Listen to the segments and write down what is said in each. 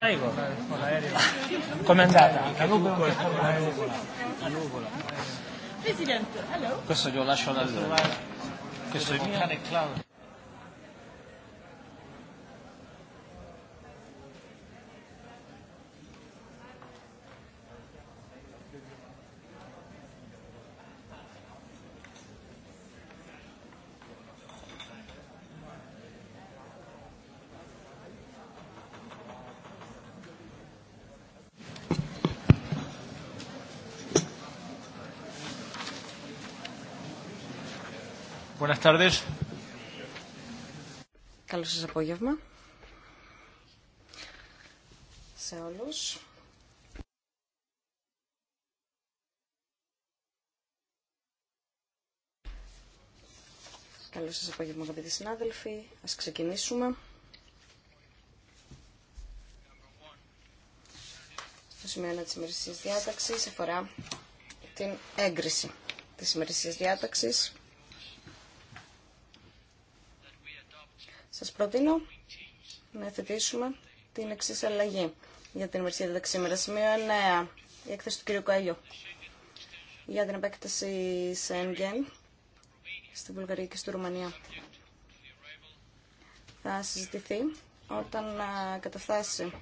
Prego, con l'aereo. Com'è andata? La nuvola. La nuvola. Presidente, hello. Questo glielo lascio da lui. Questo è il mio. Buenas tardes. Καλό σας απόγευμα σε όλους. Καλό σας απόγευμα αγαπητοί συνάδελφοι. Ας ξεκινήσουμε. Στο σημείο της ημερησίας διάταξης αφορά την έγκριση της ημερησίας διάταξης. Σας προτείνω να εθετήσουμε την εξή αλλαγή για την ημερησία διδαξή Σημείο 9. Η έκθεση του κ. Καλιού για την επέκταση Σέγγεν στην Βουλγαρία και στη Ρουμανία. Θα συζητηθεί όταν καταφτάσει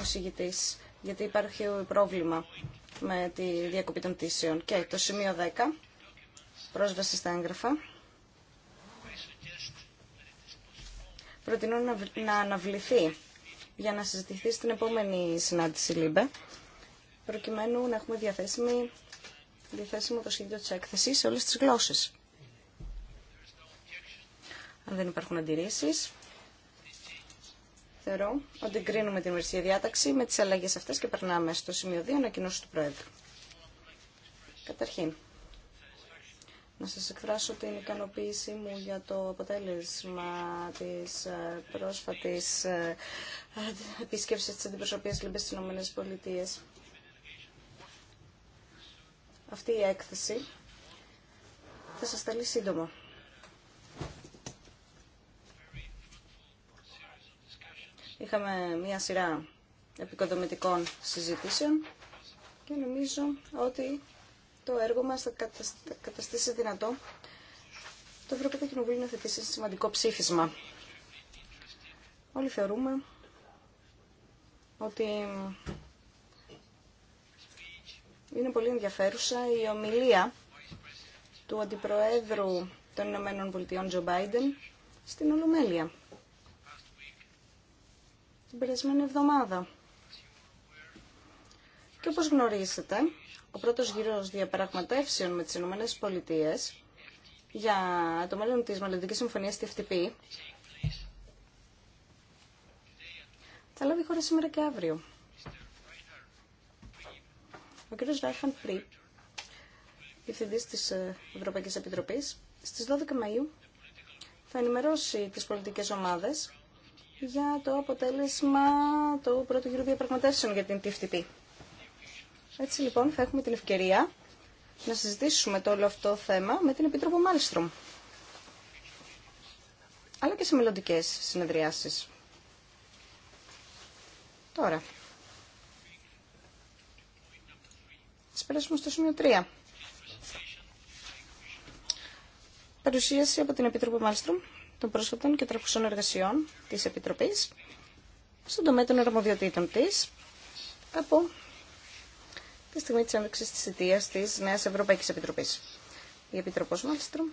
ο συγητής, γιατί υπάρχει πρόβλημα με τη διακοπή των πτήσεων. Και το σημείο 10, πρόσβαση στα έγγραφα. προτείνω να αναβληθεί για να συζητηθεί στην επόμενη συνάντηση ΛΥΜΠΕ, προκειμένου να έχουμε διαθέσιμη, διαθέσιμο το σχέδιο της έκθεσης σε όλες τις γλώσσες. Αν δεν υπάρχουν αντιρρήσεις, θεωρώ ότι κρίνουμε την ημερησία διάταξη με τις αλλαγές αυτές και περνάμε στο σημείο 2 ανακοινώσεις του Πρόεδρου. Καταρχήν, να σας εκφράσω την ικανοποίησή μου για το αποτέλεσμα της ε, πρόσφατης ε, επίσκεψης της αντιπροσωπείας ΛΕΜΠΕΣ στις Ηνωμένες Πολιτείες. Αυτή η έκθεση θα σας ταλεί σύντομα. Είχαμε μία σειρά επικοδομητικών συζητήσεων και νομίζω ότι το έργο μας θα καταστήσει δυνατό το Ευρωπαϊκό Κοινοβούλιο να θετήσει σημαντικό ψήφισμα. Όλοι θεωρούμε ότι είναι πολύ ενδιαφέρουσα η ομιλία του Αντιπροέδρου των Ηνωμένων Πολιτειών Τζο Μπάιντεν στην Ολομέλεια. Την περασμένη εβδομάδα. Και όπως γνωρίζετε, ο πρώτος γύρος διαπραγματεύσεων με τις Ηνωμένες Πολιτείες για το μέλλον της Μελλοντικής Συμφωνίας TFTP θα λάβει η χώρα σήμερα και αύριο. Ο κ. Ράιχαν Πρι, διευθυντής της ε, Ευρωπαϊκής Επιτροπής, στις 12 Μαΐου θα ενημερώσει τις πολιτικές ομάδες για το αποτέλεσμα του πρώτου γύρου διαπραγματεύσεων για την TFTP. Έτσι λοιπόν θα έχουμε την ευκαιρία να συζητήσουμε το όλο αυτό το θέμα με την Επίτροπο Μάλστρομ. Αλλά και σε μελλοντικέ συνεδριάσεις. Τώρα. Α περάσουμε στο σημείο 3. Παρουσίαση από την Επίτροπο Μάλστρομ των πρόσφατων και τραχουσών εργασιών της Επιτροπής στον τομέα των αρμοδιοτήτων της από τη στιγμή τη ένδειξη τη αιτίας τη Νέα Ευρωπαϊκή Επιτροπή. Η Επιτροπός Μάλστρομ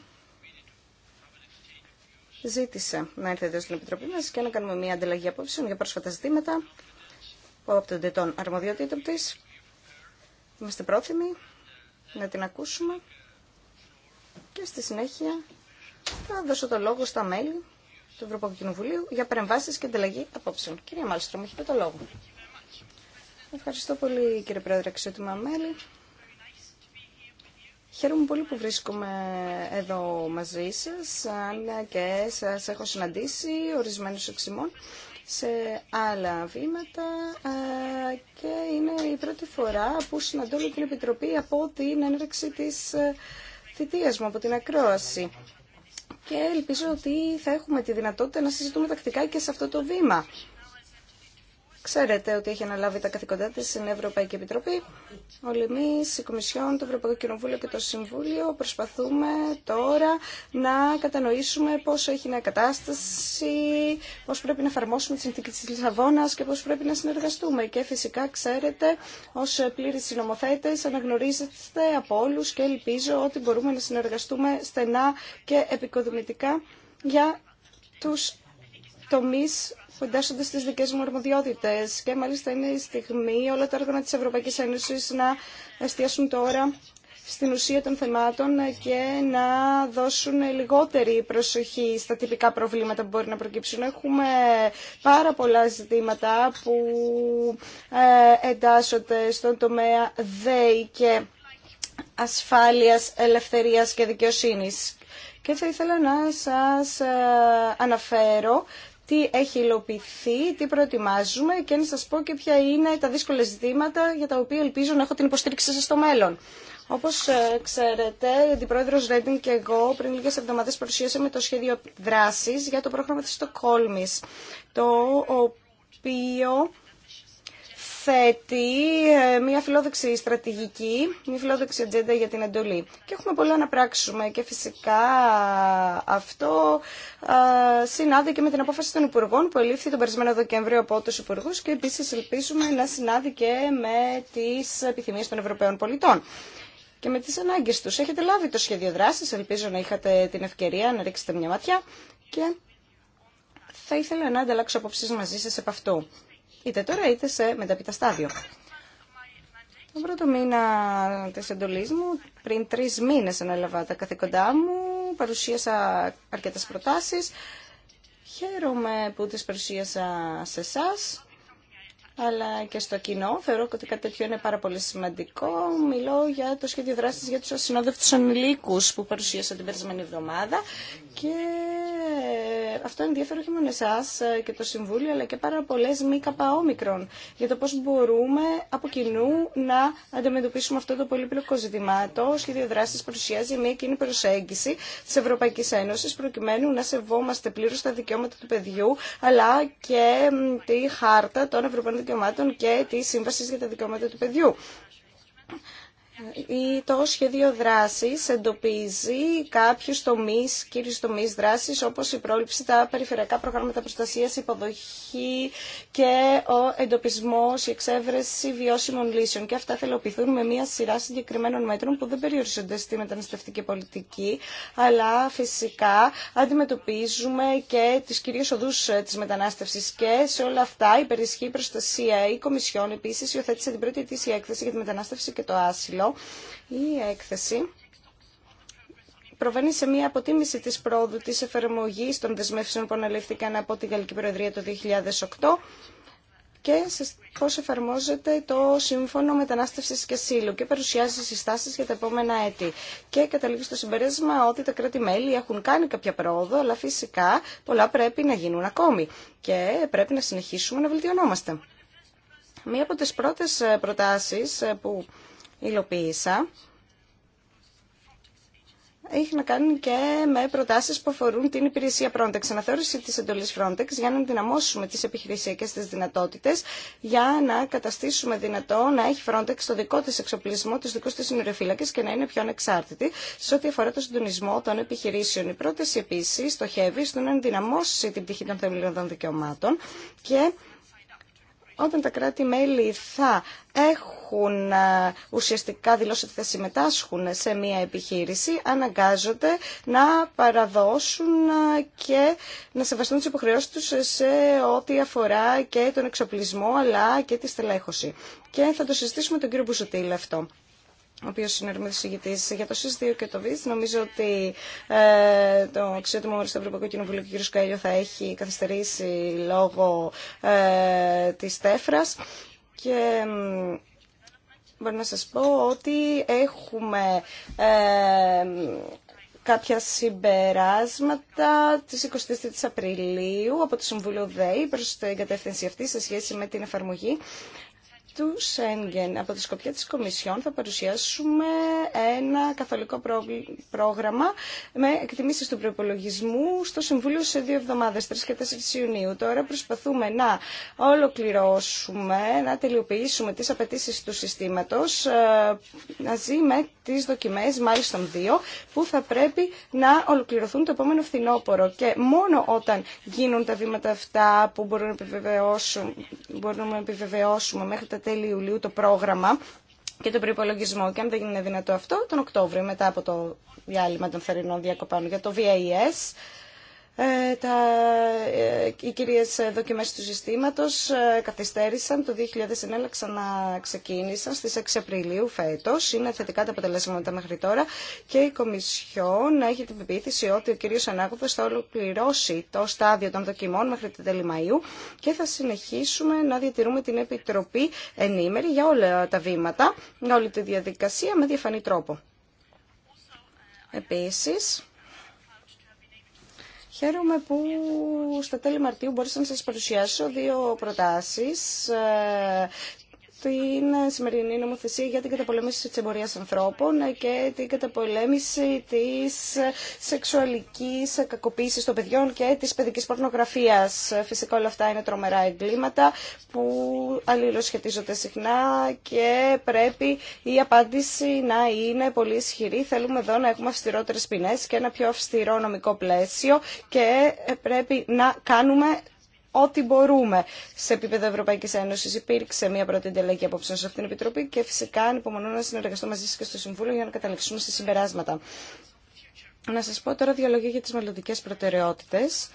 ζήτησε να έρθει εδώ στην Επιτροπή μα και να κάνουμε μια ανταλλαγή απόψεων για πρόσφατα ζητήματα που απτονται των αρμοδιοτήτων τη. Είμαστε πρόθυμοι να την ακούσουμε και στη συνέχεια θα δώσω το λόγο στα μέλη του Ευρωπαϊκού Κοινοβουλίου για παρεμβάσεις και ανταλλαγή απόψεων. Κυρία Μάλστρομ, έχετε το λόγο. Ευχαριστώ πολύ κύριε Πρόεδρε, αξιότιμα μέλη. Χαίρομαι πολύ που βρίσκομαι εδώ μαζί σας, αν και σας έχω συναντήσει ορισμένους εξημών σε άλλα βήματα και είναι η πρώτη φορά που συναντώ την Επιτροπή από την έναρξη της ε, θητείας μου, από την ακρόαση. Και ελπίζω ότι θα έχουμε τη δυνατότητα να συζητούμε τακτικά και σε αυτό το βήμα. Ξέρετε ότι έχει αναλάβει τα καθηκοντά τη στην Ευρωπαϊκή Επιτροπή. Όλοι εμεί, η Κομισιόν, το Ευρωπαϊκό Κοινοβούλιο και το Συμβούλιο προσπαθούμε τώρα να κατανοήσουμε πώ έχει νέα κατάσταση, πώ πρέπει να εφαρμόσουμε τη συνθήκη τη Λισαβόνα και πώ πρέπει να συνεργαστούμε. Και φυσικά, ξέρετε, ω πλήρη συνομοθέτε, αναγνωρίζετε από όλου και ελπίζω ότι μπορούμε να συνεργαστούμε στενά και επικοδομητικά για τους τομείς που εντάσσονται στι δικέ μου αρμοδιότητε. και μάλιστα είναι η στιγμή όλα τα όργανα τη Ευρωπαϊκή Ένωση να εστιάσουν τώρα στην ουσία των θεμάτων και να δώσουν λιγότερη προσοχή στα τυπικά προβλήματα που μπορεί να προκύψουν. Έχουμε πάρα πολλά ζητήματα που ε, εντάσσονται στον τομέα ΔΕΗ και ασφάλειας, ελευθερίας και δικαιοσύνης. Και θα ήθελα να σας ε, αναφέρω τι έχει υλοποιηθεί, τι προετοιμάζουμε και να σας πω και ποια είναι τα δύσκολα ζητήματα για τα οποία ελπίζω να έχω την υποστήριξή σας στο μέλλον. Όπω ε, ξέρετε, η Αντιπρόεδρο Ρέντινγκ και εγώ πριν λίγες εβδομάδε παρουσίασαμε το σχέδιο δράση για το πρόγραμμα τη Στοκόλμη, το οποίο θέτει ε, μια φιλόδοξη στρατηγική, μια φιλόδοξη ατζέντα για την εντολή. Και έχουμε πολλά να πράξουμε και φυσικά αυτό ε, συνάδει και με την απόφαση των Υπουργών που ελήφθη τον περισμένο Δεκέμβριο από τους Υπουργούς και επίσης ελπίζουμε να συνάδει και με τις επιθυμίες των Ευρωπαίων πολιτών και με τις ανάγκες τους. Έχετε λάβει το σχέδιο δράσης, ελπίζω να είχατε την ευκαιρία να ρίξετε μια ματιά και θα ήθελα να ανταλλάξω απόψεις μαζί σας επ' αυτού είτε τώρα είτε σε μεταπίτα στάδιο. Το πρώτο μήνα τη εντολή μου, πριν τρει μήνε ανέλαβα τα καθήκοντά μου, παρουσίασα αρκετέ προτάσει. Χαίρομαι που τις παρουσίασα σε εσά, αλλά και στο κοινό. Θεωρώ ότι κάτι τέτοιο είναι πάρα πολύ σημαντικό. Μιλώ για το σχέδιο δράσης για τους ασυνόδευτους ανηλίκους που παρουσίασα την περασμένη εβδομάδα και αυτό ενδιαφέρει όχι μόνο εσά ε, και το Συμβούλιο, αλλά και πάρα πολλέ μη καπαόμικρον για το πώ μπορούμε από κοινού να αντιμετωπίσουμε αυτό το πολύπλοκο ζήτημα. Το σχέδιο δράση παρουσιάζει μια κοινή προσέγγιση τη Ευρωπαϊκή Ένωση, προκειμένου να σεβόμαστε πλήρω τα δικαιώματα του παιδιού, αλλά και τη Χάρτα των Ευρωπαϊκών Δικαιωμάτων και τη Σύμβαση για τα Δικαιώματα του Παιδιού το σχέδιο δράσης εντοπίζει κάποιους τομείς, κύριους τομείς δράσης, όπως η πρόληψη, τα περιφερειακά προγράμματα προστασίας, υποδοχή και ο εντοπισμός, η εξέβρεση βιώσιμων λύσεων. Και αυτά θελοποιηθούν με μια σειρά συγκεκριμένων μέτρων που δεν περιορίζονται στη μεταναστευτική πολιτική, αλλά φυσικά αντιμετωπίζουμε και τις κυρίες οδούς ε, της μετανάστευσης και σε όλα αυτά υπερισχύει προστασία. Η Κομισιόν επίσης υιοθέτησε την πρώτη ετήσια έκθεση για τη μετανάστευση και το άσυλο η έκθεση προβαίνει σε μια αποτίμηση της πρόοδου της εφαρμογής των δεσμεύσεων που αναλήφθηκαν από την Γαλλική Προεδρία το 2008 και σε πώς εφαρμόζεται το Σύμφωνο Μετανάστευσης και Σύλλου και παρουσιάζει συστάσεις για τα επόμενα έτη. Και καταλήγει στο συμπεράσμα ότι τα κράτη-μέλη έχουν κάνει κάποια πρόοδο, αλλά φυσικά πολλά πρέπει να γίνουν ακόμη και πρέπει να συνεχίσουμε να βελτιωνόμαστε. Μία από τις πρώτες προτάσεις που υλοποίησα έχει να κάνει και με προτάσεις που αφορούν την υπηρεσία Frontex, αναθεώρηση της εντολής Frontex για να δυναμώσουμε τις επιχειρησιακές της δυνατότητες, για να καταστήσουμε δυνατό να έχει Frontex το δικό της εξοπλισμό, τους δικούς της συνοριοφύλακες και να είναι πιο ανεξάρτητη σε ό,τι αφορά το συντονισμό των επιχειρήσεων. Η πρόταση επίσης στοχεύει στο να ενδυναμώσει την πτυχή των θεμελιωδών δικαιωμάτων και όταν τα κράτη-μέλη θα έχουν ε, ουσιαστικά δηλώσει ότι θα συμμετάσχουν σε μία επιχείρηση, αναγκάζονται να παραδώσουν ε, και να σεβαστούν τις υποχρεώσεις τους σε ό,τι αφορά και τον εξοπλισμό αλλά και τη στελέχωση. Και θα το συζητήσουμε τον κύριο Μπουζουτήλ αυτό ο οποίο είναι αρμόδιο για το ΣΥΣ2 και το ΒΙΣ. Νομίζω ότι ε, το αξιότιμο όρο του Ευρωπαϊκού Κοινοβουλίου ο κ. Σκαέλιο, θα έχει καθυστερήσει λόγω ε, τη τέφρα. Και μπορώ να σα πω ότι έχουμε ε, κάποια συμπεράσματα της 23ης Απριλίου από το Συμβούλιο ΔΕΗ προς την κατεύθυνση αυτή σε σχέση με την εφαρμογή του Σέγγεν. Από τη σκοπιά της Κομισιόν θα παρουσιάσουμε ένα καθολικό πρόγραμμα με εκτιμήσεις του προπολογισμού στο Συμβούλιο σε δύο εβδομάδες, 3 και 4 Ιουνίου. Τώρα προσπαθούμε να ολοκληρώσουμε, να τελειοποιήσουμε τις απαιτήσεις του συστήματος ε, μαζί με τις δοκιμές, μάλιστα δύο, που θα πρέπει να ολοκληρωθούν το επόμενο φθινόπωρο. Και μόνο όταν γίνουν τα βήματα αυτά που μπορούμε να επιβεβαιώσουμε, να επιβεβαιώσουμε μέχρι τα τέλη Ιουλίου το πρόγραμμα και τον προπολογισμό. Και αν δεν είναι δυνατό αυτό, τον Οκτώβριο, μετά από το διάλειμμα των θερινών διακοπών. Για το VAS, ε, τα, ε, οι κυρίες δοκιμές του συστήματος ε, καθυστέρησαν το 2009 αλλά ξαναξεκίνησαν στις 6 Απριλίου φέτος. Είναι θετικά τα αποτελέσματα μέχρι τώρα και η Κομισιόν έχει την πεποίθηση ότι ο κύριος Ανάγκοδος θα ολοκληρώσει το στάδιο των δοκιμών μέχρι την τέλη Μαΐου και θα συνεχίσουμε να διατηρούμε την Επιτροπή ενήμερη για όλα τα βήματα, για όλη τη διαδικασία με διαφανή τρόπο. Επίσης, Χαίρομαι που στα τέλη Μαρτίου μπορούσα να σας παρουσιάσω δύο προτάσεις ε, στην σημερινή νομοθεσία για την καταπολέμηση της εμπορίας ανθρώπων και την καταπολέμηση της σεξουαλικής κακοποίησης των παιδιών και της παιδικής πορνογραφίας. Φυσικά όλα αυτά είναι τρομερά εγκλήματα που αλληλοσχετίζονται συχνά και πρέπει η απάντηση να είναι πολύ ισχυρή. Θέλουμε εδώ να έχουμε αυστηρότερες ποινές και ένα πιο αυστηρό νομικό πλαίσιο και πρέπει να κάνουμε ό,τι μπορούμε. Σε επίπεδο Ευρωπαϊκή Ένωση υπήρξε μια πρώτη εντελέχη απόψεων σε αυτήν την Επιτροπή και φυσικά ανυπομονώ να συνεργαστώ μαζί σα και στο Συμβούλιο για να καταληξούμε σε συμπεράσματα. Να σα πω τώρα δύο για τις μελλοντικέ προτεραιότητες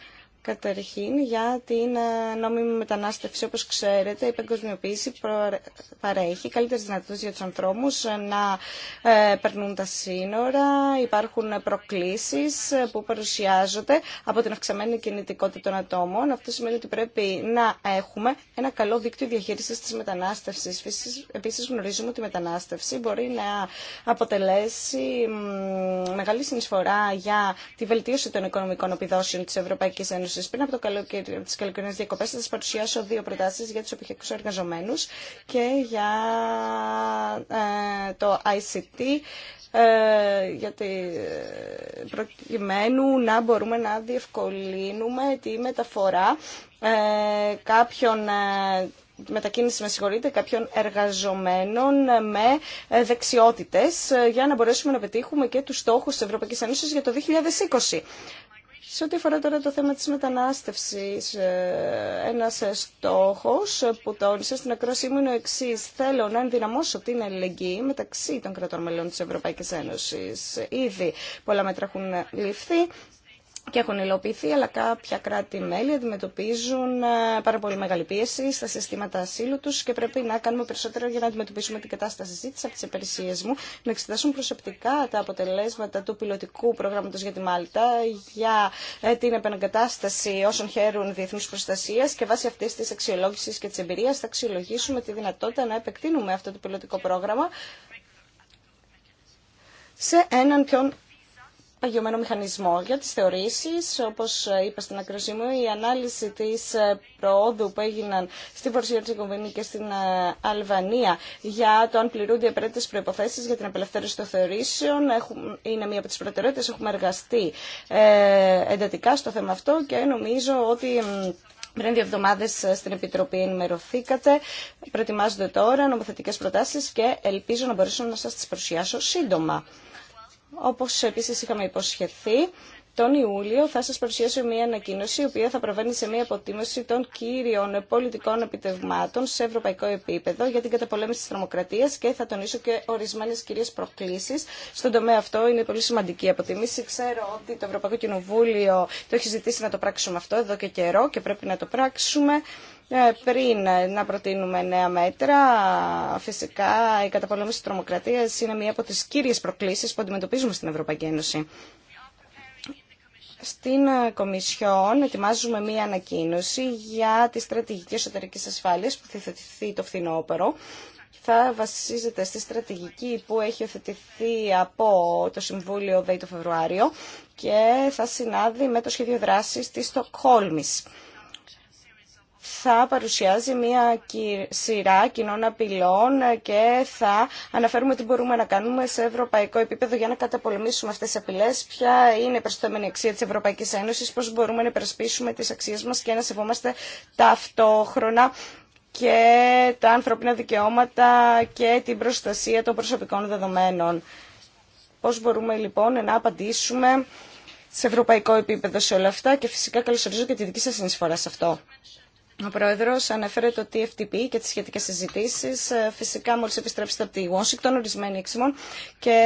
Καταρχήν για την ε, νόμιμη μετανάστευση, όπως ξέρετε, η παγκοσμιοποίηση παρέχει καλύτερες δυνατότητες για τους ανθρώπους ε, να ε, περνούν τα σύνορα. Υπάρχουν προκλήσεις που παρουσιάζονται από την αυξαμένη κινητικότητα των ατόμων. Αυτό σημαίνει ότι πρέπει να έχουμε ένα καλό δίκτυο διαχείρισης της μετανάστευσης. Επίσης γνωρίζουμε ότι η μετανάστευση μπορεί να αποτελέσει μεγάλη συνεισφορά για τη βελτίωση των οικονομικών επιδόσεων της Ευρωπαϊκής Ένωσης πριν από το καλοκαίρι, τι καλοκαιρινέ διακοπέ, θα σα παρουσιάσω δύο προτάσει για του επιχειρηματικού εργαζομένου και για ε, το ICT ε, γιατί προκειμένου να μπορούμε να διευκολύνουμε τη μεταφορά ε, κάποιων μετακίνηση με συγχωρείτε κάποιων εργαζομένων με δεξιότητες για να μπορέσουμε να πετύχουμε και τους στόχους της Ευρωπαϊκής Ένωσης για το 2020. Σε ό,τι αφορά τώρα το θέμα της μετανάστευσης, ε, ένας ε, στόχος που τόνισε στην ακρόση μου είναι ο εξή. Θέλω να ενδυναμώσω την ελληνική μεταξύ των κρατών μελών της Ευρωπαϊκής Ένωσης. Ήδη πολλά μέτρα έχουν ληφθεί και έχουν υλοποιηθεί, αλλά κάποια κράτη-μέλη αντιμετωπίζουν ε, πάρα πολύ μεγάλη πίεση στα συστήματα ασύλου του και πρέπει να κάνουμε περισσότερο για να αντιμετωπίσουμε την κατάσταση. Ζήτησα από τι υπηρεσίε μου να εξετάσουν προσεκτικά τα αποτελέσματα του πιλωτικού προγράμματο για τη Μάλτα για ε, την επαναγκατάσταση όσων χαίρουν διεθνού προστασία και βάσει αυτή τη αξιολόγηση και τη εμπειρία θα αξιολογήσουμε τη δυνατότητα να επεκτείνουμε αυτό το πιλωτικό πρόγραμμα σε έναν πιο παγιωμένο μηχανισμό για τις θεωρήσεις. Όπως είπα στην ακροσή μου, η ανάλυση της ε, προόδου που έγιναν στην Βορσιορτσικοβίνη και στην ε, Αλβανία για το αν πληρούνται οι απαραίτητες προϋποθέσεις για την απελευθέρωση των θεωρήσεων είναι μία από τις προτεραιότητες. Έχουμε εργαστεί ε, εντατικά στο θέμα αυτό και νομίζω ότι... Πριν δύο εβδομάδε στην Επιτροπή ενημερωθήκατε. Προετοιμάζονται τώρα νομοθετικέ προτάσει και ελπίζω να μπορέσω να σα τι παρουσιάσω σύντομα. Όπως επίσης είχαμε υποσχεθεί, τον Ιούλιο θα σας παρουσιάσω μια ανακοίνωση η οποία θα προβαίνει σε μια αποτίμηση των κύριων πολιτικών επιτευγμάτων σε ευρωπαϊκό επίπεδο για την καταπολέμηση της τρομοκρατίας και θα τονίσω και ορισμένες κυρίες προκλήσεις. Στον τομέα αυτό είναι πολύ σημαντική η αποτίμηση. Ξέρω ότι το Ευρωπαϊκό Κοινοβούλιο το έχει ζητήσει να το πράξουμε αυτό εδώ και καιρό και πρέπει να το πράξουμε. Ε, πριν να προτείνουμε νέα μέτρα, φυσικά η καταπολέμηση της τρομοκρατίας είναι μία από τις κύριες προκλήσεις που αντιμετωπίζουμε στην Ευρωπαϊκή Ένωση. Στην ε, Κομισιόν ετοιμάζουμε μία ανακοίνωση για τη στρατηγική εσωτερική ασφάλειας που θα θετηθεί το φθινόπωρο θα βασίζεται στη στρατηγική που έχει οθετηθεί από το Συμβούλιο ΔΕΗ το Φεβρουάριο και θα συνάδει με το σχέδιο δράσης της Στοκχόλμης θα παρουσιάζει μία σειρά κοινών απειλών και θα αναφέρουμε τι μπορούμε να κάνουμε σε ευρωπαϊκό επίπεδο για να καταπολεμήσουμε αυτές τις απειλές, ποια είναι η προστιθέμενη αξία της Ευρωπαϊκής Ένωσης, πώς μπορούμε να υπερασπίσουμε τις αξίες μας και να σεβόμαστε ταυτόχρονα και τα ανθρώπινα δικαιώματα και την προστασία των προσωπικών δεδομένων. Πώς μπορούμε λοιπόν να απαντήσουμε σε ευρωπαϊκό επίπεδο σε όλα αυτά και φυσικά καλωσορίζω και τη δική σας συνεισφορά σε αυτό. Ο πρόεδρο ανέφερε το TFTP και τι σχετικέ συζητήσει. Ε, φυσικά, μόλι επιστρέψετε από τη Washington, ορισμένοι εξημών και,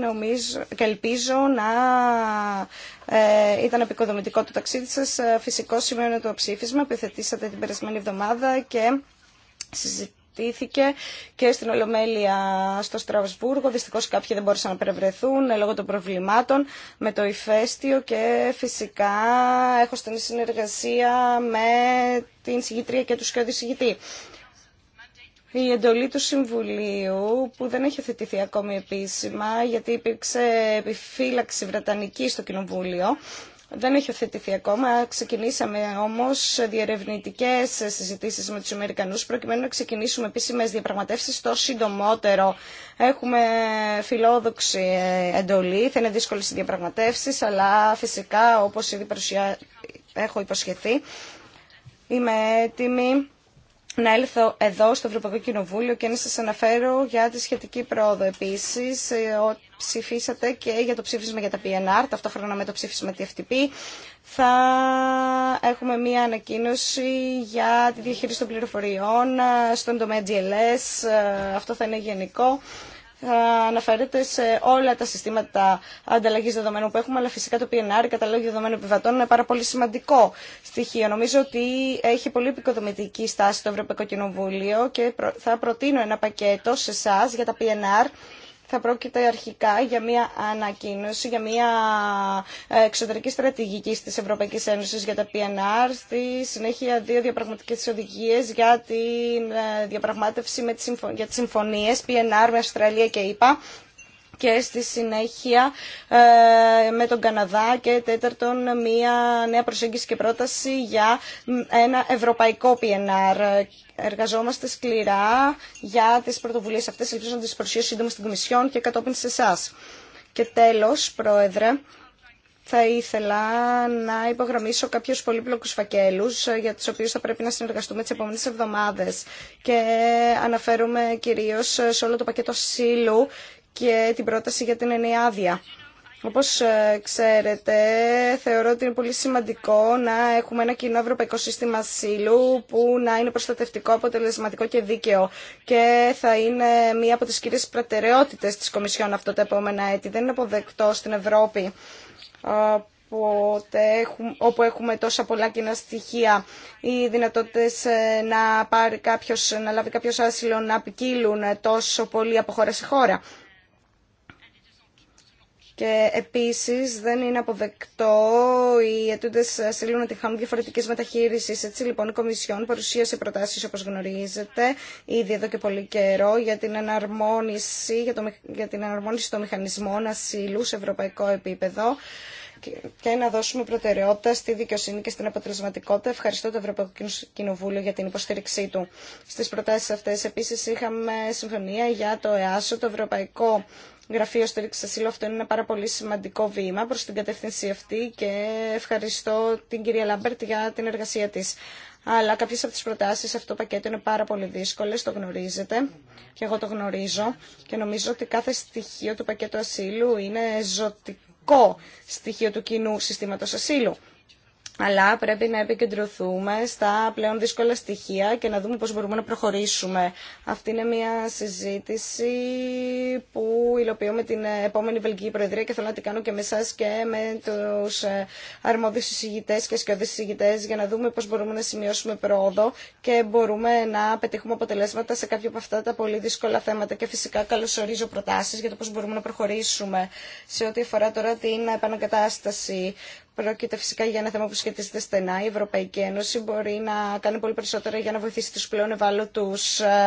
νομίζω, και ελπίζω να ε, ήταν επικοδομητικό το ταξίδι σα. Ε, φυσικό σημαίνει το ψήφισμα που θετήσατε την περασμένη εβδομάδα και συζητήσατε συζητήθηκε και στην Ολομέλεια στο Στρασβούργο. Δυστυχώ κάποιοι δεν μπορούσαν να περιβρεθούν λόγω των προβλημάτων με το ηφαίστειο και φυσικά έχω στενή συνεργασία με την συγγητρία και του σκιώδη συγγητή. Η εντολή του Συμβουλίου, που δεν έχει θετηθεί ακόμη επίσημα, γιατί υπήρξε επιφύλαξη βρετανική στο Κοινοβούλιο, δεν έχει οθετηθεί ακόμα. Ξεκινήσαμε όμως διερευνητικέ συζητήσεις με τους Αμερικανού. προκειμένου να ξεκινήσουμε επίσημε διαπραγματεύσεις το συντομότερο. Έχουμε φιλόδοξη ε, εντολή, θα είναι δύσκολε οι διαπραγματεύσεις, αλλά φυσικά όπως ήδη παρουσιά... έχω υποσχεθεί είμαι έτοιμη να έλθω εδώ στο Ευρωπαϊκό Κοινοβούλιο και να σας αναφέρω για τη σχετική πρόοδο. Επίσης, ε, ψηφίσατε και για το ψήφισμα για τα PNR, ταυτόχρονα με το ψήφισμα TFTP. Θα έχουμε μία ανακοίνωση για τη διαχείριση των πληροφοριών ε, στον τομέα GLS. Ε, αυτό θα είναι γενικό αναφέρεται σε όλα τα συστήματα ανταλλαγής δεδομένων που έχουμε, αλλά φυσικά το PNR, καταλόγιο δεδομένων επιβατών, είναι πάρα πολύ σημαντικό στοιχείο. Νομίζω ότι έχει πολύ επικοδομητική στάση το Ευρωπαϊκό Κοινοβούλιο και θα προτείνω ένα πακέτο σε εσά για τα PNR θα πρόκειται αρχικά για μια ανακοίνωση, για μια ε, εξωτερική στρατηγική τη Ευρωπαϊκή Ένωση, για τα PNR, στη συνέχεια δύο διαπραγματικές οδηγίες για, τη ε, διαπραγμάτευση με τις για τις συμφωνίες PNR με Αυστραλία και ΕΠΑ και στη συνέχεια ε, με τον Καναδά και τέταρτον μία νέα προσέγγιση και πρόταση για ένα ευρωπαϊκό PNR. Εργαζόμαστε σκληρά για τις πρωτοβουλίες αυτές, ελπίζω να τις παρουσιάσω σύντομα στην Κομισιόν και κατόπιν σε εσά. Και τέλος, Πρόεδρε, θα ήθελα να υπογραμμίσω κάποιους πολύπλοκους φακέλους ε, για τους οποίους θα πρέπει να συνεργαστούμε τις επόμενες εβδομάδες και αναφέρομαι κυρίως ε, σε όλο το πακέτο σύλλου και την πρόταση για την άδεια. Όπως ε, ξέρετε, θεωρώ ότι είναι πολύ σημαντικό να έχουμε ένα κοινό ευρωπαϊκό σύστημα ασύλου που να είναι προστατευτικό, αποτελεσματικό και δίκαιο. Και θα είναι μία από τις κύριες προτεραιότητες της Κομισιόν αυτό τα επόμενα έτη. Δεν είναι αποδεκτό στην Ευρώπη ε, όπου έχουμε τόσα πολλά κοινά στοιχεία ή δυνατότητε ε, να, να λάβει κάποιο άσυλο να ποικίλουν τόσο πολύ από χώρα σε χώρα. Και επίση δεν είναι αποδεκτό οι ετούντε ασύλου να τη χάνουν μεταχείριση. Έτσι λοιπόν η Κομισιόν παρουσίασε προτάσει όπω γνωρίζετε ήδη εδώ και πολύ καιρό για την αναρμόνιση για, το, για την εναρμόνιση των μηχανισμών ασύλου σε ευρωπαϊκό επίπεδο και να δώσουμε προτεραιότητα στη δικαιοσύνη και στην αποτελεσματικότητα. Ευχαριστώ το Ευρωπαϊκό Κοινοβούλιο για την υποστήριξή του. Στι προτάσει αυτέ, επίση, είχαμε συμφωνία για το ΕΑΣΟ, το Ευρωπαϊκό Γραφείο Στήριξη Ασύλου. Αυτό είναι ένα πάρα πολύ σημαντικό βήμα προ την κατεύθυνση αυτή και ευχαριστώ την κυρία Λάμπερτ για την εργασία τη. Αλλά κάποιε από τι προτάσει σε αυτό το πακέτο είναι πάρα πολύ δύσκολε, το γνωρίζετε και εγώ το γνωρίζω και νομίζω ότι κάθε στοιχείο του πακέτου ασύλου είναι ζωτικό στοιχείο του κοινού συστήματο ασύλου αλλά πρέπει να επικεντρωθούμε στα πλέον δύσκολα στοιχεία και να δούμε πώς μπορούμε να προχωρήσουμε. Αυτή είναι μια συζήτηση που υλοποιώ με την επόμενη Βελγική Προεδρία και θέλω να την κάνω και με εσά και με τους ε, αρμόδιους συζητητές και σκιώδεις συζητητές για να δούμε πώς μπορούμε να σημειώσουμε πρόοδο και μπορούμε να πετύχουμε αποτελέσματα σε κάποια από αυτά τα πολύ δύσκολα θέματα. Και φυσικά καλωσορίζω προτάσεις για το πώς μπορούμε να προχωρήσουμε σε ό,τι αφορά τώρα την επανακατάσταση Πρόκειται φυσικά για ένα θέμα που σχετίζεται στενά. Η Ευρωπαϊκή Ένωση μπορεί να κάνει πολύ περισσότερο για να βοηθήσει του πλέον ευάλωτου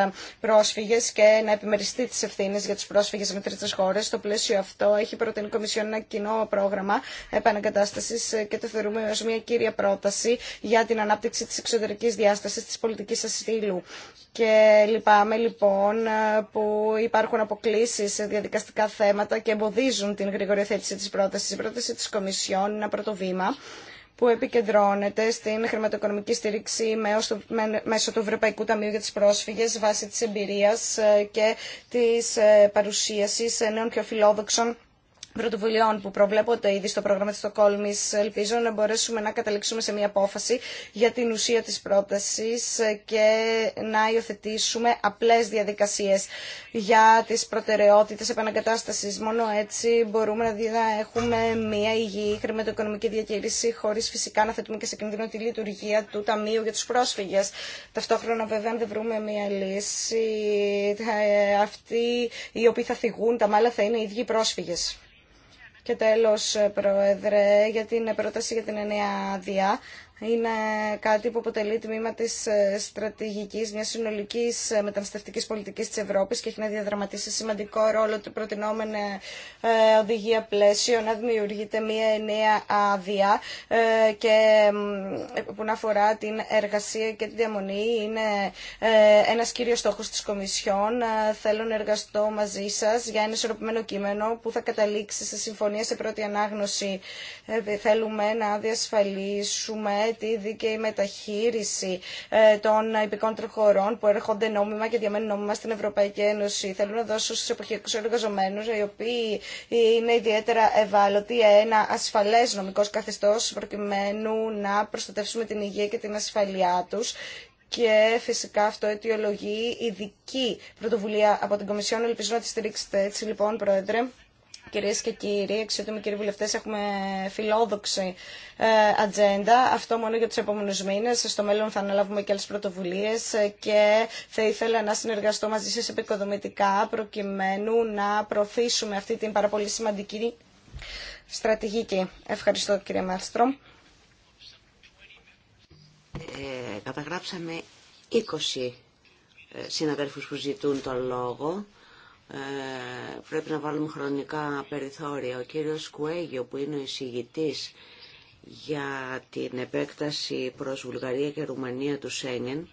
ε, πρόσφυγε και να επιμεριστεί τι ευθύνε για του πρόσφυγε με τρίτε χώρε. Στο πλαίσιο αυτό έχει προτείνει η Κομισιόν ένα κοινό πρόγραμμα επαναγκατάσταση και το θεωρούμε ω μια κύρια πρόταση για την ανάπτυξη τη εξωτερική διάσταση τη πολιτική ασύλου. Και λυπάμαι λοιπόν ε, που υπάρχουν αποκλήσει σε διαδικαστικά θέματα και εμποδίζουν την γρήγορη θέτηση τη πρόταση. Η πρόταση τη Κομισιόν είναι ένα πρώτο βήμα που επικεντρώνεται στην χρηματοοικονομική στήριξη μέσω του Ευρωπαϊκού Ταμείου για τις Πρόσφυγες βάσει της εμπειρίας ε, και της ε, παρουσίασης νέων πιο φιλόδοξων πρωτοβουλειών που προβλέπονται ήδη στο πρόγραμμα τη Στοκόλμη, Ελπίζω να μπορέσουμε να καταλήξουμε σε μια απόφαση για την ουσία τη πρόταση και να υιοθετήσουμε απλέ διαδικασίε για τι προτεραιότητε επαναγκατάσταση. Μόνο έτσι μπορούμε να έχουμε μια υγιή χρηματοοικονομική διακήρυξη χωρί φυσικά να θέτουμε και σε κίνδυνο τη λειτουργία του Ταμείου για του Πρόσφυγε. Ταυτόχρονα βέβαια αν δεν βρούμε μια λύση ε, αυτοί οι οποίοι θα θυγούν τα μάλλα θα είναι οι ίδιοι πρόσφυγε. Και τέλος, ε, Πρόεδρε, για την πρόταση για την ενιαία άδεια είναι κάτι που αποτελεί τμήμα τη ε, στρατηγική μια συνολική ε, μεταναστευτική πολιτική τη Ευρώπη και έχει να διαδραματίσει σημαντικό ρόλο του προτινόμενη ε, οδηγία πλαίσιο να δημιουργείται μια ενιαία άδεια και που να αφορά την εργασία και την διαμονή είναι ένα κύριο στόχο τη Κομισιόν. Θέλω να εργαστώ μαζί σα για ένα ισορροπημένο κείμενο που θα καταλήξει σε συμφωνία σε πρώτη ανάγνωση. Θέλουμε να διασφαλίσουμε και η μεταχείριση ε, των υπηκών τροχωρών που έρχονται νόμιμα και διαμένουν νόμιμα στην Ευρωπαϊκή Ένωση. Θέλω να δώσω στου εποχιακού εργαζομένου, οι οποίοι είναι ιδιαίτερα ευάλωτοι, ένα ασφαλέ νομικό καθεστώ προκειμένου να προστατεύσουμε την υγεία και την ασφαλειά του και φυσικά αυτό αιτιολογεί ειδική πρωτοβουλία από την Κομισιόν. Ελπίζω να τη στηρίξετε έτσι λοιπόν, Πρόεδρε. Κυρίες και κύριοι, εξωτήμοι κύριοι βουλευτές, έχουμε φιλόδοξη ε, ατζέντα. Αυτό μόνο για τους επόμενους μήνες. Στο μέλλον θα αναλάβουμε και άλλες πρωτοβουλίες και θα ήθελα να συνεργαστώ μαζί σας επικοδομητικά προκειμένου να προωθήσουμε αυτή την πάρα πολύ σημαντική στρατηγική. Ευχαριστώ κύριε Μάρστρο. Ε, καταγράψαμε 20 ε, συναδέλφους που ζητούν τον λόγο πρέπει να βάλουμε χρονικά περιθώρια. Ο κύριος Κουέγιο που είναι ο εισηγητής για την επέκταση προς Βουλγαρία και Ρουμανία του Σέγγεν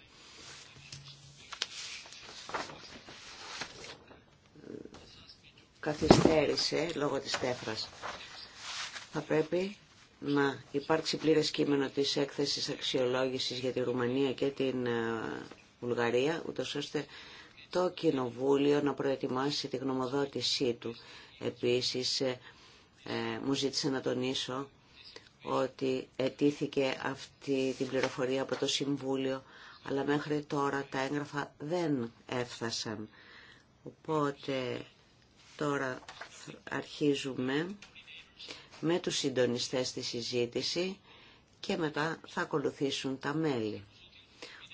καθυστέρησε λόγω της τέφρας. Θα πρέπει να υπάρξει πλήρες κείμενο της έκθεσης αξιολόγησης για τη Ρουμανία και την ε, Βουλγαρία, ούτως ώστε το Κοινοβούλιο να προετοιμάσει τη γνωμοδότησή του. Επίσης, ε, ε, μου ζήτησε να τονίσω ότι ετήθηκε αυτή την πληροφορία από το Συμβούλιο, αλλά μέχρι τώρα τα έγγραφα δεν έφτασαν. Οπότε τώρα αρχίζουμε με τους συντονιστές τη συζήτηση και μετά θα ακολουθήσουν τα μέλη.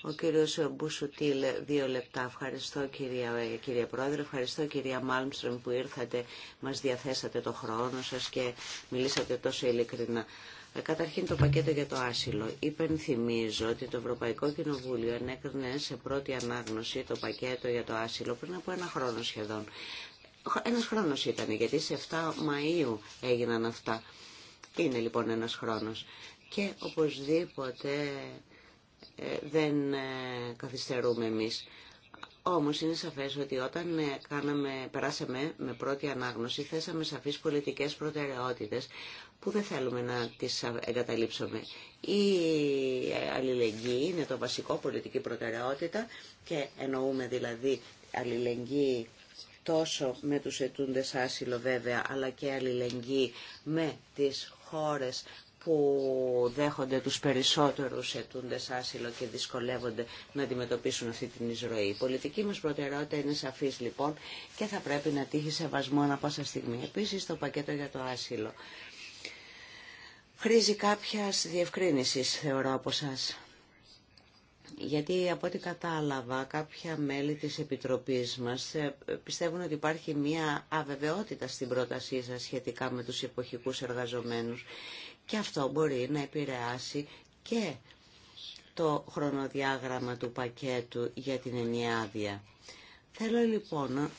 Ο κύριος Μπουσουτήλ, δύο λεπτά. Ευχαριστώ κυρία, κυρία Πρόεδρε, ευχαριστώ κυρία Μάλμστρομ που ήρθατε, μας διαθέσατε το χρόνο σας και μιλήσατε τόσο ειλικρινά. Ε, καταρχήν το πακέτο για το άσυλο. Υπενθυμίζω ότι το Ευρωπαϊκό Κοινοβούλιο ενέκρινε σε πρώτη ανάγνωση το πακέτο για το άσυλο πριν από ένα χρόνο σχεδόν. Ένα χρόνο ήταν, γιατί σε 7 Μαΐου έγιναν αυτά. Είναι λοιπόν ένας χρόνος. Και οπωσδήποτε ε, δεν ε, καθυστερούμε εμείς. Όμως είναι σαφές ότι όταν ε, κάναμε, περάσαμε με πρώτη ανάγνωση θέσαμε σαφείς πολιτικές προτεραιότητες που δεν θέλουμε να τις εγκαταλείψουμε. Η αλληλεγγύη είναι το βασικό πολιτική προτεραιότητα και εννοούμε δηλαδή αλληλεγγύη τόσο με τους ετούντες άσυλο βέβαια, αλλά και αλληλεγγύη με τις χώρες που δέχονται τους περισσότερους ετούντες άσυλο και δυσκολεύονται να αντιμετωπίσουν αυτή την εισρωή. Η πολιτική μας προτεραιότητα είναι σαφής λοιπόν και θα πρέπει να τύχει σεβασμό ανά πάσα στιγμή. Επίσης το πακέτο για το άσυλο. Χρήζει κάποια διευκρίνηση θεωρώ από σας. Γιατί από ό,τι κατάλαβα κάποια μέλη της Επιτροπής μας ε, πιστεύουν ότι υπάρχει μια αβεβαιότητα στην πρότασή σας σχετικά με τους εποχικούς εργαζομένους και αυτό μπορεί να επηρεάσει και το χρονοδιάγραμμα του πακέτου για την άδεια. Θέλω λοιπόν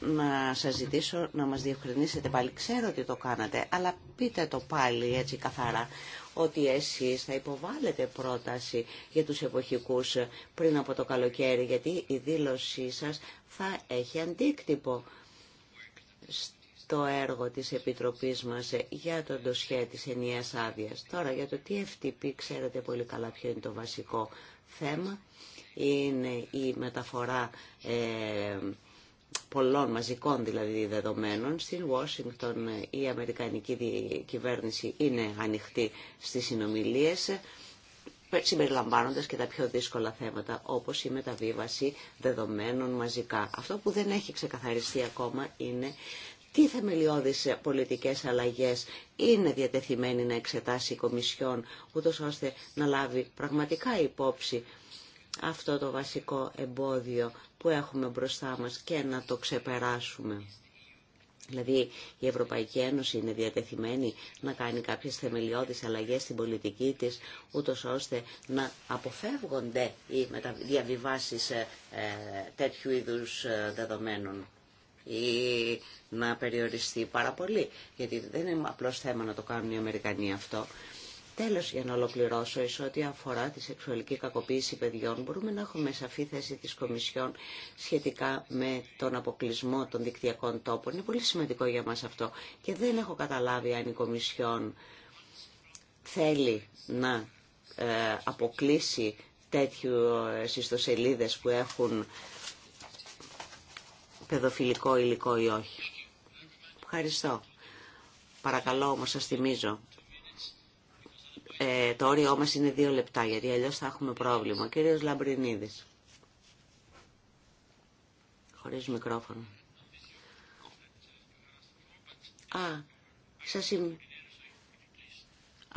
να σας ζητήσω να μας διευκρινίσετε πάλι. Ξέρω ότι το κάνατε, αλλά πείτε το πάλι έτσι καθαρά ότι εσείς θα υποβάλλετε πρόταση για τους εποχικούς πριν από το καλοκαίρι, γιατί η δήλωσή σας θα έχει αντίκτυπο το έργο της Επιτροπής μας για τον τοσχέτη της ενιαίας άδεια. Τώρα για το TFTP ξέρετε πολύ καλά ποιο είναι το βασικό θέμα. Είναι η μεταφορά ε, πολλών μαζικών δηλαδή δεδομένων. Στην Ουάσιγκτον η Αμερικανική κυβέρνηση είναι ανοιχτή στις συνομιλίες συμπεριλαμβάνοντας και τα πιο δύσκολα θέματα όπως η μεταβίβαση δεδομένων μαζικά. Αυτό που δεν έχει ξεκαθαριστεί ακόμα είναι τι θεμελιώδεις πολιτικές αλλαγές είναι διατεθειμένη να εξετάσει η Κομισιόν, ούτως ώστε να λάβει πραγματικά υπόψη αυτό το βασικό εμπόδιο που έχουμε μπροστά μας και να το ξεπεράσουμε. Δηλαδή η Ευρωπαϊκή Ένωση είναι διατεθειμένη να κάνει κάποιες θεμελιώδεις αλλαγές στην πολιτική της, ούτως ώστε να αποφεύγονται οι διαβιβάσεις ε, ε, τέτοιου είδους ε, δεδομένων ή να περιοριστεί πάρα πολύ. Γιατί δεν είναι απλώς θέμα να το κάνουν οι Αμερικανοί αυτό. Τέλος, για να ολοκληρώσω, εις ό,τι αφορά τη σεξουαλική κακοποίηση παιδιών, μπορούμε να έχουμε σαφή θέση της Κομισιόν σχετικά με τον αποκλεισμό των δικτυακών τόπων. Είναι πολύ σημαντικό για μας αυτό και δεν έχω καταλάβει αν η Κομισιόν θέλει να ε, αποκλείσει τέτοιου ιστοσελίδες ε, που έχουν παιδοφιλικό υλικό ή όχι. Ευχαριστώ. Παρακαλώ όμως σας θυμίζω. Ε, το όριό μας είναι δύο λεπτά γιατί αλλιώς θα έχουμε πρόβλημα. κύριος Λαμπρινίδης. Χωρίς μικρόφωνο. Α, σας είμαι...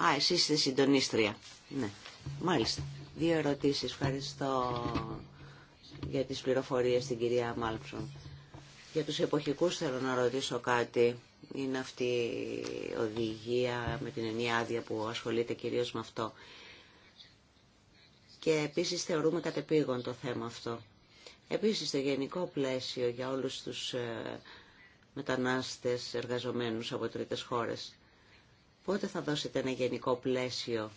Α, εσείς είστε συντονίστρια. Ναι, μάλιστα. Δύο ερωτήσεις. Ευχαριστώ για τις πληροφορίες στην κυρία Μάλψον. Για τους εποχικούς θέλω να ρωτήσω κάτι. Είναι αυτή η οδηγία με την ενιαία άδεια που ασχολείται κυρίως με αυτό. Και επίσης θεωρούμε κατεπήγον το θέμα αυτό. Επίσης το γενικό πλαίσιο για όλους τους ε, μετανάστες εργαζομένους από τρίτες χώρες. Πότε θα δώσετε ένα γενικό πλαίσιο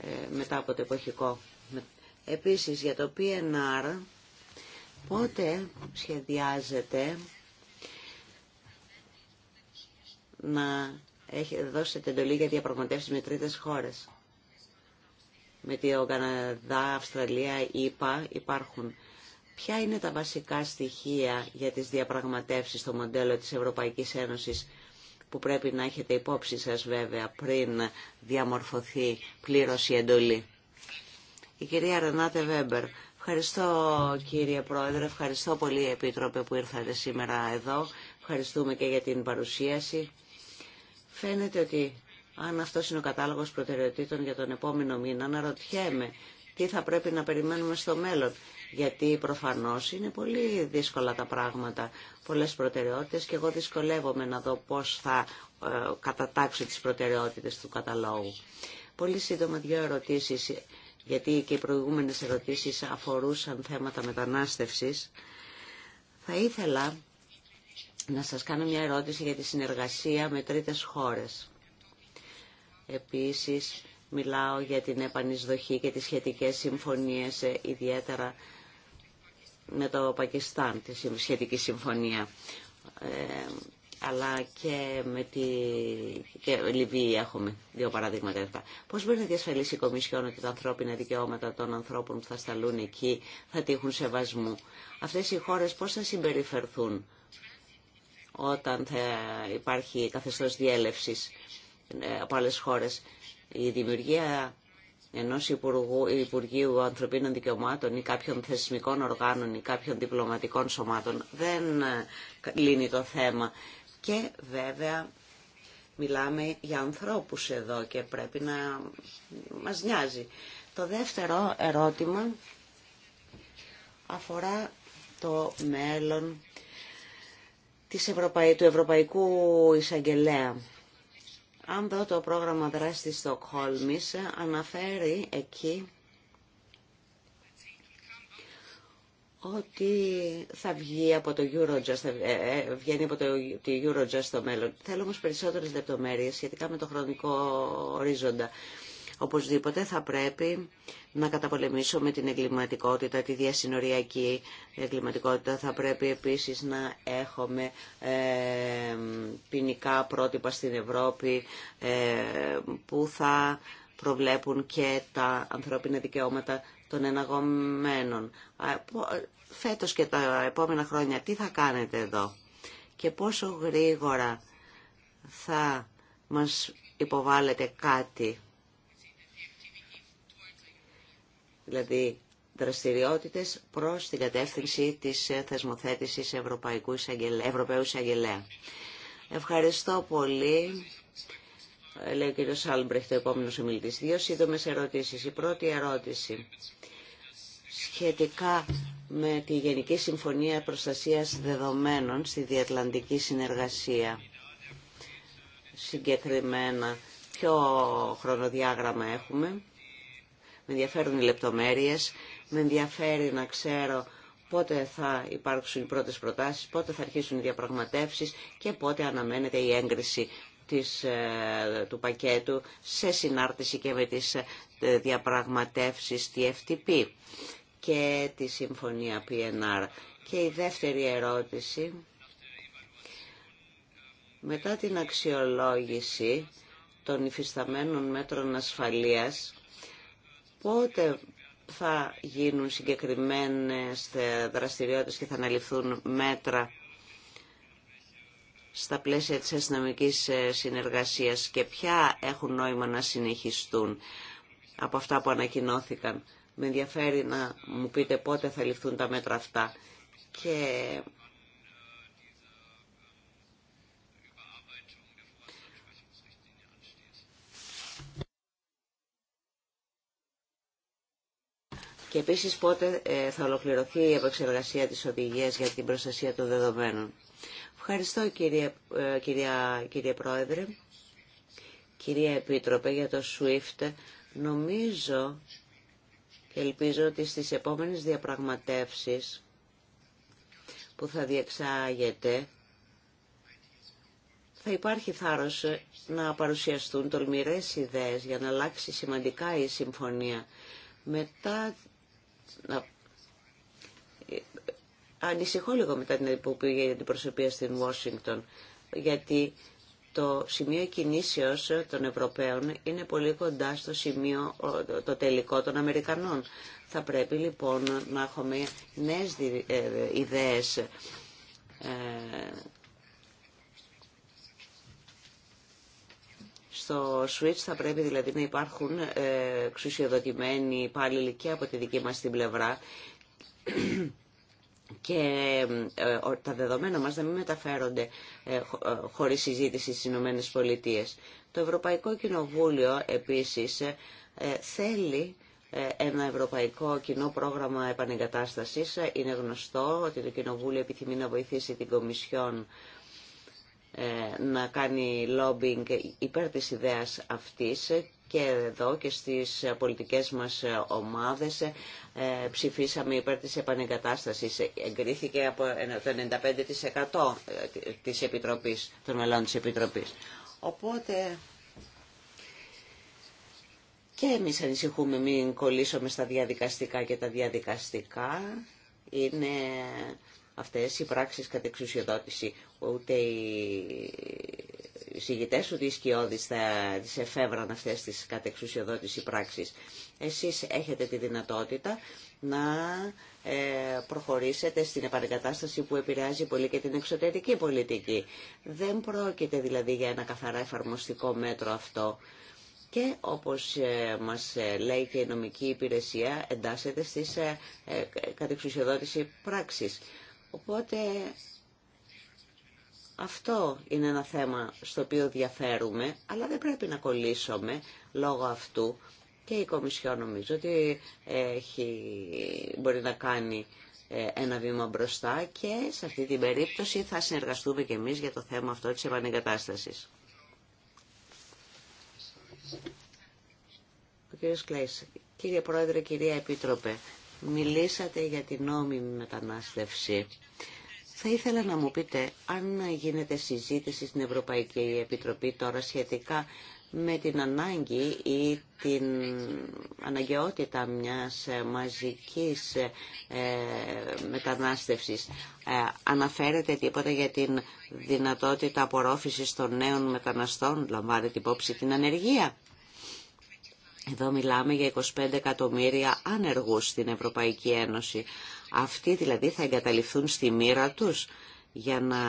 ε, μετά από το εποχικό. Επίσης για το PNR Πότε σχεδιάζετε να δώσετε εντολή για διαπραγματεύσεις με τρίτες χώρες. Με το Καναδά, Αυστραλία, ΙΠΑ υπάρχουν. Ποια είναι τα βασικά στοιχεία για τις διαπραγματεύσεις στο μοντέλο της Ευρωπαϊκής Ένωσης που πρέπει να έχετε υπόψη σας βέβαια πριν διαμορφωθεί πλήρωση εντολή. Η κυρία Ρενάτε Βέμπερ Ευχαριστώ κύριε Πρόεδρε, ευχαριστώ πολύ Επίτροπε που ήρθατε σήμερα εδώ. Ευχαριστούμε και για την παρουσίαση. Φαίνεται ότι αν αυτό είναι ο κατάλογος προτεραιοτήτων για τον επόμενο μήνα, να ρωτιέμαι τι θα πρέπει να περιμένουμε στο μέλλον. Γιατί προφανώς είναι πολύ δύσκολα τα πράγματα, πολλές προτεραιότητες και εγώ δυσκολεύομαι να δω πώς θα ε, κατατάξω τις προτεραιότητες του καταλόγου. Πολύ σύντομα δύο ερωτήσεις γιατί και οι προηγούμενες ερωτήσεις αφορούσαν θέματα μετανάστευσης. Θα ήθελα να σας κάνω μια ερώτηση για τη συνεργασία με τρίτες χώρες. Επίσης, μιλάω για την επανεισδοχή και τις σχετικές συμφωνίες, ε, ιδιαίτερα με το Πακιστάν, τη σχετική συμφωνία. Ε, αλλά και με τη και Λιβύη έχουμε δύο παραδείγματα αυτά. Πώς μπορεί να διασφαλίσει η Κομισιόν ότι τα ανθρώπινα δικαιώματα των ανθρώπων που θα σταλούν εκεί θα τύχουν σεβασμού. Αυτές οι χώρες πώς θα συμπεριφερθούν όταν θα υπάρχει καθεστώς διέλευσης ε, από άλλες χώρες. Η δημιουργία ενός Υπουργείου Ανθρωπίνων Δικαιωμάτων ή κάποιων θεσμικών οργάνων ή κάποιων διπλωματικών σωμάτων δεν ε, λύνει το θέμα. Και βέβαια μιλάμε για ανθρώπους εδώ και πρέπει να μας νοιάζει. Το δεύτερο ερώτημα αφορά το μέλλον της του Ευρωπαϊκού Εισαγγελέα. Αν δω το πρόγραμμα δράσης της Στοκχόλμης, αναφέρει εκεί ότι θα βγει από το Eurojust, ε, ε, βγαίνει από το, το Eurojust στο μέλλον. Θέλω όμως περισσότερες λεπτομέρειες σχετικά με το χρονικό ορίζοντα. Οπωσδήποτε θα πρέπει να καταπολεμήσουμε την εγκληματικότητα, τη διασυνοριακή εγκληματικότητα. Θα πρέπει επίσης να έχουμε ε, ποινικά πρότυπα στην Ευρώπη ε, που θα προβλέπουν και τα ανθρώπινα δικαιώματα των εναγωμένων. Φέτος και τα επόμενα χρόνια τι θα κάνετε εδώ και πόσο γρήγορα θα μας υποβάλλετε κάτι. Δηλαδή δραστηριότητες προς την κατεύθυνση της θεσμοθέτησης Ευρωπαϊκού Ευρωπαίου Εισαγγελέα. Ευχαριστώ πολύ λέει ο κ. Σάλμπρεχτ, ο επόμενος ομιλητής. Δύο σύντομες ερωτήσεις. Η πρώτη ερώτηση σχετικά με τη Γενική Συμφωνία Προστασίας Δεδομένων στη Διατλαντική Συνεργασία. Συγκεκριμένα, ποιο χρονοδιάγραμμα έχουμε. Με ενδιαφέρουν οι λεπτομέρειες. Με ενδιαφέρει να ξέρω πότε θα υπάρξουν οι πρώτες προτάσεις, πότε θα αρχίσουν οι διαπραγματεύσεις και πότε αναμένεται η έγκριση της, ε, του πακέτου σε συνάρτηση και με τις ε, διαπραγματεύσεις FTP και τη Συμφωνία PNR. Και η δεύτερη ερώτηση, μετά την αξιολόγηση των υφισταμένων μέτρων ασφαλείας, πότε θα γίνουν συγκεκριμένες ε, δραστηριότητες και θα αναλυθούν μέτρα στα πλαίσια της αστυνομικής ε, συνεργασίας και ποια έχουν νόημα να συνεχιστούν από αυτά που ανακοινώθηκαν. Με ενδιαφέρει να μου πείτε πότε θα ληφθούν τα μέτρα αυτά. Και Και επίσης πότε ε, θα ολοκληρωθεί η επεξεργασία της οδηγίας για την προστασία των δεδομένων. Ευχαριστώ κύριε, ε, κυρία, Πρόεδρε, κυρία Επίτροπε για το SWIFT. Νομίζω και ελπίζω ότι στις επόμενες διαπραγματεύσεις που θα διεξάγεται θα υπάρχει θάρρος να παρουσιαστούν τολμηρές ιδέες για να αλλάξει σημαντικά η συμφωνία. Μετά Ανησυχώ λίγο μετά την που για την αντιπροσωπεία στην Ουάσιγκτον, γιατί το σημείο κινήσεως των Ευρωπαίων είναι πολύ κοντά στο σημείο το τελικό των Αμερικανών. Θα πρέπει λοιπόν να έχουμε νέες ε, ιδέες ε, στο switch θα πρέπει δηλαδή να υπάρχουν ε, ξουσιοδοτημένοι υπάλληλοι και από τη δική μας την πλευρά και ε, τα δεδομένα μας να μην μεταφέρονται ε, ε, χωρίς συζήτηση στις Ηνωμένε Πολιτείε. Το Ευρωπαϊκό Κοινοβούλιο επίσης θέλει ένα ευρωπαϊκό κοινό πρόγραμμα επανεγκατάστασης. Είναι γνωστό ότι το Κοινοβούλιο επιθυμεί να βοηθήσει την Κομισιόν να κάνει lobbying υπέρ της ιδέας αυτής και εδώ και στις πολιτικές μας ομάδες ε, ψηφίσαμε υπέρ της επανεγκατάστασης. Εγκρίθηκε από το 95% ε, της Επιτροπής, των μελών της Επιτροπής. Οπότε και εμείς ανησυχούμε μην κολλήσουμε στα διαδικαστικά και τα διαδικαστικά είναι αυτές οι πράξεις κατεξουσιοδότηση, Ούτε η συγητές σου οι θα τις εφεύραν αυτές τις κατεξουσιοδότηση πράξεις. Εσείς έχετε τη δυνατότητα να ε, προχωρήσετε στην επανεκατάσταση που επηρεάζει πολύ και την εξωτερική πολιτική. Δεν πρόκειται δηλαδή για ένα καθαρά εφαρμοστικό μέτρο αυτό. Και όπως ε, μας ε, λέει και η νομική υπηρεσία εντάσσεται στις κατεξουσιοδότηση πράξεις. Οπότε αυτό είναι ένα θέμα στο οποίο διαφέρουμε, αλλά δεν πρέπει να κολλήσουμε λόγω αυτού. Και η Κομισιόν νομίζω ότι έχει, μπορεί να κάνει ε, ένα βήμα μπροστά και σε αυτή την περίπτωση θα συνεργαστούμε και εμείς για το θέμα αυτό της επανεγκατάστασης. Ο κύριε Πρόεδρε, κυρία Επίτροπε, μιλήσατε για την νόμιμη μετανάστευση. Θα ήθελα να μου πείτε αν γίνεται συζήτηση στην Ευρωπαϊκή Επιτροπή τώρα σχετικά με την ανάγκη ή την αναγκαιότητα μιας μαζικής ε, μετανάστευσης. Ε, αναφέρεται τίποτα για την δυνατότητα απορρόφησης των νέων μεταναστών, λαμβάνεται υπόψη την ανεργία. Εδώ μιλάμε για 25 εκατομμύρια άνεργους στην Ευρωπαϊκή Ένωση. Αυτοί δηλαδή θα εγκαταληφθούν στη μοίρα τους για να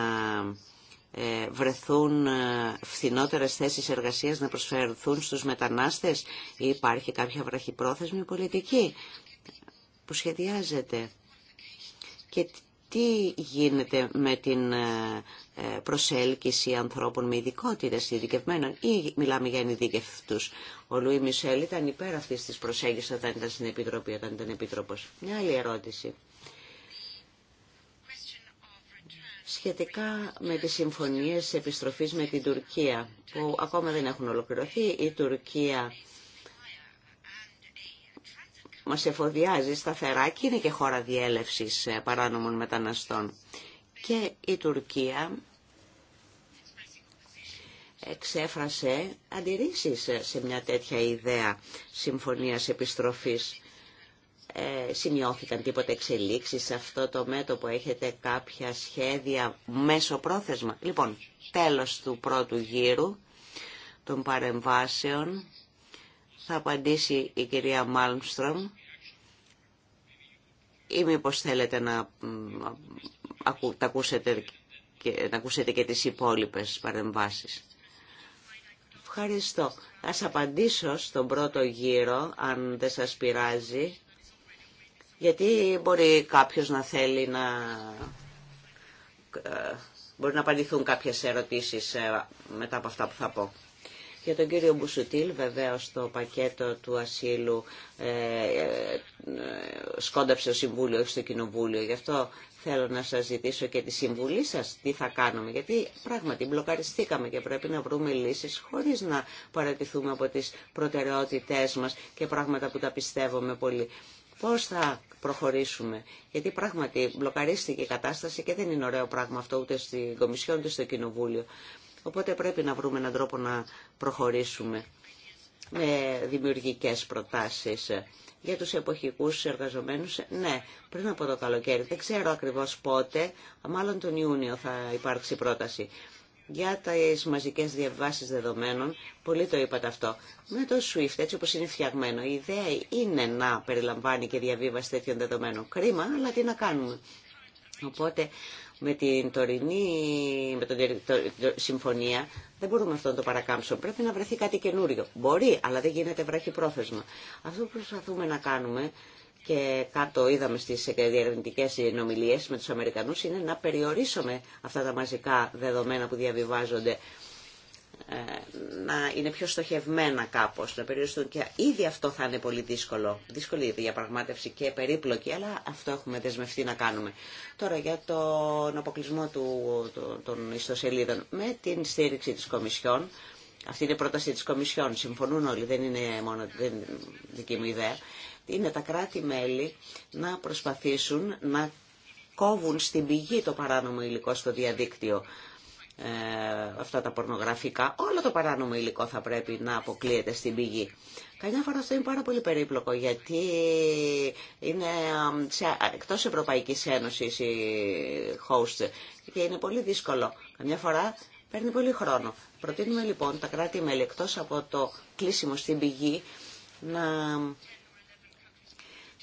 ε, βρεθούν ε, φθηνότερες θέσεις εργασίας να προσφερθούν στους μετανάστες ή υπάρχει κάποια βραχυπρόθεσμη πολιτική που σχεδιάζεται. Και τι γίνεται με την ε, προσέλκυση ανθρώπων με ειδικότητες ειδικευμένων ή μιλάμε για ενειδικευτούς. Ο Λουί Μισελ ήταν υπέρ αυτή τη προσέγγιση όταν ήταν στην Επιτροπή, όταν ήταν Επίτροπο. Μια άλλη ερώτηση. Σχετικά με τις συμφωνίες επιστροφής με την Τουρκία, που ακόμα δεν έχουν ολοκληρωθεί, η Τουρκία μας εφοδιάζει σταθερά και είναι και χώρα διέλευσης παράνομων μεταναστών. Και η Τουρκία εξέφρασε αντιρρήσεις σε μια τέτοια ιδέα συμφωνίας επιστροφής. Ε, σημειώθηκαν τίποτε εξελίξεις σε αυτό το μέτωπο, έχετε κάποια σχέδια μέσω πρόθεσμα. Λοιπόν, τέλος του πρώτου γύρου των παρεμβάσεων θα απαντήσει η κυρία Μάλμστρομ ή μήπως θέλετε να, ακούσετε, και, να ακούσετε και τις υπόλοιπες παρεμβάσεις. Ευχαριστώ. Ας απαντήσω στον πρώτο γύρο, αν δεν σας πειράζει, γιατί μπορεί κάποιος να θέλει να... Ε, μπορεί να απαντηθούν κάποιες ερωτήσεις ε, μετά από αυτά που θα πω. Για τον κύριο Μπουσουτήλ, βεβαίω το πακέτο του ασύλου ε, ε, ε, σκόνταψε ο Συμβούλιο, όχι στο Κοινοβούλιο. Γι' αυτό Θέλω να σας ζητήσω και τη συμβουλή σας τι θα κάνουμε, γιατί πράγματι μπλοκαριστήκαμε και πρέπει να βρούμε λύσεις χωρίς να παρατηθούμε από τις προτεραιότητές μας και πράγματα που τα πιστεύουμε πολύ. Πώς θα προχωρήσουμε, γιατί πράγματι μπλοκαρίστηκε η κατάσταση και δεν είναι ωραίο πράγμα αυτό ούτε στην Κομισιόν ούτε στο Κοινοβούλιο. Οπότε πρέπει να βρούμε έναν τρόπο να προχωρήσουμε με δημιουργικές προτάσεις για τους εποχικούς εργαζομένους. Ναι, πριν από το καλοκαίρι, δεν ξέρω ακριβώς πότε, μάλλον τον Ιούνιο θα υπάρξει πρόταση. Για τις μαζικές διαβάσεις δεδομένων, πολύ το είπατε αυτό. Με το SWIFT, έτσι όπως είναι φτιαγμένο, η ιδέα είναι να περιλαμβάνει και διαβίβαση τέτοιων δεδομένων. Κρίμα, αλλά τι να κάνουμε με την τωρινή με τον, συμφωνία δεν μπορούμε αυτό να το παρακάμψουμε. Πρέπει να βρεθεί κάτι καινούριο. Μπορεί, αλλά δεν γίνεται βραχυπρόθεσμα. πρόθεσμα. Αυτό που προσπαθούμε να κάνουμε και κάτω είδαμε στις διαρευνητικές συνομιλίες με τους Αμερικανούς είναι να περιορίσουμε αυτά τα μαζικά δεδομένα που διαβιβάζονται ε, να είναι πιο στοχευμένα κάπως, να περιοριστούν και ήδη αυτό θα είναι πολύ δύσκολο, δύσκολη η διαπραγμάτευση και περίπλοκη, αλλά αυτό έχουμε δεσμευτεί να κάνουμε. Τώρα για τον αποκλεισμό του, των ιστοσελίδων με την στήριξη της Κομισιόν, αυτή είναι η πρόταση της Κομισιόν, συμφωνούν όλοι, δεν είναι μόνο δεν είναι δική μου ιδέα, είναι τα κράτη-μέλη να προσπαθήσουν να κόβουν στην πηγή το παράνομο υλικό στο διαδίκτυο ε, αυτά τα πορνογραφικά, όλο το παράνομο υλικό θα πρέπει να αποκλείεται στην πηγή. Καμιά φορά αυτό είναι πάρα πολύ περίπλοκο, γιατί είναι σε, εκτός Ευρωπαϊκής Ένωσης η host και είναι πολύ δύσκολο. Καμιά φορά παίρνει πολύ χρόνο. Προτείνουμε λοιπόν τα κράτη-μέλη εκτός από το κλείσιμο στην πηγή να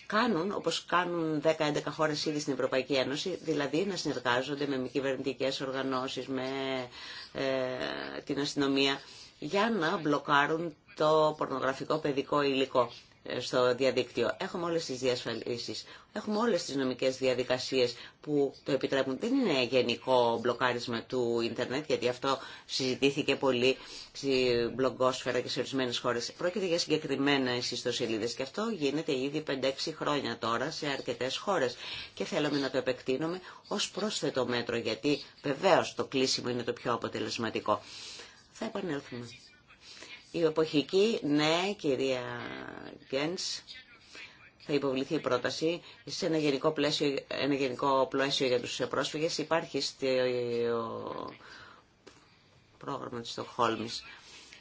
κάνουν όπως κάνουν 10-11 χώρες ήδη στην Ευρωπαϊκή Ένωση, δηλαδή να συνεργάζονται με μη κυβερνητικέ οργανώσεις, με ε, την αστυνομία, για να μπλοκάρουν το πορνογραφικό παιδικό υλικό στο διαδίκτυο. Έχουμε όλες τις διασφαλίσεις, έχουμε όλες τις νομικές διαδικασίες που το επιτρέπουν. Δεν είναι γενικό μπλοκάρισμα του ίντερνετ, γιατί αυτό συζητήθηκε πολύ στη μπλογκόσφαιρα και σε ορισμένε χώρε. Πρόκειται για συγκεκριμένα ιστοσελίδε. και αυτό γίνεται ήδη 5-6 χρόνια τώρα σε αρκετέ χώρε. και θέλουμε να το επεκτείνουμε ω πρόσθετο μέτρο, γιατί βεβαίω το κλείσιμο είναι το πιο αποτελεσματικό. Θα επανέλθουμε. Η εποχική, ναι, κυρία Γκένς, θα υποβληθεί η πρόταση σε ένα γενικό πλαίσιο, ένα γενικό πλαίσιο για τους πρόσφυγες. Υπάρχει στο πρόγραμμα της Στοχόλμης.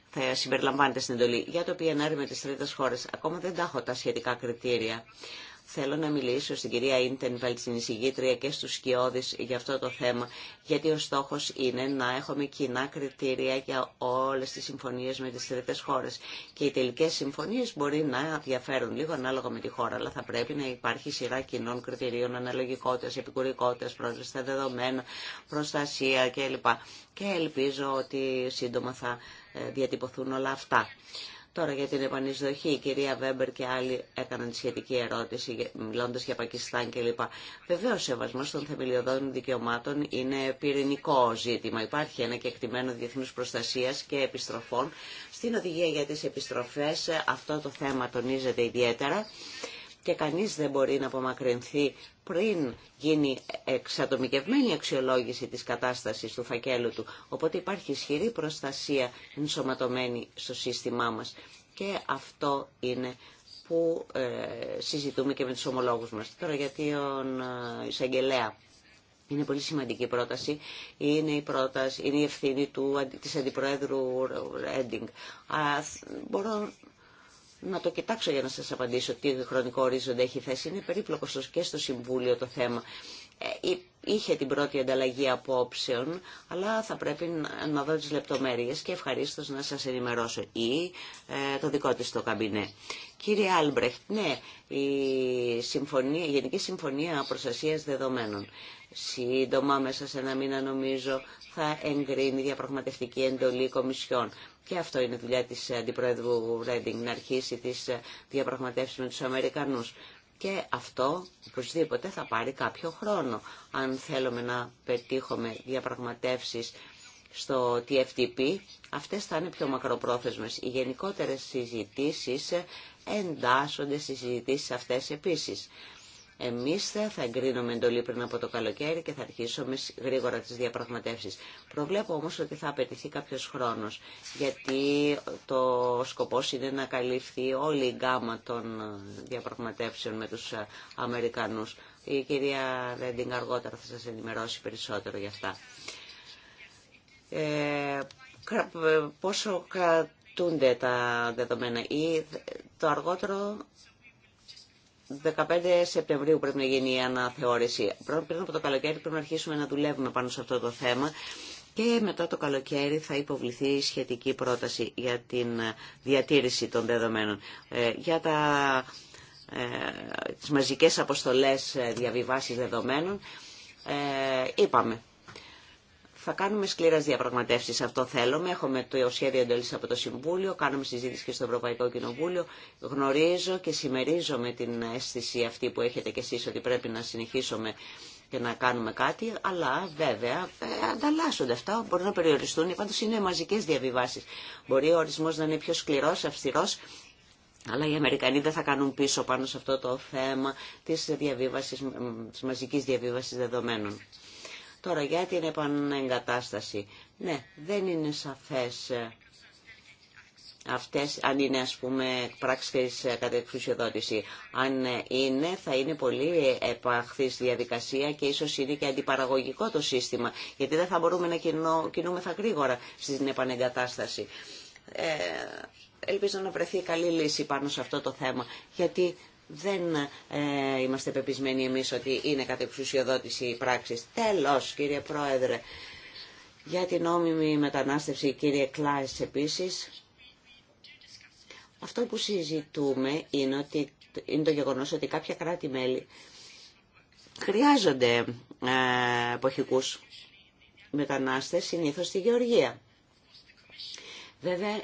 Θα συμπεριλαμβάνεται στην εντολή για το PNR με τις τρίτες χώρες. Ακόμα δεν τα έχω τα σχετικά κριτήρια. Θέλω να μιλήσω στην κυρία Ίντενβελτ, στην εισηγήτρια και στους σκιώδεις για αυτό το θέμα, γιατί ο στόχος είναι να έχουμε κοινά κριτήρια για όλες τις συμφωνίες με τις τρίτες χώρες. Και οι τελικές συμφωνίες μπορεί να διαφέρουν λίγο ανάλογα με τη χώρα, αλλά θα πρέπει να υπάρχει σειρά κοινών κριτηρίων αναλογικότητας, επικουρικότητας, πρόσβαση στα δεδομένα, προστασία κλπ. Και ελπίζω ότι σύντομα θα ε, διατυπωθούν όλα αυτά. Τώρα για την επανεισδοχή, η κυρία Βέμπερ και άλλοι έκαναν σχετική ερώτηση, μιλώντα για Πακιστάν κλπ. Βεβαίω, ο σεβασμό των θεμελιωδών δικαιωμάτων είναι πυρηνικό ζήτημα. Υπάρχει ένα κεκτημένο διεθνού προστασία και επιστροφών. Στην οδηγία για τι επιστροφέ αυτό το θέμα τονίζεται ιδιαίτερα και κανείς δεν μπορεί να απομακρυνθεί πριν γίνει εξατομικευμένη αξιολόγηση της κατάστασης του φακέλου του. Οπότε υπάρχει ισχυρή προστασία ενσωματωμένη στο σύστημά μας. Και αυτό είναι που ε, συζητούμε και με τους ομολόγους μας. Τώρα γιατί ο ε, εισαγγελέα. Είναι πολύ σημαντική πρόταση. Είναι η, πρόταση, είναι η ευθύνη του, της Αντιπροέδρου Ρέντινγκ. μπορώ να το κοιτάξω για να σας απαντήσω τι χρονικό ορίζοντα έχει θέσει. Είναι περίπλοκο και στο Συμβούλιο το θέμα. Ε, είχε την πρώτη ανταλλαγή απόψεων, αλλά θα πρέπει να δω τις λεπτομέρειες και ευχαρίστως να σας ενημερώσω ή ε, το δικό της το καμπινέ. Κύριε Άλμπρεχτ, ναι, η, συμφωνία, η Γενική Συμφωνία Προστασίας Δεδομένων σύντομα μέσα σε ένα μήνα νομίζω θα εγκρίνει διαπραγματευτική εντολή κομισιών. Και αυτό είναι δουλειά της Αντιπρόεδρου Ρέντινγκ να αρχίσει τις διαπραγματεύσεις με τους Αμερικανούς. Και αυτό οπωσδήποτε θα πάρει κάποιο χρόνο αν θέλουμε να πετύχουμε διαπραγματεύσεις στο TFTP, αυτές θα είναι πιο μακροπρόθεσμες. Οι γενικότερες συζητήσεις εντάσσονται στις συζητήσεις αυτές επίσης. Εμείς θα εγκρίνουμε εντολή πριν από το καλοκαίρι και θα αρχίσουμε γρήγορα τις διαπραγματεύσεις. Προβλέπω όμως ότι θα απαιτηθεί κάποιος χρόνος, γιατί το σκοπός είναι να καλυφθεί όλη η γκάμα των ε, διαπραγματεύσεων με τους ε, Αμερικανούς. Η κυρία Ρέντινγκ αργότερα θα σας ενημερώσει περισσότερο γι' αυτά. Ε, ε πόσο κα, απαιτούνται τα δεδομένα ή το αργότερο 15 Σεπτεμβρίου πρέπει να γίνει η αναθεώρηση. Πριν από το καλοκαίρι πρέπει να αρχίσουμε να δουλεύουμε πάνω σε αυτό το θέμα και μετά το καλοκαίρι θα υποβληθεί η σχετική πρόταση για την διατήρηση των δεδομένων. Ε, για τα, ε, τις μαζικές αποστολές ε, διαβιβάσεις δεδομένων ε, είπαμε θα κάνουμε σκληρέ διαπραγματεύσει, αυτό θέλουμε. Έχουμε το σχέδιο εντολή από το Συμβούλιο, κάνουμε συζήτηση και στο Ευρωπαϊκό Κοινοβούλιο. Γνωρίζω και συμμερίζομαι την αίσθηση αυτή που έχετε κι εσεί ότι πρέπει να συνεχίσουμε και να κάνουμε κάτι, αλλά βέβαια ε, ανταλλάσσονται αυτά, μπορεί να περιοριστούν. Πάντω είναι μαζικέ διαβιβάσει. Μπορεί ο ορισμό να είναι πιο σκληρό, αυστηρό, αλλά οι Αμερικανοί δεν θα κάνουν πίσω πάνω σε αυτό το θέμα της, διαβίβασης, της δεδομένων. Τώρα για την επανεγκατάσταση. Ναι, δεν είναι σαφές ε, αυτές, αν είναι ας πούμε πράξεις ε, κατά εξουσιοδότηση. Αν ε, είναι, θα είναι πολύ επαχθής διαδικασία και ίσως είναι και αντιπαραγωγικό το σύστημα, γιατί δεν θα μπορούμε να κινούμε κινούμεθα γρήγορα στην επανεγκατάσταση. Ε, ελπίζω να βρεθεί καλή λύση πάνω σε αυτό το θέμα, γιατί δεν ε, είμαστε πεπισμένοι εμείς ότι είναι η πράξη. Τέλος, κύριε Πρόεδρε, για την όμιμη μετανάστευση, κύριε Κλάις, επίσης, αυτό που συζητούμε είναι, ότι, είναι το γεγονός ότι κάποια κράτη-μέλη χρειάζονται ε, εποχικούς μετανάστες, συνήθως στη Γεωργία. Βέβαια,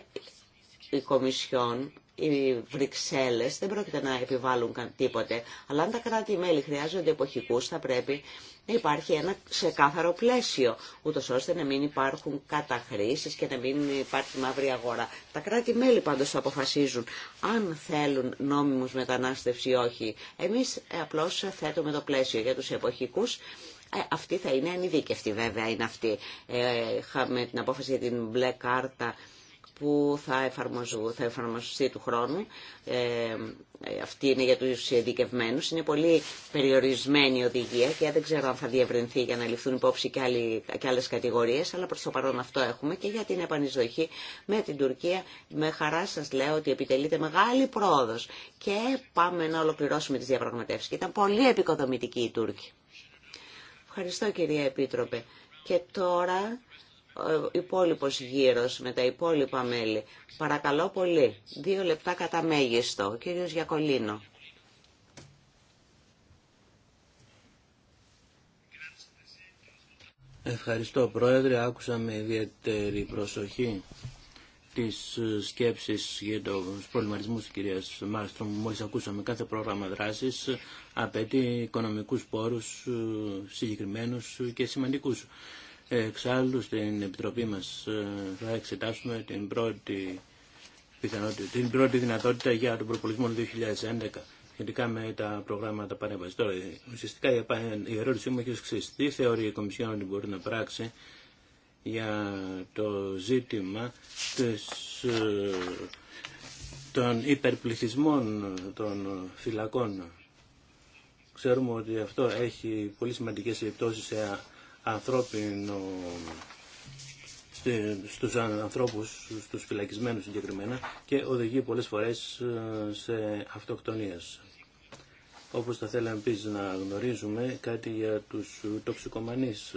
η Κομισιόν οι Βρυξέλλε δεν πρόκειται να επιβάλλουν τίποτε. Αλλά αν τα κράτη-μέλη χρειάζονται εποχικού, θα πρέπει να υπάρχει ένα ξεκάθαρο πλαίσιο, ούτω ώστε να μην υπάρχουν καταχρήσεις και να μην υπάρχει μαύρη αγορά. Τα κράτη-μέλη πάντω θα αποφασίζουν αν θέλουν νόμιμου μετανάστευση ή όχι. εμεί ε, απλώ θέτουμε το πλαίσιο για τους εποχικούς. Ε, αυτή θα είναι ανειδίκευτη βέβαια είναι αυτή. Ε, είχαμε την απόφαση για την μπλε κάρτα που θα, θα εφαρμοστεί του χρόνου. Ε, ε, αυτή είναι για τους ειδικευμένους. Είναι πολύ περιορισμένη η οδηγία και δεν ξέρω αν θα διευρυνθεί για να ληφθούν υπόψη και, άλλοι, και άλλες κατηγορίες, αλλά προς το παρόν αυτό έχουμε και για την επανεισδοχή με την Τουρκία. Με χαρά σας λέω ότι επιτελείται μεγάλη πρόοδος και πάμε να ολοκληρώσουμε τις διαπραγματεύσεις. Και ήταν πολύ επικοδομητικοί οι Τούρκοι. Ευχαριστώ κυρία Επίτροπε. Και τώρα υπόλοιπο γύρος με τα υπόλοιπα μέλη. Παρακαλώ πολύ. Δύο λεπτά κατά μέγιστο. Ο κύριος Γιακολίνο. Ευχαριστώ Πρόεδρε. Άκουσα με ιδιαίτερη προσοχή τις σκέψεις για το προβληματισμούς της κυρίας Μάρστρομ μόλις ακούσαμε κάθε πρόγραμμα δράσης απαιτεί οικονομικούς πόρους ε, συγκεκριμένους και σημαντικούς. Εξάλλου στην Επιτροπή μας ε, θα εξετάσουμε την πρώτη, πιθανότητα, την πρώτη δυνατότητα για τον προπολισμό του 2011 σχετικά με τα προγράμματα παρέμβαση. Τώρα, ουσιαστικά η ερώτησή μου έχει εξή. Τι θεωρεί η Κομισιόν ότι μπορεί να πράξει για το ζήτημα της, ε, των υπερπληθυσμών των φυλακών. Ξέρουμε ότι αυτό έχει πολύ σημαντικές επιπτώσεις σε ανθρώπινο ε, στους ανθρώπους, στους φυλακισμένους συγκεκριμένα και οδηγεί πολλές φορές ε, σε αυτοκτονίες. Όπως θα θέλαμε επίσης να γνωρίζουμε κάτι για τους τοξικομανείς.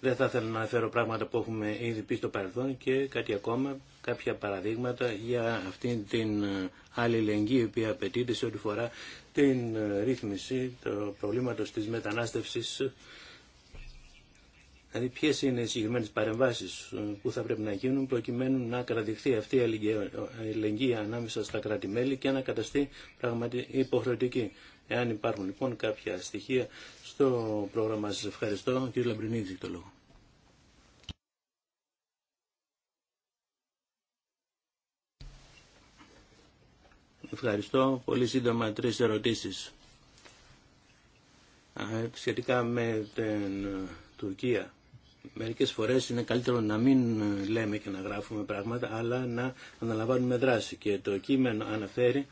Δεν θα ήθελα να αναφέρω πράγματα που έχουμε ήδη πει στο παρελθόν και κάτι ακόμα κάποια παραδείγματα για αυτή την ε, αλληλεγγύη η οποία απαιτείται σε ό,τι φορά την ε, ρύθμιση του προβλήματος της μετανάστευσης. Δηλαδή ποιες είναι οι συγκεκριμένε παρεμβάσεις ε, που θα πρέπει να γίνουν προκειμένου να κρατηθεί αυτή η αλληλεγγύη ανάμεσα στα κράτη-μέλη και να καταστεί πραγματικά υποχρεωτική. Εάν υπάρχουν λοιπόν κάποια στοιχεία στο πρόγραμμα σας ευχαριστώ. Κύριε Λαμπρινίδη το λόγο. Ευχαριστώ. Πολύ σύντομα τρεις ερωτήσεις. Σχετικά με την ε, Τουρκία. Μερικές φορές είναι καλύτερο να μην ε, λέμε και να γράφουμε πράγματα, αλλά να αναλαμβάνουμε δράση. Και το κείμενο αναφέρει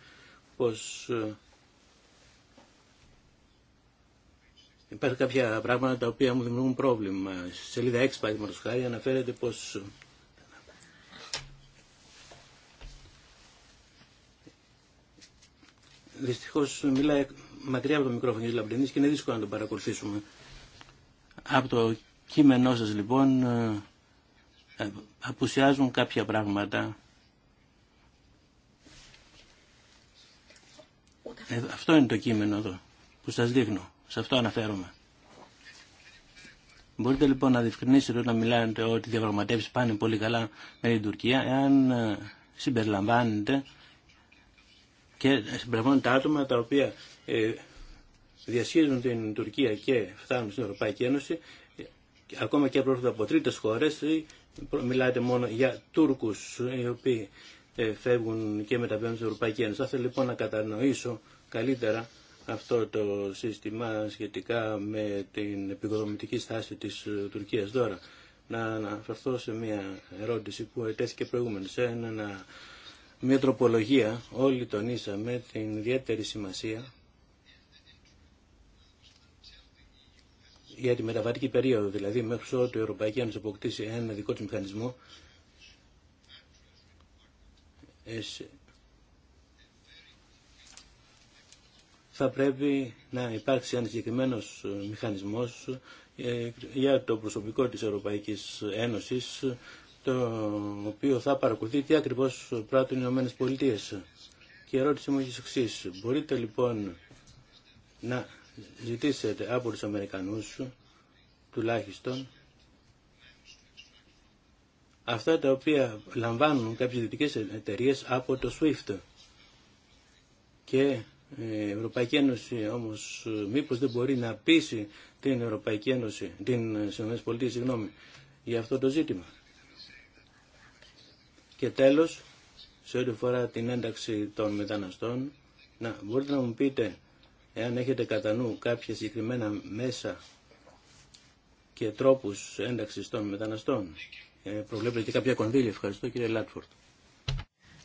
πως ε, Υπάρχουν κάποια πράγματα τα οποία μου δημιουργούν πρόβλημα. Στη σελίδα 6, παραδείγματος χάρη, αναφέρεται πως Δυστυχώ μιλάει μακριά από το μικρόφωνο της Λαμπρινής και είναι δύσκολο να τον παρακολουθήσουμε. Από το κείμενό σας λοιπόν ε, ε, απουσιάζουν κάποια πράγματα. Ε, αυτό είναι το κείμενο εδώ που σας δείχνω. Σε αυτό αναφέρομαι. Μπορείτε λοιπόν να διευκρινίσετε όταν μιλάτε ότι διαπραγματεύσει πάνε πολύ καλά με την Τουρκία, εάν συμπεριλαμβάνετε και συμπληρώνουν τα άτομα τα οποία ε, διασχίζουν την Τουρκία και φτάνουν στην Ευρωπαϊκή Ένωση, ακόμα και πρόσφατα από τρίτες χώρες, μιλάτε μόνο για Τούρκους οι οποίοι ε, φεύγουν και μεταβαίνουν στην Ευρωπαϊκή Ένωση. Θα ήθελα λοιπόν να κατανοήσω καλύτερα αυτό το σύστημα σχετικά με την επικοδομητική στάση της ε, Τουρκίας τώρα. Να αναφερθώ σε μια ερώτηση που ετέθηκε προηγούμενη σε ένα, μια τροπολογία όλοι τονίσαμε την ιδιαίτερη σημασία για τη μεταβατική περίοδο, δηλαδή μέχρι ότου η Ευρωπαϊκή Ένωση αποκτήσει ένα δικό της μηχανισμό θα πρέπει να υπάρξει ένα συγκεκριμένο μηχανισμός ε, για το προσωπικό της Ευρωπαϊκής Ένωσης το οποίο θα παρακολουθεί τι ακριβώ πράττουν οι Ηνωμένες Πολιτείες. Και η ερώτηση μου έχει εξή. Μπορείτε λοιπόν να ζητήσετε από τους Αμερικανούς τουλάχιστον αυτά τα οποία λαμβάνουν κάποιες δυτικές εταιρείε από το SWIFT. Και ε, η Ευρωπαϊκή Ένωση όμως ε, μήπως δεν μπορεί να πείσει την Ευρωπαϊκή Ένωση, την ε, ΗΠΑ, συγγνώμη, για αυτό το ζήτημα. Και τέλος, σε ό,τι φορά την ένταξη των μεταναστών, να, μπορείτε να μου πείτε εάν έχετε κατά νου κάποια συγκεκριμένα μέσα και τρόπους ένταξης των μεταναστών. Ε, προβλέπετε κάποια κονδύλια. Ευχαριστώ κύριε Λάτφορτ.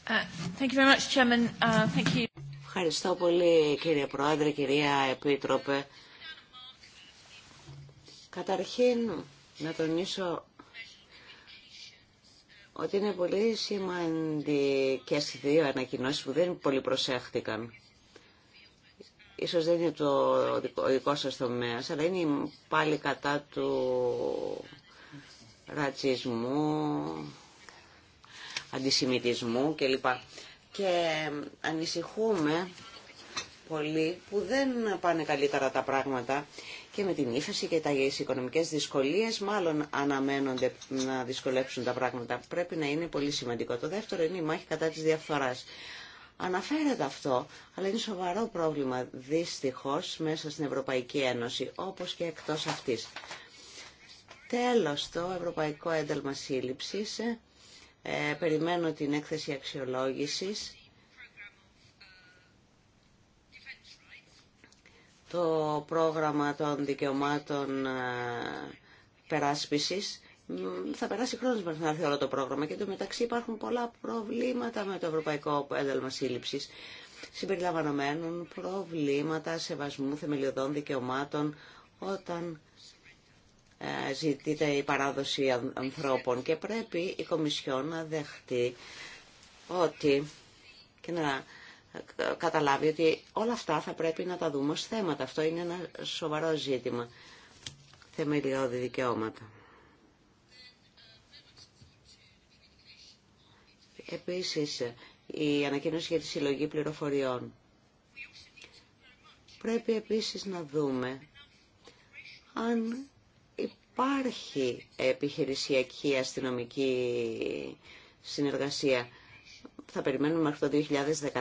Ε, ε, Ευχαριστώ πολύ κύριε Πρόεδρε, κυρία Επίτροπε. Καταρχήν να τονίσω ότι είναι πολύ σημαντικές δύο ανακοινώσει που δεν πολύ προσέχτηκαν. Ίσως δεν είναι το δικό σα τομέα, αλλά είναι πάλι κατά του ρατσισμού, αντισημιτισμού κλπ. Και ανησυχούμε πολύ που δεν πάνε καλύτερα τα πράγματα και με την ύφεση και τι οικονομικέ δυσκολίες μάλλον αναμένονται να δυσκολέψουν τα πράγματα. Πρέπει να είναι πολύ σημαντικό. Το δεύτερο είναι η μάχη κατά τη διαφθορά. Αναφέρεται αυτό, αλλά είναι σοβαρό πρόβλημα δυστυχώ μέσα στην Ευρωπαϊκή Ένωση, όπως και εκτός αυτής. Τέλος, το Ευρωπαϊκό Ένταλμα Σύλληψη. Ε, περιμένω την έκθεση αξιολόγησης το πρόγραμμα των δικαιωμάτων ε, περάσπισης. Θα περάσει χρόνο μέχρι να έρθει όλο το πρόγραμμα και εντωμεταξύ υπάρχουν πολλά προβλήματα με το Ευρωπαϊκό Ένταλμα Σύλληψη. Συμπεριλαμβανομένων προβλήματα σεβασμού θεμελιωδών δικαιωμάτων όταν ε, ζητείται η παράδοση ανθρώπων και πρέπει η Κομισιόν να δεχτεί ότι και να καταλάβει ότι όλα αυτά θα πρέπει να τα δούμε ως θέματα. Αυτό είναι ένα σοβαρό ζήτημα. Θεμελιώδη δικαιώματα. Επίσης, η ανακοίνωση για τη συλλογή πληροφοριών. Πρέπει επίσης να δούμε αν υπάρχει επιχειρησιακή αστυνομική συνεργασία θα περιμένουμε μέχρι το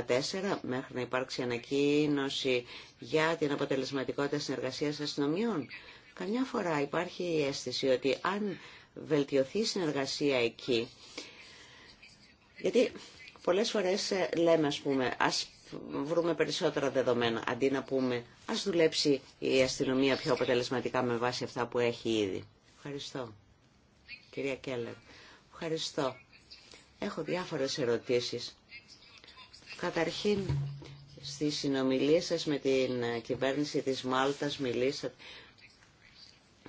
2014 μέχρι να υπάρξει ανακοίνωση για την αποτελεσματικότητα συνεργασίας αστυνομιών. Καμιά φορά υπάρχει η αίσθηση ότι αν βελτιωθεί η συνεργασία εκεί, γιατί πολλές φορές ε, λέμε ας πούμε ας βρούμε περισσότερα δεδομένα αντί να πούμε ας δουλέψει η αστυνομία πιο αποτελεσματικά με βάση αυτά που έχει ήδη. Ευχαριστώ. Κυρία Κέλλερ. Ευχαριστώ. Έχω διάφορες ερωτήσεις. Καταρχήν, στη συνομιλίες σας με την κυβέρνηση της Μάλτας μιλήσατε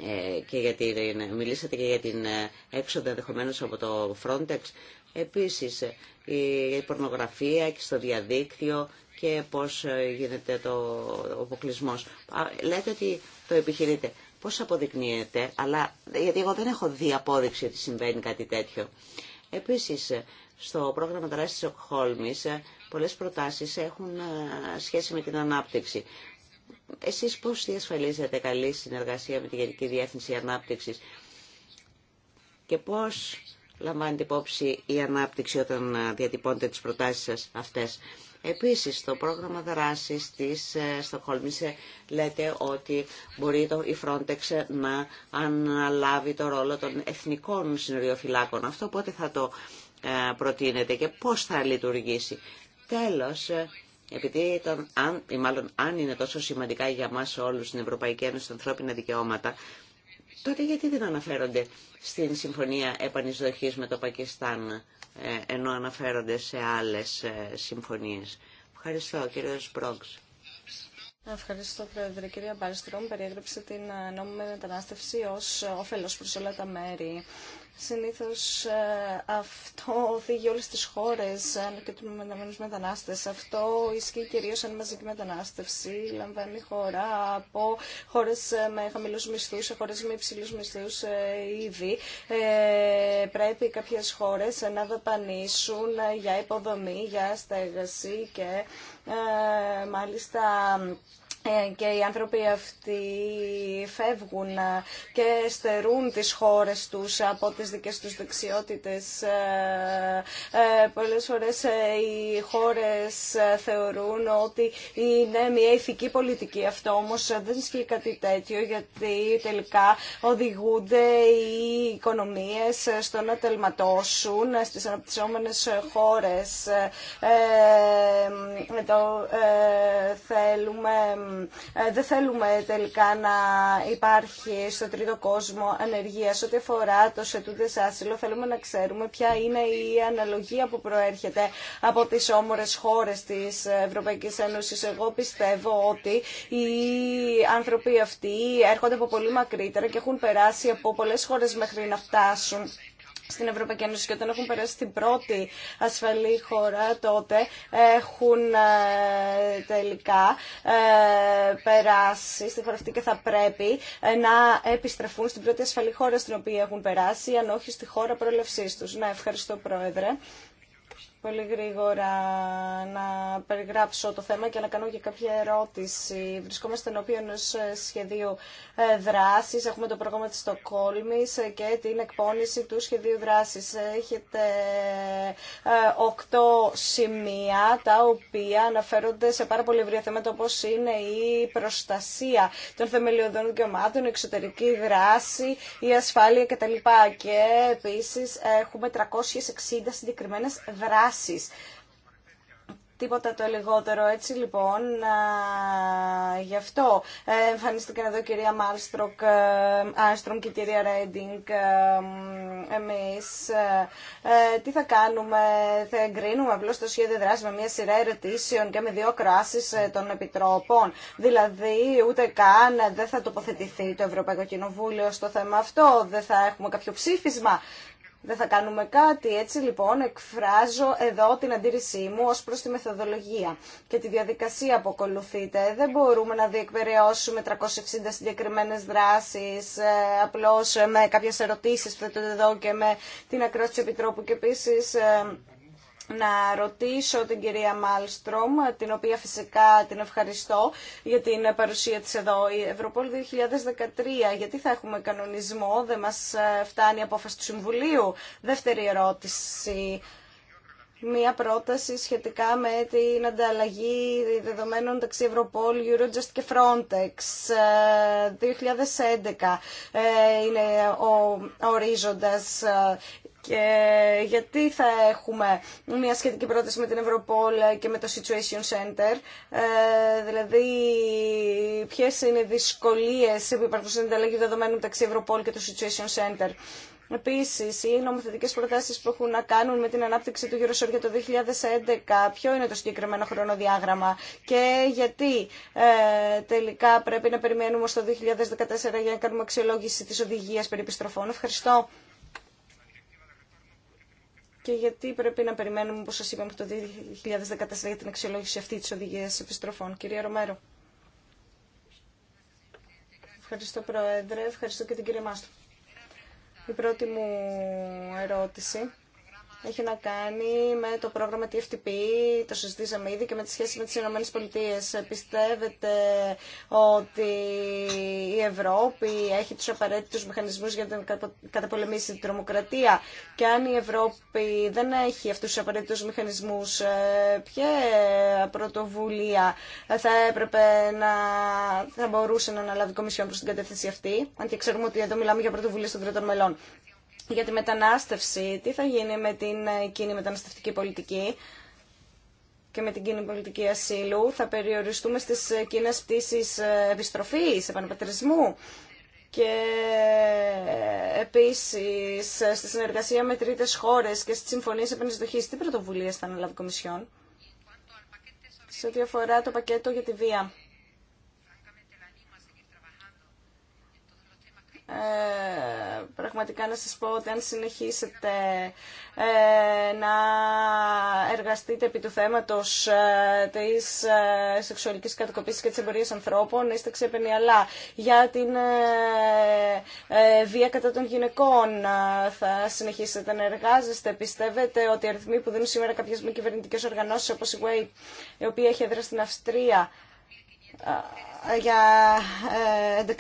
ε, και για την, μιλήσατε και για την ε, έξοδο ενδεχομένω από το Frontex. Επίσης, ε, η πορνογραφία και στο διαδίκτυο και πώς γίνεται το αποκλεισμό. Λέτε ότι το επιχειρείτε. Πώς αποδεικνύεται, αλλά γιατί εγώ δεν έχω δει απόδειξη ότι συμβαίνει κάτι τέτοιο. Επίσης, στο πρόγραμμα δράσης της Οκχόλμης, ε, πολλές προτάσεις έχουν ε, σχέση με την ανάπτυξη. Εσείς πώς διασφαλίζετε καλή συνεργασία με τη Γενική Διεύθυνση Ανάπτυξης και πώς λαμβάνετε υπόψη η ανάπτυξη όταν ε, διατυπώνετε τις προτάσεις σας αυτές. Επίσης, στο πρόγραμμα δράσης της ε, Στοχόλμης ε, λέτε ότι μπορεί το, η Frontex να αναλάβει το ρόλο των εθνικών συνοριοφυλάκων. Αυτό πότε θα το ε, προτείνετε και πώς θα λειτουργήσει. Τέλος, επειδή τον, αν, ή μάλλον αν είναι τόσο σημαντικά για μας όλους στην Ευρωπαϊκή Ένωση τα ανθρώπινα δικαιώματα, τότε γιατί δεν αναφέρονται στην Συμφωνία Επανεισδοχής με το Πακιστάν. Ε, ενώ αναφέρονται σε άλλες ε, συμφωνίες. Ευχαριστώ, κύριε Σπρόξ. Ευχαριστώ, Πρόεδρε. Κυρία Μπαριστρόμ, περιέγραψε την ε, νόμιμη μετανάστευση ως όφελος προς όλα τα μέρη. Συνήθως ε, αυτό οδηγεί όλες τις χώρες ε, και του μετανάστες. Αυτό ισχύει κυρίως αν μαζική μετανάστευση λαμβάνει χώρα από χώρες ε, με χαμηλούς μισθούς σε χώρες με υψηλούς μισθούς ήδη. πρέπει κάποιες χώρες να δαπανίσουν για υποδομή, για στέγαση και μάλιστα ε, και οι άνθρωποι αυτοί φεύγουν ε, και στερούν τις χώρες τους από τις δικές τους δεξιότητες. Ε, πολλές φορές οι χώρες θεωρούν ότι είναι μια ηθική πολιτική. Αυτό όμως δεν ισχύει κάτι τέτοιο γιατί τελικά οδηγούνται οι οικονομίες στο να τελματώσουν στις αναπτυσσόμενες χώρες. Ε, θέλουμε ε, δεν θέλουμε τελικά να υπάρχει στο τρίτο κόσμο ανεργία. Σε ό,τι αφορά το σε άσυλο θέλουμε να ξέρουμε ποια είναι η αναλογία που προέρχεται από τις όμορες χώρες της Ευρωπαϊκής Ένωσης. Εγώ πιστεύω ότι οι άνθρωποι αυτοί έρχονται από πολύ μακρύτερα και έχουν περάσει από πολλές χώρες μέχρι να φτάσουν στην Ευρωπαϊκή Ένωση και όταν έχουν περάσει την πρώτη ασφαλή χώρα τότε έχουν ε, τελικά ε, περάσει στη χώρα αυτή και θα πρέπει ε, να επιστραφούν στην πρώτη ασφαλή χώρα στην οποία έχουν περάσει αν όχι στη χώρα προέλευσής τους. Να ευχαριστώ Πρόεδρε πολύ γρήγορα να περιγράψω το θέμα και να κάνω και κάποια ερώτηση. Βρισκόμαστε ενώπιον ενό ε, σχεδίου ε, δράση. Έχουμε το πρόγραμμα τη Στοκόλμη ε, και την εκπόνηση του σχεδίου δράση. Έχετε οκτώ σημεία τα οποία αναφέρονται σε πάρα πολύ ευρία θέματα όπω είναι η προστασία των θεμελιωδών δικαιωμάτων, η εξωτερική δράση, η ασφάλεια κτλ. Και επίση έχουμε 360 συγκεκριμένε δράσει Τίποτα το λιγότερο. Έτσι λοιπόν, γι' αυτό ε, εμφανίστηκε εδώ η κυρία Μάλστροκ, ε, Άστρομ και η κυρία Ρέντινγκ. Ε, εμείς τι θα κάνουμε, θα εγκρίνουμε απλώς το σχέδιο δράση με μια σειρά ερωτήσεων και με δύο κράσεις των επιτρόπων. Δηλαδή ούτε καν δεν θα τοποθετηθεί το Ευρωπαϊκό Κοινοβούλιο στο θέμα αυτό, δεν θα έχουμε κάποιο ψήφισμα δεν θα κάνουμε κάτι. Έτσι λοιπόν εκφράζω εδώ την αντίρρησή μου ως προς τη μεθοδολογία και τη διαδικασία που ακολουθείτε. Δεν μπορούμε να διεκπαιρεώσουμε 360 συγκεκριμένες δράσεις ε, απλώς με κάποιες ερωτήσεις που θέτονται εδώ και με την ακρόαση Επιτρόπου και επίσης ε, να ρωτήσω την κυρία Μάλστρομ, την οποία φυσικά την ευχαριστώ για την παρουσία της εδώ. Η Ευρωπόλ 2013, γιατί θα έχουμε κανονισμό, δεν μας ε, φτάνει η απόφαση του Συμβουλίου. Δεύτερη ερώτηση μία πρόταση σχετικά με την ανταλλαγή δεδομένων μεταξύ Ευρωπόλ, Eurojust και Frontex. 2011 ε, ε, είναι ο ορίζοντας. Και γιατί θα έχουμε μια σχετική πρόταση με την Ευρωπόλ και με το Situation Center, ε, δηλαδή ποιες είναι οι δυσκολίες που υπάρχουν στην ανταλλαγή δεδομένων μεταξύ Ευρωπόλ και το Situation Center. Επίση, οι νομοθετικέ προτάσει που έχουν να κάνουν με την ανάπτυξη του Eurosur για το 2011, ποιο είναι το συγκεκριμένο χρονοδιάγραμμα και γιατί ε, τελικά πρέπει να περιμένουμε στο 2014 για να κάνουμε αξιολόγηση τη οδηγία περί επιστροφών. Ευχαριστώ και γιατί πρέπει να περιμένουμε, όπω σα είπαμε, το 2014 για την αξιολόγηση αυτή τη οδηγία επιστροφών. Κυρία Ρομέρο. Ευχαριστώ, Πρόεδρε. Ευχαριστώ και την κυρία Μάστρο. Η πρώτη μου ερώτηση έχει να κάνει με το πρόγραμμα TFTP, το συζητήσαμε ήδη και με τη σχέση με τις Ηνωμένες Πολιτείες. Πιστεύετε ότι η Ευρώπη έχει τους απαραίτητους μηχανισμούς για να καταπολεμήσει την τρομοκρατία και αν η Ευρώπη δεν έχει αυτούς τους απαραίτητους μηχανισμούς, ε, ποια πρωτοβουλία θα έπρεπε να θα μπορούσε να αναλάβει η Κομισιόν προς την κατεύθυνση αυτή, αν και ξέρουμε ότι εδώ μιλάμε για πρωτοβουλία των τρίτων μελών για τη μετανάστευση, τι θα γίνει με την ε, κοινή μεταναστευτική πολιτική και με την κοινή πολιτική ασύλου, θα περιοριστούμε στις ε, κοινέ πτήσεις ε, επιστροφής, επαναπατρισμού και επίσης στη συνεργασία με τρίτες χώρες και στις συμφωνίες επενδυτοχής. Τι πρωτοβουλίες θα αναλάβει η Κομισιόν σε ό,τι αφορά το πακέτο για τη βία Ε, πραγματικά να σας πω ότι αν συνεχίσετε ε, να εργαστείτε επί του θέματος ε, της ε, σεξουαλικής κατοικοποίησης και της εμπορίας ανθρώπων, είστε ξέπαινοι αλλά για την ε, ε, βία κατά των γυναικών ε, θα συνεχίσετε να εργάζεστε. Πιστεύετε ότι οι αριθμοί που δίνουν σήμερα κάποιες μη κυβερνητικές οργανώσεις όπως η WAY, η οποία έχει έδρα στην Αυστρία, για 11.500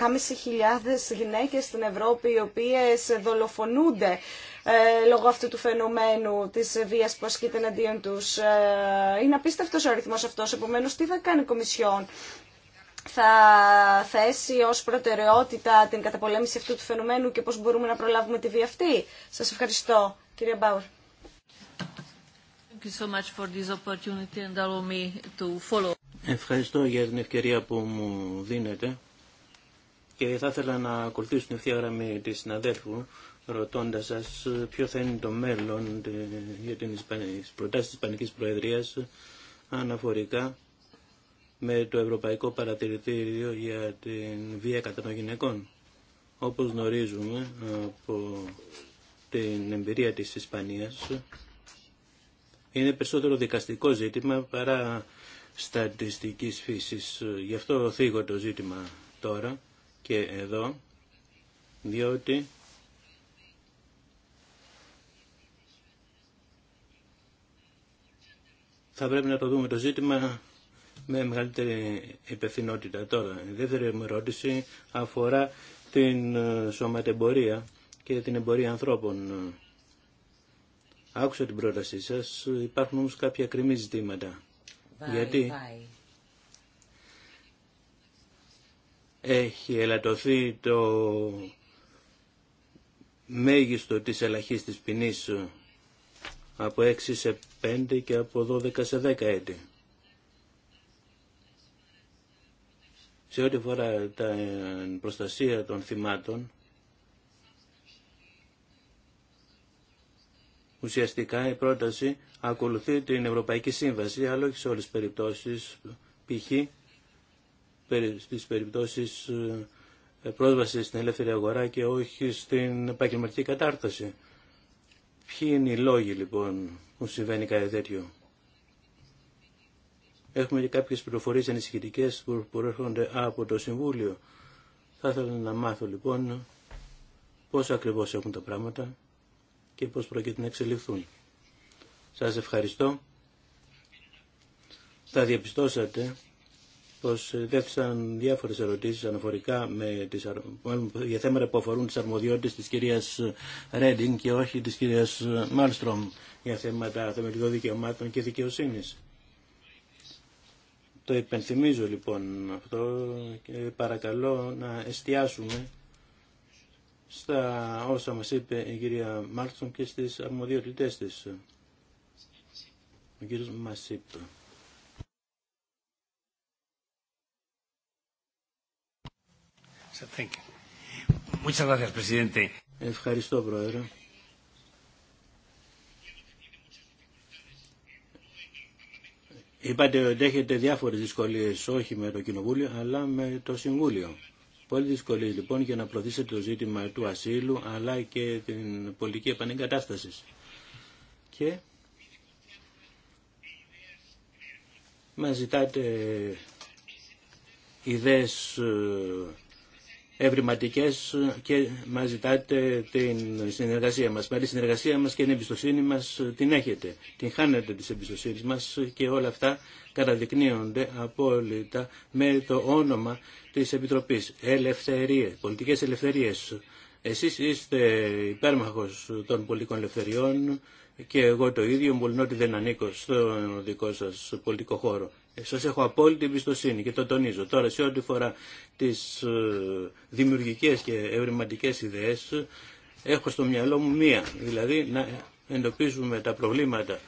ε, γυναίκες στην Ευρώπη οι οποίες δολοφονούνται ε, λόγω αυτού του φαινομένου της βίας που ασκείται εναντίον τους. Ε, είναι απίστευτος ο αριθμός αυτός, επομένως τι θα κάνει η Κομισιόν θα θέσει ως προτεραιότητα την καταπολέμηση αυτού του φαινομένου και πώς μπορούμε να προλάβουμε τη βία αυτή. Σας ευχαριστώ, κυρία Μπάουρ. Thank you so much for this opportunity and allow me to follow. Ευχαριστώ για την ευκαιρία που μου δίνετε και θα ήθελα να ακολουθήσω την ευθεία γραμμή της συναδέλφου ρωτώντας σας ποιο θα είναι το μέλλον για την προτάσεις της Ισπανικής Προεδρίας αναφορικά με το Ευρωπαϊκό Παρατηρητήριο για την βία κατά των γυναικών. Όπως γνωρίζουμε από την εμπειρία της Ισπανίας, είναι περισσότερο δικαστικό ζήτημα παρά στατιστικής φύσης. Γι' αυτό θίγω το ζήτημα τώρα και εδώ, διότι θα πρέπει να το δούμε το ζήτημα με μεγαλύτερη υπευθυνότητα τώρα. Η δεύτερη ερώτηση αφορά την ε, σωματεμπορία και την εμπορία ανθρώπων. Άκουσα την πρότασή σας, υπάρχουν όμως κάποια κρυμή ζητήματα γιατί έχει ελαττωθεί το μέγιστο της ελαχής της ποινής από 6 σε 5 και από 12 σε 10 έτη. Σε ό,τι φορά την ε, προστασία των θυμάτων, Ουσιαστικά η πρόταση ακολουθεί την Ευρωπαϊκή Σύμβαση, αλλά όχι σε όλες τις περιπτώσεις, π.χ. στις περιπτώσεις ε, πρόσβαση στην ελεύθερη αγορά και όχι στην επαγγελματική κατάρταση. Ποιοι είναι οι λόγοι λοιπόν που συμβαίνει κάτι τέτοιο. Έχουμε και κάποιες πληροφορίες ανησυχητικέ που προέρχονται από το Συμβούλιο. Θα ήθελα να μάθω λοιπόν πώς ακριβώς έχουν τα πράγματα και πώς πρόκειται να εξελιχθούν. Σας ευχαριστώ. Θα διαπιστώσατε πως δέθησαν διάφορες ερωτήσεις αναφορικά με τις, για θέματα που αφορούν τις αρμοδιότητες της κυρίας Ρέντινγκ και όχι της κυρίας Μάλστρομ για θέματα θεμελιδών δικαιωμάτων και δικαιοσύνης. Το υπενθυμίζω λοιπόν αυτό και παρακαλώ να εστιάσουμε στα όσα μας είπε η κυρία Μάρτσον και στις αρμοδιότητές της. Ο κύριος Μασίπ. Ευχαριστώ, Πρόεδρε. Είπατε ότι έχετε διάφορες δυσκολίες, όχι με το Κοινοβούλιο, αλλά με το Συμβούλιο. Πολύ δύσκολη λοιπόν για να προωθήσετε το ζήτημα του ασύλου αλλά και την πολιτική επανεγκατάσταση. Και μας ζητάτε ιδέες ε, ευρηματικές και μα ζητάτε την συνεργασία μας. Μα τη συνεργασία μας και την εμπιστοσύνη μας την έχετε. Την χάνετε της εμπιστοσύνη μας και όλα αυτά καταδεικνύονται απόλυτα με το όνομα της Επιτροπής. Ελευθερίε, πολιτικές ελευθερίες. Εσείς είστε υπέρμαχο των πολιτικών ελευθεριών και εγώ το ίδιο μου ότι δεν ανήκω στον δικό σας πολιτικό χώρο. Ε, σας έχω απόλυτη εμπιστοσύνη και το τονίζω. Τώρα σε ό,τι φορά τις ε, δημιουργικές και ευρηματικές ιδέες έχω στο μυαλό μου μία, δηλαδή να εντοπίζουμε τα προβλήματα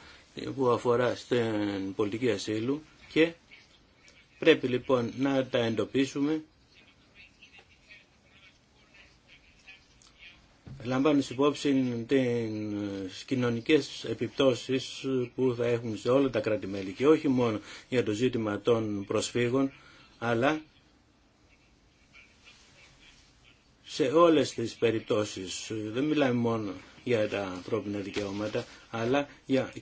που αφορά στην πολιτική ασύλου και πρέπει λοιπόν να τα εντοπίσουμε σε υπόψη τι ε, κοινωνικές επιπτώσεις που θα έχουν σε όλα τα κράτη-μέλη και όχι μόνο για το ζήτημα των προσφύγων, αλλά σε όλες τις περιπτώσεις. Δεν μιλάμε μόνο για τα ανθρώπινα δικαιώματα, αλλά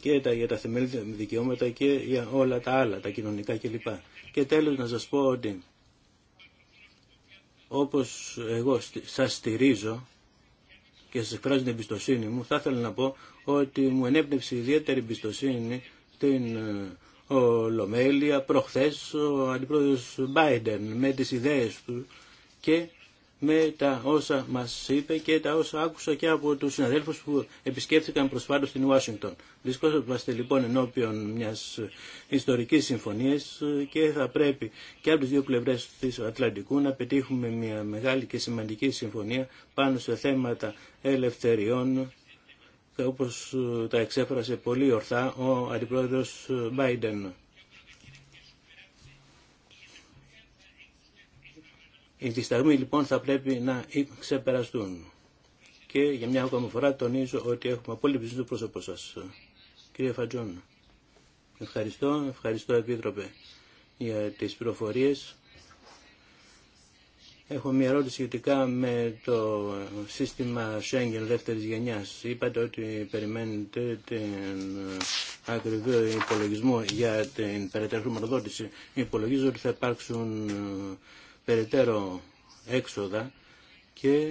και για τα θεμελιώδη δικαιώματα και για όλα τα άλλα, τα κοινωνικά κλπ. Και τέλος να σας πω ότι όπως εγώ σας στηρίζω και σα εκφράζει την εμπιστοσύνη μου, θα ήθελα να πω ότι μου ενέπνευσε ιδιαίτερη εμπιστοσύνη την ε, Ολομέλεια προχθές ο αντιπρόεδρος Μπάιντεν με τις ιδέες του και με τα όσα μας είπε και τα όσα άκουσα και από τους συναδέλφους που επισκέφθηκαν προσφάτως στην Ουάσιγκτον. Βρισκόμαστε λοιπόν ενώπιον μιας ιστορικής συμφωνίας και θα πρέπει και από τις δύο πλευρές της Ατλαντικού να πετύχουμε μια μεγάλη και σημαντική συμφωνία πάνω σε θέματα ελευθεριών όπως τα εξέφρασε πολύ ορθά ο Αντιπρόεδρος Μπάιντεν. Οι δισταγμοί λοιπόν θα πρέπει να ξεπεραστούν. Και για μια ακόμα φορά τονίζω ότι έχουμε απόλυτη του πρόσωπό σα. Κύριε Φατζόν, ευχαριστώ, ευχαριστώ Επίτροπε για τις πληροφορίε. Έχω μια ερώτηση σχετικά με το σύστημα Schengen Δεύτερη γενιά. Είπατε ότι περιμένετε την ακριβή υπολογισμό για την περαιτέρω χρηματοδότηση. Υπολογίζω ότι θα υπάρξουν περαιτέρω έξοδα και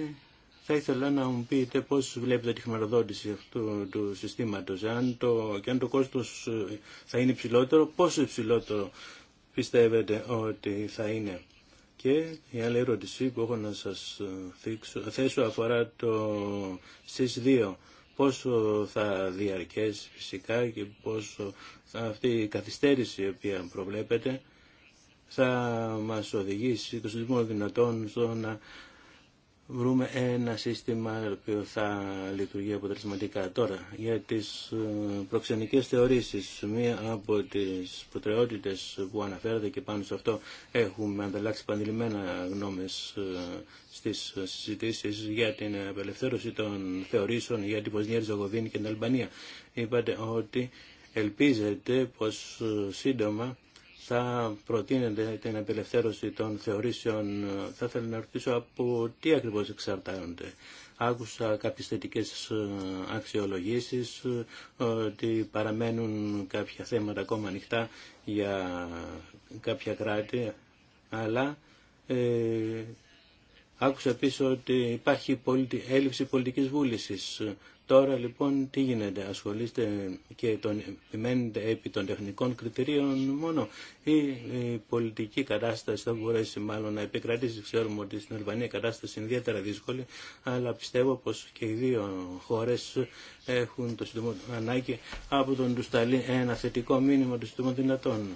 θα ήθελα να μου πείτε πώς βλέπετε τη χρηματοδότηση αυτού του συστήματος. Αν το, και αν το κόστος ε, θα είναι υψηλότερο, πόσο υψηλότερο πιστεύετε ότι θα είναι. Και η άλλη ερώτηση που έχω να σας θέσω αφορά το ΣΥΣ 2. Πόσο θα διαρκέσει φυσικά και πόσο θα αυτή η καθυστέρηση η οποία προβλέπετε θα μας οδηγήσει το συντισμό δυνατόν στο να βρούμε ένα σύστημα το θα λειτουργεί αποτελεσματικά. Τώρα, για τις ε, προξενικές θεωρήσεις, μία από τις προτεραιότητες που αναφέρατε και πάνω σε αυτό έχουμε ανταλλάξει πανδηλημένα γνώμες ε, στις συζητήσεις για την απελευθέρωση των θεωρήσεων για την Ποσνία, Ριζογοβίνη και την Αλμπανία. Είπατε ότι ελπίζετε πως ε, σύντομα θα προτείνεται την απελευθέρωση των θεωρήσεων. Θα ήθελα να ρωτήσω από τι ακριβώς εξαρτάται. Άκουσα κάποιες θετικέ ε, αξιολογήσεις, ε, ότι παραμένουν κάποια θέματα ακόμα ανοιχτά για κάποια κράτη, αλλά ε, Άκουσα επίσης ότι υπάρχει έλλειψη πολιτικής βούλησης. Τώρα λοιπόν τι γίνεται, ασχολείστε και τον, επιμένετε επί των τεχνικών κριτηρίων μόνο ή η πολιτική κατάσταση θα μπορέσει μάλλον να επικρατήσει. Ξέρουμε ότι στην Αλβανία η κατάσταση είναι ιδιαίτερα δύσκολη, αλλά πιστεύω πως και οι δύο χώρες έχουν το σύντομο ανάγκη από τον Τουσταλή ένα θετικό μήνυμα του σύντομων δυνατών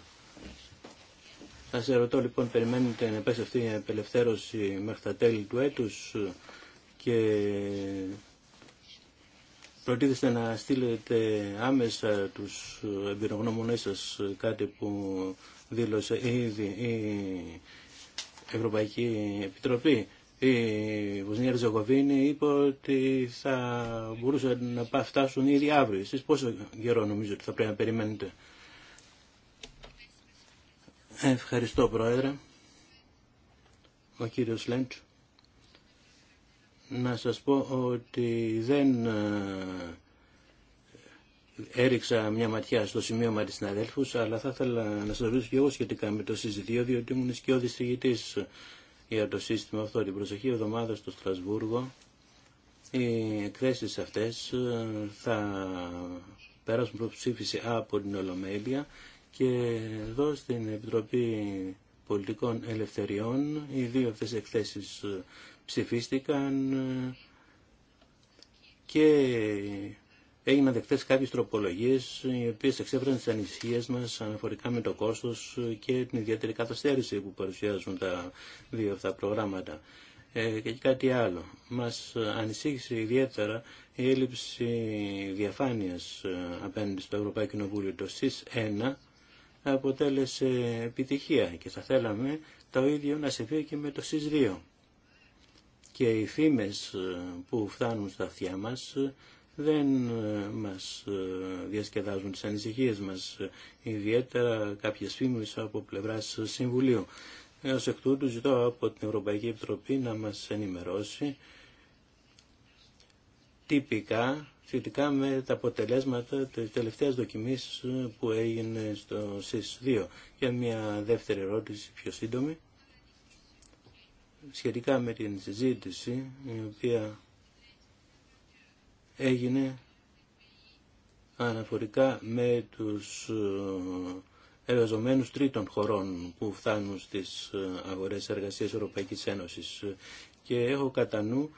σε ρωτώ λοιπόν, περιμένετε να πέσει αυτή η απελευθέρωση μέχρι τα τέλη του έτους και προτίθεστε να στείλετε άμεσα τους εμπειρογνώμονές σας κάτι που δήλωσε ήδη η Ευρωπαϊκή Επιτροπή. Η Βοσνία Ριζεγοβίνη είπε ότι θα μπορούσαν να φτάσουν ήδη αύριο. Εσείς πόσο καιρό νομίζω ότι θα πρέπει να περιμένετε. Ευχαριστώ Πρόεδρε. Ο κύριος Λέντ. Να σας πω ότι δεν ε, έριξα μια ματιά στο σημείωμα της συναδέλφους, αλλά θα ήθελα να σας ρωτήσω και εγώ σχετικά με το συζητήριο, διότι ήμουν σκιώδης θηγητής για το σύστημα αυτό. Την προσεχή εβδομάδα στο Στρασβούργο οι εκθέσεις αυτές ε, θα περάσουν προψήφιση από την Ολομέλεια και εδώ στην Επιτροπή Πολιτικών Ελευθεριών οι δύο αυτές εκθέσεις ψηφίστηκαν και έγιναν δεκτές κάποιες τροπολογίες οι οποίες εξέφεραν τις ανησυχίες μας αναφορικά με το κόστος και την ιδιαίτερη καθυστέρηση που παρουσιάζουν τα δύο αυτά προγράμματα. Ε, και κάτι άλλο. Μας ανησύχησε ιδιαίτερα η έλλειψη διαφάνειας ε, απέναντι στο Ευρωπαϊκό Κοινοβούλιο. Το ΣΥΣ αποτέλεσε επιτυχία και θα θέλαμε το ίδιο να συμβεί και με το συς Και οι φήμες ε, που φτάνουν στα αυτιά μας ε, δεν ε, μας διασκεδάζουν τις ανησυχίες μας, ιδιαίτερα κάποιες φήμες από πλευράς Συμβουλίου. Έως εκ τούτου ζητώ από την Ευρωπαϊκή Επιτροπή να μας ενημερώσει τυπικά σχετικά με τα αποτελέσματα της τελευταίας δοκιμής που έγινε στο ΣΥΣ2. Για μια δεύτερη ερώτηση πιο σύντομη, σχετικά με την συζήτηση η οποία έγινε αναφορικά με τους ε, εργαζομένους τρίτων χωρών που φτάνουν στις ε, αγορές εργασίας Ευρωπαϊκής Ένωσης. Και έχω κατά νου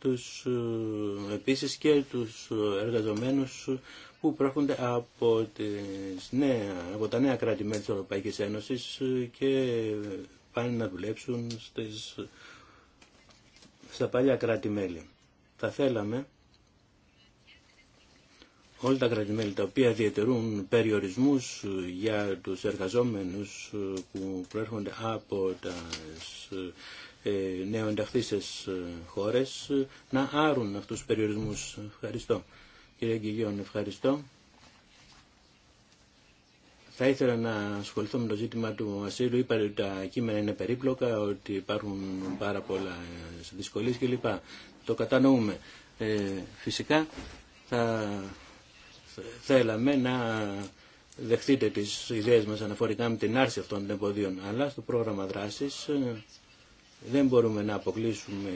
τους, ε, επίσης και τους εργαζομένους που προέρχονται από, νέα, από τα νέα κράτη μέλη της Ευρωπαϊκής Ένωσης και πάνε να δουλέψουν στις, στα παλιά κράτη-μέλη. Θα θέλαμε όλα τα κράτη-μέλη τα οποία διατερούν περιορισμούς για τους εργαζόμενους που προέρχονται από τα ε, ενταχθήσεις ε, χώρες ε, να άρουν αυτούς τους περιορισμούς. Ευχαριστώ. Κύριε Αγγιγιών, ευχαριστώ. Θα ήθελα να ασχοληθώ με το ζήτημα του ασύλου. Είπατε ότι τα κείμενα είναι περίπλοκα, ότι υπάρχουν πάρα πολλά ε, δυσκολίες κλπ. Το κατανοούμε. φυσικά θα θέλαμε να δεχτείτε τις ιδέες μας αναφορικά με την άρση αυτών των εμποδίων. Αλλά στο πρόγραμμα δράσης δεν μπορούμε να αποκλείσουμε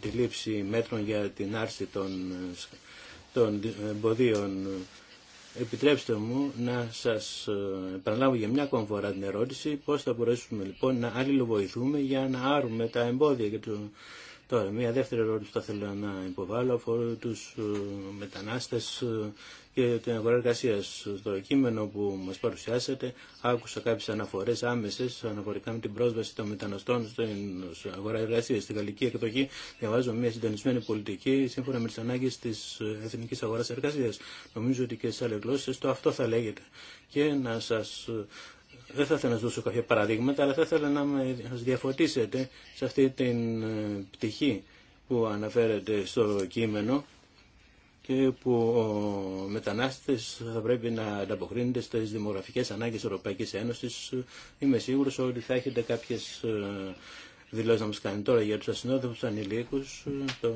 τη λήψη μέτρων για την άρση των, των εμποδίων. Επιτρέψτε μου να σας ε, επαναλάβω για μια ακόμη φορά την ερώτηση πώς θα μπορέσουμε λοιπόν να αλληλοβοηθούμε για να άρουμε τα εμπόδια. Και το... Τώρα μια δεύτερη ερώτηση που θα θέλω να υποβάλω αφορά τους ε, μετανάστες ε, και την αγορά εργασία. Στο κείμενο που μα παρουσιάσατε, άκουσα κάποιε αναφορέ άμεσε αναφορικά με την πρόσβαση των μεταναστών στην αγορά εργασία. Στην γαλλική εκδοχή διαβάζω μια συντονισμένη πολιτική σύμφωνα με τι ανάγκε τη εθνική αγορά εργασία. Νομίζω ότι και σε άλλε γλώσσε το αυτό θα λέγεται. Και να σα. Δεν θα ήθελα να σα δώσω κάποια παραδείγματα, αλλά θα ήθελα να μα διαφωτίσετε σε αυτή την ε, πτυχή που αναφέρεται στο κείμενο και που ο μετανάστες θα πρέπει να ανταποκρίνεται στις δημογραφικές ανάγκες της Ευρωπαϊκής Ένωσης. Είμαι σίγουρος ότι θα έχετε κάποιες ε, δηλώσεις να μας κάνει τώρα για τους ασυνόδευτους ανηλίκους. Το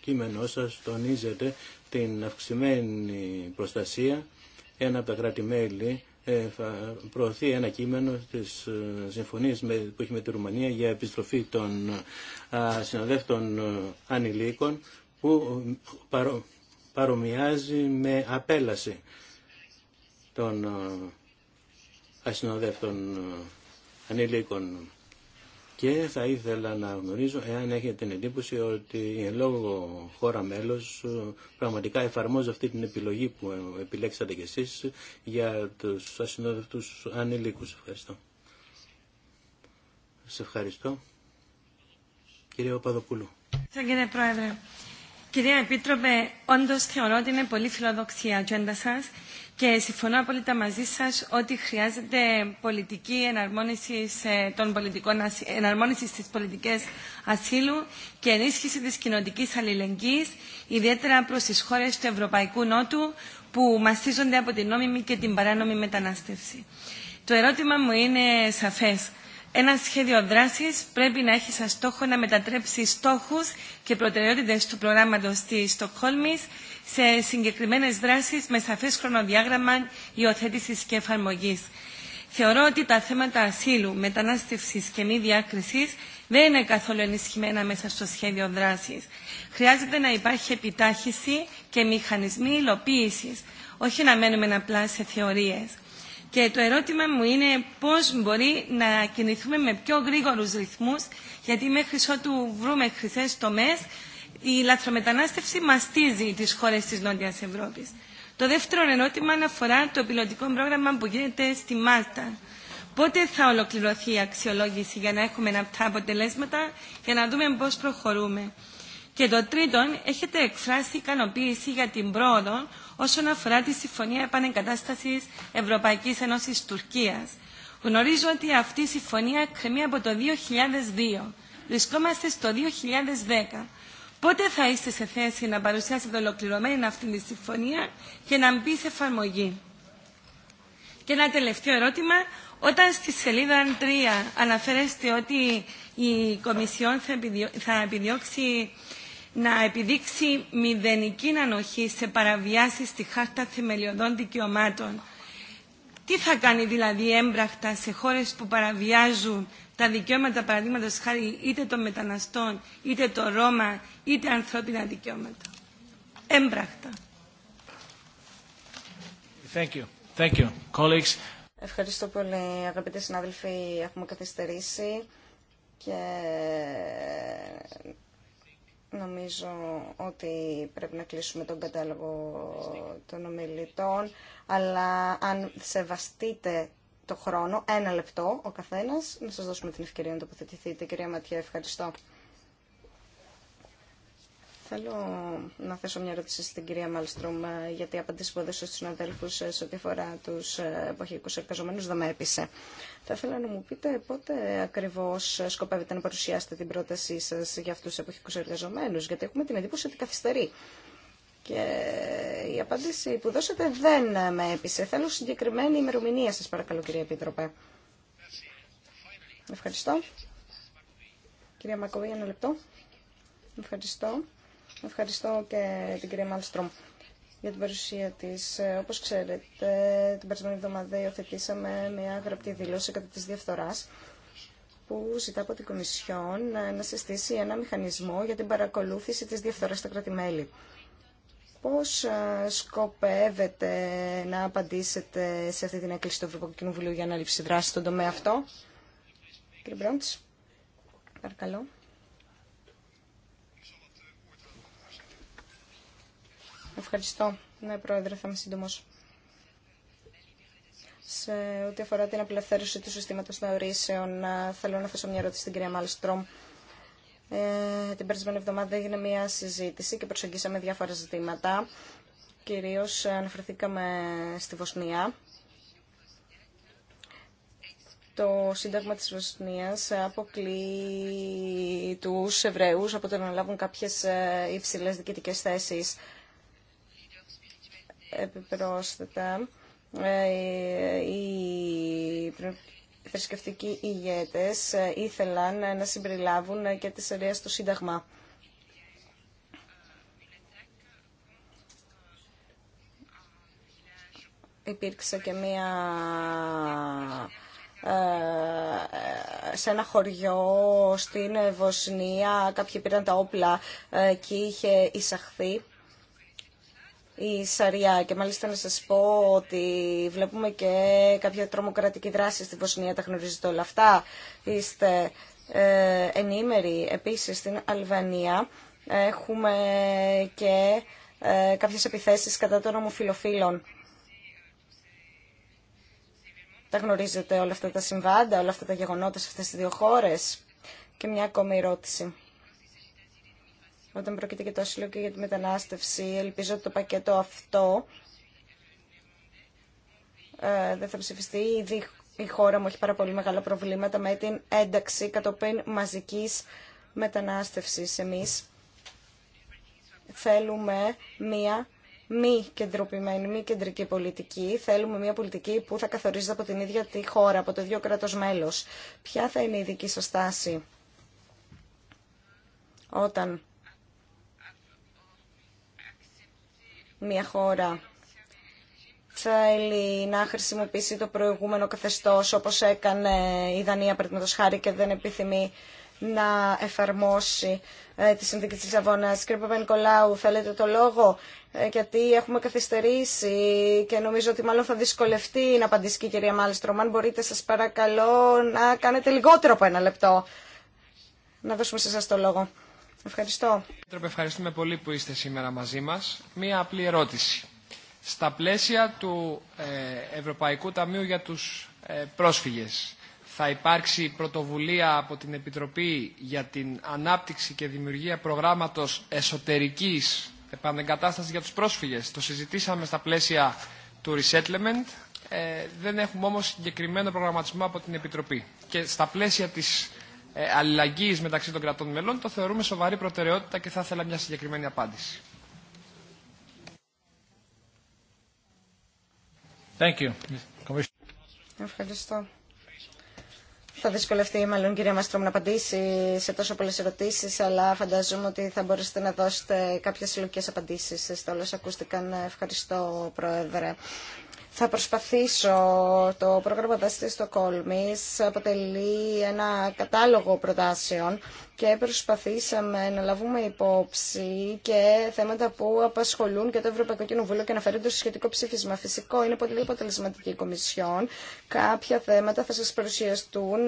κείμενό σας τονίζεται την αυξημένη προστασία. Ένα από τα κράτη-μέλη ε, προωθεί ένα κείμενο της ε, συμφωνίας που έχει με τη Ρουμανία για επιστροφή των συνοδεύτων ανηλίκων που παρομοιάζει με απέλαση των ε, ασυνοδεύτων ε, ανηλίκων. Και θα ήθελα να γνωρίζω εάν έχετε την εντύπωση ότι η λόγω χώρα μέλος ε, πραγματικά εφαρμόζει αυτή την επιλογή που επιλέξατε κι εσείς για τους ασυνόδευτους ανηλίκους. Ευχαριστώ. Σε ευχαριστώ. Κύριε Παδοπούλου. Κύριε Πρόεδρε, Κυρία Επίτροπε, όντω θεωρώ ότι είναι πολύ φιλοδοξία η ατζέντα σα και συμφωνώ απόλυτα μαζί σα ότι χρειάζεται πολιτική εναρμόνιση των πολιτικών στι πολιτικέ ασύλου και ενίσχυση τη κοινωνικής αλληλεγγύη, ιδιαίτερα προ τι χώρε του Ευρωπαϊκού Νότου που μαστίζονται από την νόμιμη και την παράνομη μετανάστευση. Το ερώτημα μου είναι σαφές ένα σχέδιο δράση πρέπει να έχει σαν στόχο να μετατρέψει στόχου και προτεραιότητε του προγράμματο τη Στοκχόλμη σε συγκεκριμένε δράσει με σαφέ χρονοδιάγραμμα υιοθέτηση και εφαρμογή. Θεωρώ ότι τα θέματα ασύλου, μετανάστευση και μη διάκριση δεν είναι καθόλου ενισχυμένα μέσα στο σχέδιο δράση. Χρειάζεται να υπάρχει επιτάχυση και μηχανισμοί υλοποίηση, όχι να μένουμε απλά σε θεωρίε. Και το ερώτημα μου είναι πώς μπορεί να κινηθούμε με πιο γρήγορους ρυθμούς, γιατί μέχρι ότου βρούμε χρυσές τομές, η λαθρομετανάστευση μαστίζει τις χώρες της Νότιας Ευρώπης. Το δεύτερο ερώτημα αναφορά το πιλωτικό πρόγραμμα που γίνεται στη Μάλτα. Πότε θα ολοκληρωθεί η αξιολόγηση για να έχουμε αυτά αποτελέσματα, και να δούμε πώς προχωρούμε. Και το τρίτον, έχετε εκφράσει ικανοποίηση για την πρόοδο όσον αφορά τη Συμφωνία Επανεγκατάσταση Ευρωπαϊκή Ένωση Τουρκία. Γνωρίζω ότι αυτή η συμφωνία εκκρεμεί από το 2002. Βρισκόμαστε στο 2010. Πότε θα είστε σε θέση να παρουσιάσετε ολοκληρωμένη αυτή τη συμφωνία και να μπει σε εφαρμογή. Και ένα τελευταίο ερώτημα. Όταν στη σελίδα 3 αναφέρεστε ότι η Κομισιόν θα επιδιώξει να επιδείξει μηδενική ανοχή σε παραβιάσεις στη Χάρτα Θεμελιωδών Δικαιωμάτων. Τι θα κάνει δηλαδή έμπραχτα σε χώρες που παραβιάζουν τα δικαιώματα, παραδείγματο χάρη είτε των μεταναστών, είτε το Ρώμα, είτε ανθρώπινα δικαιώματα. Έμπραχτα. Thank you. Thank you. Colleagues. Ευχαριστώ πολύ αγαπητοί συνάδελφοι, έχουμε καθυστερήσει και Νομίζω ότι πρέπει να κλείσουμε τον κατάλογο των ομιλητών, αλλά αν σεβαστείτε το χρόνο, ένα λεπτό ο καθένας, να σας δώσουμε την ευκαιρία να τοποθετηθείτε. Κυρία Ματιά, ευχαριστώ. Θέλω να θέσω μια ερώτηση στην κυρία Μάλστρομ ε, γιατί η απαντήση που έδωσε στους συναδέλφους ε, σε ό,τι αφορά τους ε, εποχικούς εργαζομένους δεν με έπεισε. Θα ήθελα να μου πείτε πότε ακριβώς σκοπεύετε να παρουσιάσετε την πρότασή σας για αυτούς τους εποχικούς εργαζομένους γιατί έχουμε την εντύπωση ότι καθυστερεί. Και η απάντηση που δώσατε δεν με έπεισε. Θέλω συγκεκριμένη ημερομηνία σας παρακαλώ κυρία Επίτροπε. Ευχαριστώ. Κυρία Μακοβή, ένα λεπτό. Ευχαριστώ. Ευχαριστώ και την κυρία Μάλστρομ για την παρουσία τη. Ε, Όπω ξέρετε, την περσμένη εβδομάδα υιοθετήσαμε μια γραπτή δήλωση κατά τη διαφθορά που ζητά από την Κομισιόν να συστήσει ένα μηχανισμό για την παρακολούθηση της διαφθοράς στα κράτη-μέλη. Πώς ε, σκοπεύετε να απαντήσετε σε αυτή την έκκληση του Ευρωπαϊκού Κοινοβουλίου για ανάληψη δράση στον τομέα αυτό, κύριε Μπρόντς, παρακαλώ. Ευχαριστώ. Ναι, Πρόεδρε, θα είμαι σύντομος. Σε ό,τι αφορά την απελευθέρωση του συστήματος θεωρήσεων, θέλω να θέσω μια ερώτηση στην κυρία Μάλστρομ. Ε, την περσμένη εβδομάδα έγινε μια συζήτηση και προσεγγίσαμε διάφορα ζητήματα. Κυρίως αναφερθήκαμε στη Βοσνία. Το Σύνταγμα της Βοσνίας αποκλεί τους Εβραίους από το να λάβουν κάποιες ε, υψηλές διοικητικές θέσεις επιπρόσθετα ε, οι θρησκευτικοί ηγέτες ε, ήθελαν να συμπεριλάβουν και τις σειρά στο Σύνταγμα. Υπήρξε και μία ε, σε ένα χωριό στην Βοσνία κάποιοι πήραν τα όπλα και είχε εισαχθεί η Σαριά και μάλιστα να σας πω ότι βλέπουμε και κάποια τρομοκρατική δράση στη Βοσνία, τα γνωρίζετε όλα αυτά. Είστε ε, ενήμεροι επίσης στην Αλβανία. Έχουμε και ε, κάποιες επιθέσεις κατά των ομοφιλοφίλων. Τα γνωρίζετε όλα αυτά τα συμβάντα, όλα αυτά τα γεγονότα σε αυτές τις δύο χώρες. Και μια ακόμη ερώτηση όταν πρόκειται και το άσυλο και για τη μετανάστευση. Ελπίζω ότι το πακέτο αυτό ε, δεν θα ψηφιστεί. Ήδη η χώρα μου έχει πάρα πολύ μεγάλα προβλήματα με την ένταξη κατόπιν μαζικής μετανάστευσης. Εμείς θέλουμε μία μη κεντροποιημένη, μη κεντρική πολιτική. Θέλουμε μια πολιτική που θα καθορίζεται από την ίδια τη χώρα, από το ίδιο κράτος μέλος. Ποια θα είναι η δική σας στάση όταν μια χώρα θέλει να χρησιμοποιήσει το προηγούμενο καθεστώς όπως έκανε η Δανία παραδείγματος χάρη και δεν επιθυμεί να εφαρμόσει ε, τη συνθήκη της Λισαβόνας. Κύριε Παπα-Νικολάου, θέλετε το λόγο, ε, γιατί έχουμε καθυστερήσει και νομίζω ότι μάλλον θα δυσκολευτεί να απαντήσει και η κυρία Μάλστρομ. Αν μπορείτε, σας παρακαλώ να κάνετε λιγότερο από ένα λεπτό. Να δώσουμε σε εσάς το λόγο. Ευχαριστώ. Επίτροπε, ευχαριστούμε πολύ που είστε σήμερα μαζί μας. Μία απλή ερώτηση. Στα πλαίσια του ε, Ευρωπαϊκού Ταμείου για τους ε, πρόσφυγες, θα υπάρξει πρωτοβουλία από την Επιτροπή για την ανάπτυξη και δημιουργία προγράμματος εσωτερικής επανεγκατάστασης για τους πρόσφυγες. Το συζητήσαμε στα πλαίσια του resettlement. Ε, δεν έχουμε όμως συγκεκριμένο προγραμματισμό από την Επιτροπή. Και στα πλαίσια της ε, αλληλεγγύη μεταξύ των κρατών μελών, το θεωρούμε σοβαρή προτεραιότητα και θα ήθελα μια συγκεκριμένη απάντηση. Thank you. Ευχαριστώ. Θα δυσκολευτεί μάλλον κυρία Μαστρόμ να απαντήσει σε τόσο πολλέ ερωτήσει, αλλά φανταζόμαι ότι θα μπορέσετε να δώσετε κάποιε συλλογικέ απαντήσει στα όλα ακούστηκαν. Ευχαριστώ, Πρόεδρε. Θα προσπαθήσω το πρόγραμμα δάση στο Κόλμης αποτελεί ένα κατάλογο προτάσεων και προσπαθήσαμε να λαβούμε υπόψη και θέματα που απασχολούν και το Ευρωπαϊκό Κοινοβούλιο και αναφέρονται στο σχετικό ψήφισμα. Φυσικό είναι πολύ αποτελεσματική η Κομισιόν. Κάποια θέματα θα σας παρουσιαστούν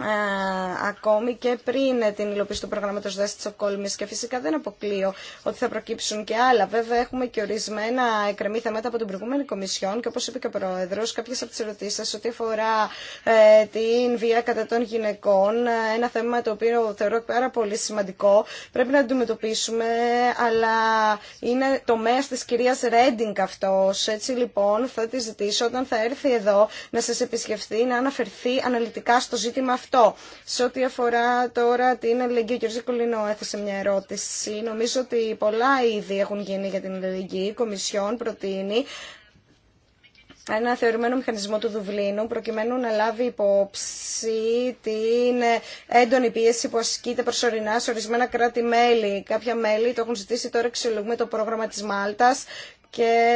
ε, ακόμη και πριν την υλοποίηση του προγράμματο δράση τη Και φυσικά δεν αποκλείω ότι θα προκύψουν και άλλα. Βέβαια, έχουμε και ορισμένα εκκρεμή θέματα από την προηγούμενη Κομισιόν και όπω είπε και ο Πρόεδρο, κάποιε από τι ερωτήσει σα ό,τι αφορά ε, την βία κατά των γυναικών, ε, ένα θέμα το οποίο θεωρώ πάρα πολύ σημαντικό, πρέπει να αντιμετωπίσουμε, αλλά είναι τομέα τη κυρία Ρέντινγκ αυτό. Έτσι λοιπόν, θα τη ζητήσω όταν θα έρθει εδώ να σα επισκεφθεί, να αναφερθεί αναλυτικά στο ζήτημα αυτό. Σε ό,τι αφορά τώρα την αλληλεγγύη, ο κ. Ζικολίνο έθεσε μια ερώτηση. Νομίζω ότι πολλά ήδη έχουν γίνει για την αλληλεγγύη. Η Κομισιόν προτείνει ένα θεωρημένο μηχανισμό του Δουβλίνου προκειμένου να λάβει υπόψη την έντονη πίεση που ασκείται προσωρινά σε ορισμένα κράτη-μέλη. Κάποια μέλη το έχουν ζητήσει τώρα εξολογούμε το πρόγραμμα της Μάλτας και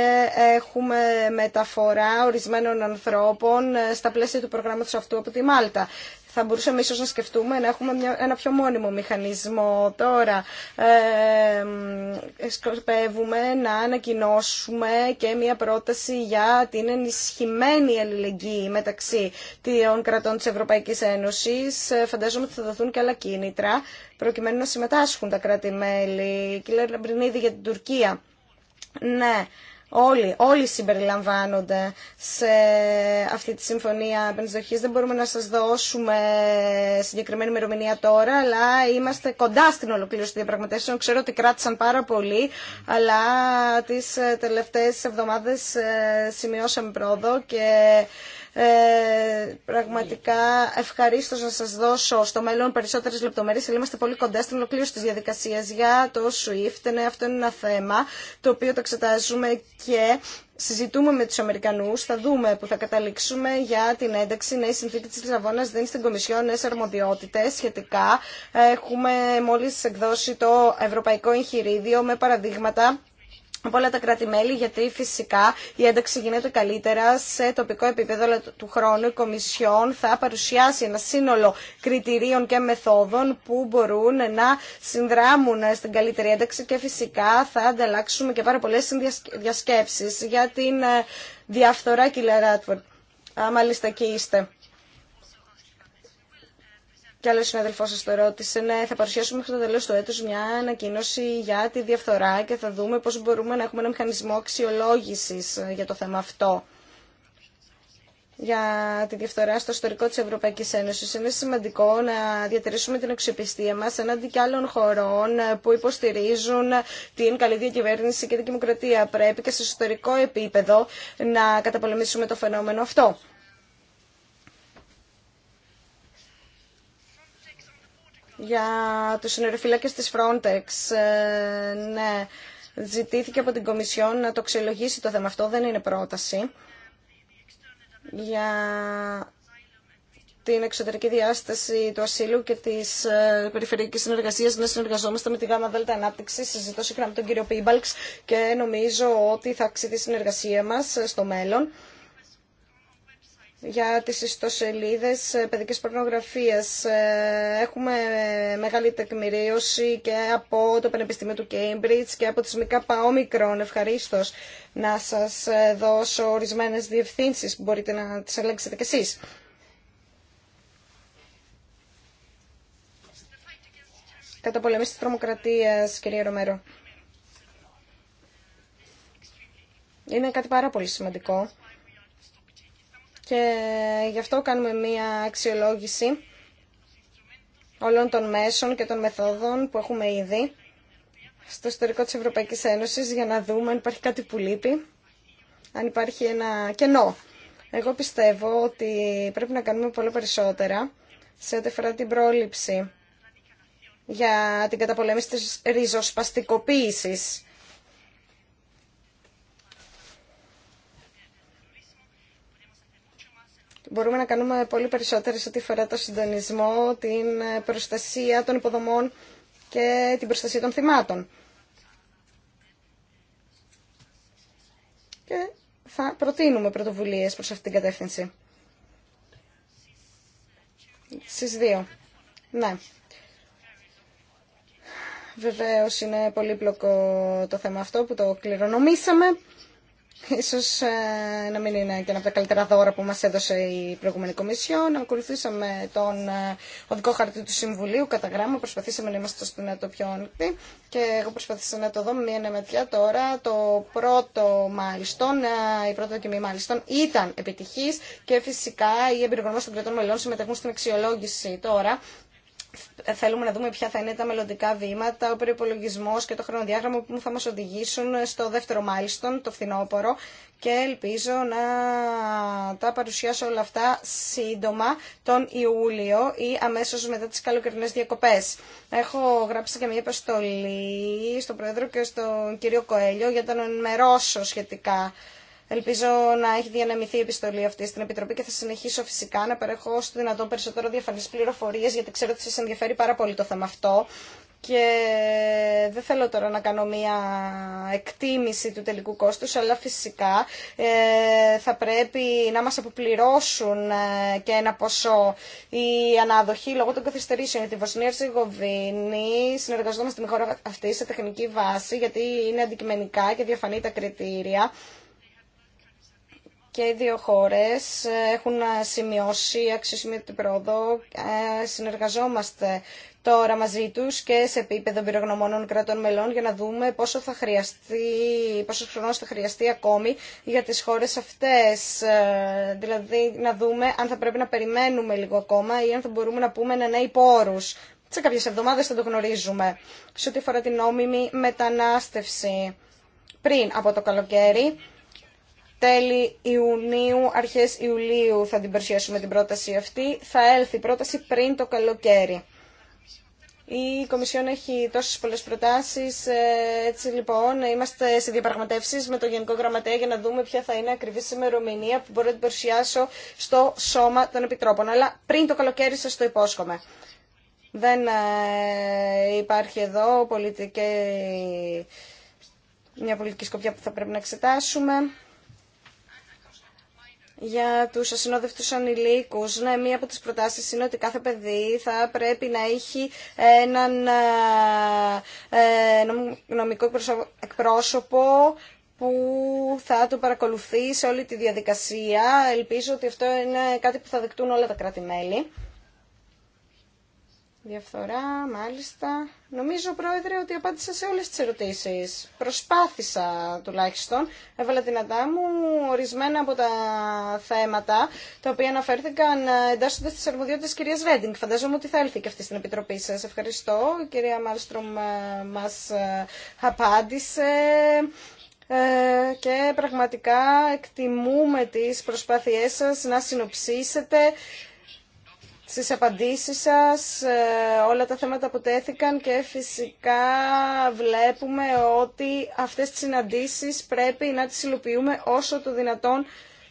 έχουμε μεταφορά ορισμένων ανθρώπων στα πλαίσια του προγράμματος αυτού από τη Μάλτα θα μπορούσαμε ίσως να σκεφτούμε να έχουμε ένα πιο μόνιμο μηχανισμό. Τώρα ε, σκορπεύουμε να ανακοινώσουμε και μια πρόταση για την ενισχυμένη αλληλεγγύη μεταξύ των κρατών της Ευρωπαϊκής Ένωσης. Ε, φαντάζομαι ότι θα δοθούν και άλλα κίνητρα προκειμένου να συμμετάσχουν τα κράτη-μέλη. Κύριε Λαμπρινίδη για την Τουρκία. Ναι, Όλοι, όλοι συμπεριλαμβάνονται σε αυτή τη συμφωνία επενδυτοχή. Δεν μπορούμε να σας δώσουμε συγκεκριμένη ημερομηνία τώρα, αλλά είμαστε κοντά στην ολοκλήρωση των διαπραγματεύσεων. Ξέρω ότι κράτησαν πάρα πολύ, αλλά τις τελευταίες εβδομάδες ε, σημειώσαμε πρόοδο και ε, πραγματικά ευχαρίστω να σα δώσω στο μέλλον περισσότερε λεπτομέρειε. αλλά είμαστε πολύ κοντά στην ολοκλήρωση τη διαδικασία για το SWIFT. Ναι, αυτό είναι ένα θέμα το οποίο το εξετάζουμε και συζητούμε με του Αμερικανού. θα δούμε που θα καταλήξουμε για την ένταξη. Ναι, η συνθήκη τη Λισαβόνα δίνει στην Κομισιόν νέε αρμοδιότητε. σχετικά. Έχουμε μόλι εκδώσει το ευρωπαϊκό εγχειρίδιο με παραδείγματα από όλα τα κράτη-μέλη, γιατί φυσικά η ένταξη γίνεται καλύτερα σε τοπικό επίπεδο, του χρόνου η Κομισιόν θα παρουσιάσει ένα σύνολο κριτηρίων και μεθόδων που μπορούν να συνδράμουν στην καλύτερη ένταξη και φυσικά θα ανταλλάξουμε και πάρα πολλές διασκέψεις για την ε, διαφθορά, κύριε Ράτφορντ. Μάλιστα, είστε. Κι άλλο συναδελφό σα το ρώτησε, ναι, θα παρουσιάσουμε μέχρι το τέλο του έτου μια ανακοίνωση για τη διαφθορά και θα δούμε πώ μπορούμε να έχουμε ένα μηχανισμό αξιολόγηση για το θέμα αυτό. Για τη διαφθορά στο ιστορικό τη Ευρωπαϊκή Ένωση. Είναι σημαντικό να διατηρήσουμε την αξιοπιστία μα εναντί και άλλων χωρών που υποστηρίζουν την καλή διακυβέρνηση και την δημοκρατία. Πρέπει και σε ιστορικό επίπεδο να καταπολεμήσουμε το φαινόμενο αυτό. για τους συνεροφυλάκες της Frontex. Ε, ναι, ζητήθηκε από την Κομισιόν να το ξελογίσει το θέμα αυτό, δεν είναι πρόταση. Για την εξωτερική διάσταση του ασύλου και τη ε, περιφερειακή συνεργασία να συνεργαζόμαστε με τη ΓΑΜΑ ΔΕΛΤΑ Ανάπτυξη. Συζητώ συχνά με τον κύριο Πίμπαλξ και νομίζω ότι θα αξίδει η συνεργασία μα ε, στο μέλλον για τις ιστοσελίδες ε, παιδικής πορνογραφίας. Ε, έχουμε ε, μεγάλη τεκμηρίωση και από το Πανεπιστήμιο του Cambridge και από τις ΜΚΑΠΑ Όμικρον. Ευχαρίστω να σας δώσω ορισμένες διευθύνσεις που μπορείτε να τις ελέγξετε κι εσείς. Καταπολεμής της τρομοκρατίας, κυρία Ρομέρο. Είναι κάτι πάρα πολύ σημαντικό και γι' αυτό κάνουμε μία αξιολόγηση όλων των μέσων και των μεθόδων που έχουμε ήδη στο ιστορικό της Ευρωπαϊκής Ένωσης για να δούμε αν υπάρχει κάτι που λείπει, αν υπάρχει ένα κενό. Εγώ πιστεύω ότι πρέπει να κάνουμε πολύ περισσότερα σε ό,τι αφορά την πρόληψη για την καταπολέμηση της ριζοσπαστικοποίησης μπορούμε να κάνουμε πολύ περισσότερες, ό,τι φορά το συντονισμό, την προστασία των υποδομών και την προστασία των θυμάτων. Και θα προτείνουμε πρωτοβουλίες προς αυτήν την κατεύθυνση. Στις δύο. Ναι. Βεβαίως είναι πολύπλοκο το θέμα αυτό που το κληρονομήσαμε. Ίσως ε, να μην είναι και ένα από τα καλύτερα δώρα που μας έδωσε η προηγούμενη Κομισιόν. Ακολουθήσαμε τον ε, οδικό χαρτί του Συμβουλίου κατά γράμμα, προσπαθήσαμε να είμαστε στον το πιο και εγώ προσπαθήσα να το δω με μια νεμετιά τώρα. Το πρώτο μάλιστον, ε, η πρώτη δοκιμή μάλιστον ήταν επιτυχής και φυσικά οι εμπειρογνώμες των κρατών μελών συμμετέχουν στην αξιολόγηση τώρα θέλουμε να δούμε ποια θα είναι τα μελλοντικά βήματα, ο προπολογισμό και το χρονοδιάγραμμα που θα μα οδηγήσουν στο δεύτερο μάλιστον, το φθινόπωρο. Και ελπίζω να τα παρουσιάσω όλα αυτά σύντομα τον Ιούλιο ή αμέσω μετά τι καλοκαιρινέ διακοπέ. Έχω γράψει και μια επιστολή στον Πρόεδρο και στον κύριο Κοέλιο για να τον ενημερώσω σχετικά Ελπίζω να έχει διανεμηθεί η επιστολή αυτή στην Επιτροπή και θα συνεχίσω φυσικά να παρέχω όσο δυνατόν περισσότερο διαφανεί πληροφορίε, γιατί ξέρω ότι σα ενδιαφέρει πάρα πολύ το θέμα αυτό. Και δεν θέλω τώρα να κάνω μία εκτίμηση του τελικού κόστους, αλλά φυσικά ε, θα πρέπει να μας αποπληρώσουν ε, και ένα ποσό η αναδοχή λόγω των καθυστερήσεων. γιατί η Βοσνία Ερζεγοβίνη συνεργαζόμαστε με τη χώρα αυτή σε τεχνική βάση, γιατί είναι αντικειμενικά και διαφανή τα κριτήρια και οι δύο χώρες έχουν σημειώσει αξιοσημείωτη πρόοδο. Ε, συνεργαζόμαστε τώρα μαζί τους και σε επίπεδο πυρογνωμόνων κρατών μελών για να δούμε πόσο θα χρειαστεί, πόσο χρόνο θα χρειαστεί ακόμη για τις χώρες αυτές. Ε, δηλαδή να δούμε αν θα πρέπει να περιμένουμε λίγο ακόμα ή αν θα μπορούμε να πούμε ένα ναι, υπό πόρους. Σε κάποιες εβδομάδες θα το γνωρίζουμε. Σε ό,τι αφορά την νόμιμη μετανάστευση πριν από το καλοκαίρι, τέλη Ιουνίου, αρχές Ιουλίου θα την παρουσιάσουμε την πρόταση αυτή. Θα έλθει η πρόταση πριν το καλοκαίρι. Η Κομισιόν έχει τόσε πολλέ προτάσει. Ε, έτσι λοιπόν, είμαστε σε διαπραγματεύσει με το Γενικό Γραμματέα για να δούμε ποια θα είναι ακριβή ημερομηνία που μπορώ να την παρουσιάσω στο Σώμα των Επιτρόπων. Αλλά πριν το καλοκαίρι σα το υπόσχομαι. Δεν ε, υπάρχει εδώ πολιτική... μια πολιτική σκοπιά που θα πρέπει να εξετάσουμε για του ασυνόδευτους ανηλίκους. Ναι, μία από τις προτάσεις είναι ότι κάθε παιδί θα πρέπει να έχει έναν ε, ε, νομικό εκπρόσωπο που θα το παρακολουθεί σε όλη τη διαδικασία. Ελπίζω ότι αυτό είναι κάτι που θα δεκτούν όλα τα κράτη-μέλη. Διαφθορά, μάλιστα. Νομίζω, Πρόεδρε, ότι απάντησα σε όλες τις ερωτήσεις. Προσπάθησα, τουλάχιστον. Έβαλα δυνατά μου ορισμένα από τα θέματα, τα οποία αναφέρθηκαν ε, εντάσσοντας τις αρμοδιότητες κυρίας Βέντινγκ. Φαντάζομαι ότι θα έλθει και αυτή στην Επιτροπή σας. Ευχαριστώ. Η κυρία Μάλστρομ ε, μας ε, απάντησε. και πραγματικά εκτιμούμε τις προσπάθειές σας να συνοψίσετε στις απαντήσεις σας, ε, όλα τα θέματα που τέθηκαν και φυσικά βλέπουμε ότι αυτές τις συναντήσεις πρέπει να τις υλοποιούμε όσο το δυνατόν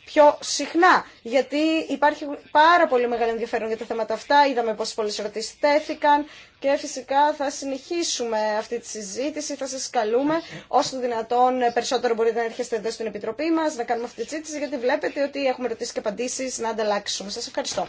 πιο συχνά. Γιατί υπάρχει πάρα πολύ μεγάλο ενδιαφέρον για τα θέματα αυτά. Είδαμε πόσες πολλέ ερωτήσει τέθηκαν και φυσικά θα συνεχίσουμε αυτή τη συζήτηση. Θα σας καλούμε όσο το δυνατόν περισσότερο μπορείτε να έρχεστε εδώ στην Επιτροπή μας να κάνουμε αυτή τη συζήτηση, γιατί βλέπετε ότι έχουμε ερωτήσει και απαντήσει να ανταλλάξουμε. Σα ευχαριστώ.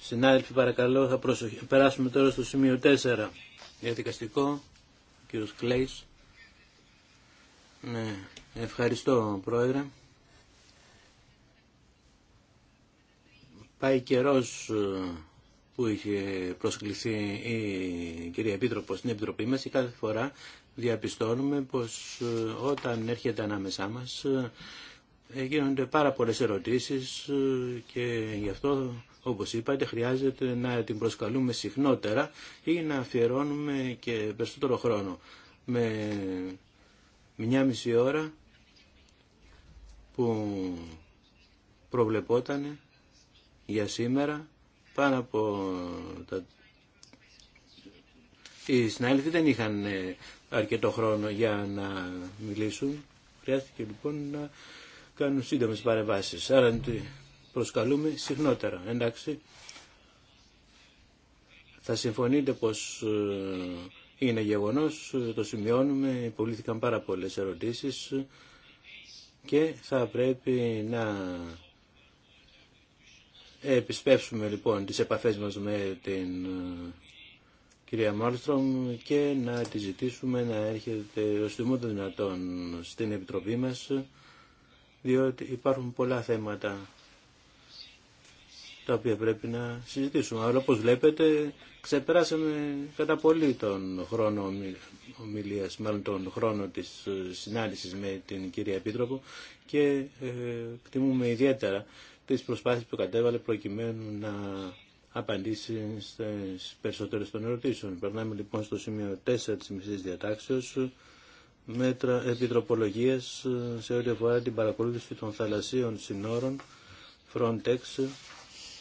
Συνάδελφοι, παρακαλώ, θα προσοχή. περάσουμε τώρα στο σημείο 4. Διαδικαστικό κύριος Κλέης. Ναι, ευχαριστώ πρόεδρε. Πάει καιρός ε, που είχε προσκληθεί η κυρία Επίτροπο στην Επιτροπή μας και κάθε φορά διαπιστώνουμε πως ε, όταν έρχεται ανάμεσά μας ε, γίνονται πάρα πολλές ερωτήσεις και γι' αυτό όπως είπατε, χρειάζεται να την προσκαλούμε συχνότερα ή να αφιερώνουμε και περισσότερο χρόνο. Με μια μισή ώρα που προβλεπόταν για σήμερα πάνω από τα... Οι συνάδελφοι δεν είχαν ε, αρκετό χρόνο για να μιλήσουν. Χρειάστηκε λοιπόν να κάνουν σύντομες παρεμβάσεις. Άρα προσκαλούμε συχνότερα. Εντάξει, θα συμφωνείτε πως ε, είναι γεγονός, ε, το σημειώνουμε, υπολήθηκαν πάρα πολλές ερωτήσεις και θα πρέπει να επισπεύσουμε λοιπόν τις επαφές μας με την ε, κυρία Μάλστρομ και να τη ζητήσουμε να έρχεται ως τιμό των δυνατόν στην Επιτροπή μας διότι υπάρχουν πολλά θέματα τα οποία πρέπει να συζητήσουμε. Αλλά όπως βλέπετε ξεπεράσαμε κατά πολύ τον χρόνο ομιλίας, μάλλον τον χρόνο της ε, συνάντησης με την κυρία Επίτροπο και ε, εκτιμούμε ιδιαίτερα τις προσπάθειες που κατέβαλε προκειμένου να απαντήσει στις περισσότερες των ερωτήσεων. Περνάμε λοιπόν στο σημείο 4 της μισής διατάξεως μέτρα επιτροπολογίας ε, σε ό,τι αφορά την παρακολούθηση των θαλασσίων συνόρων Frontex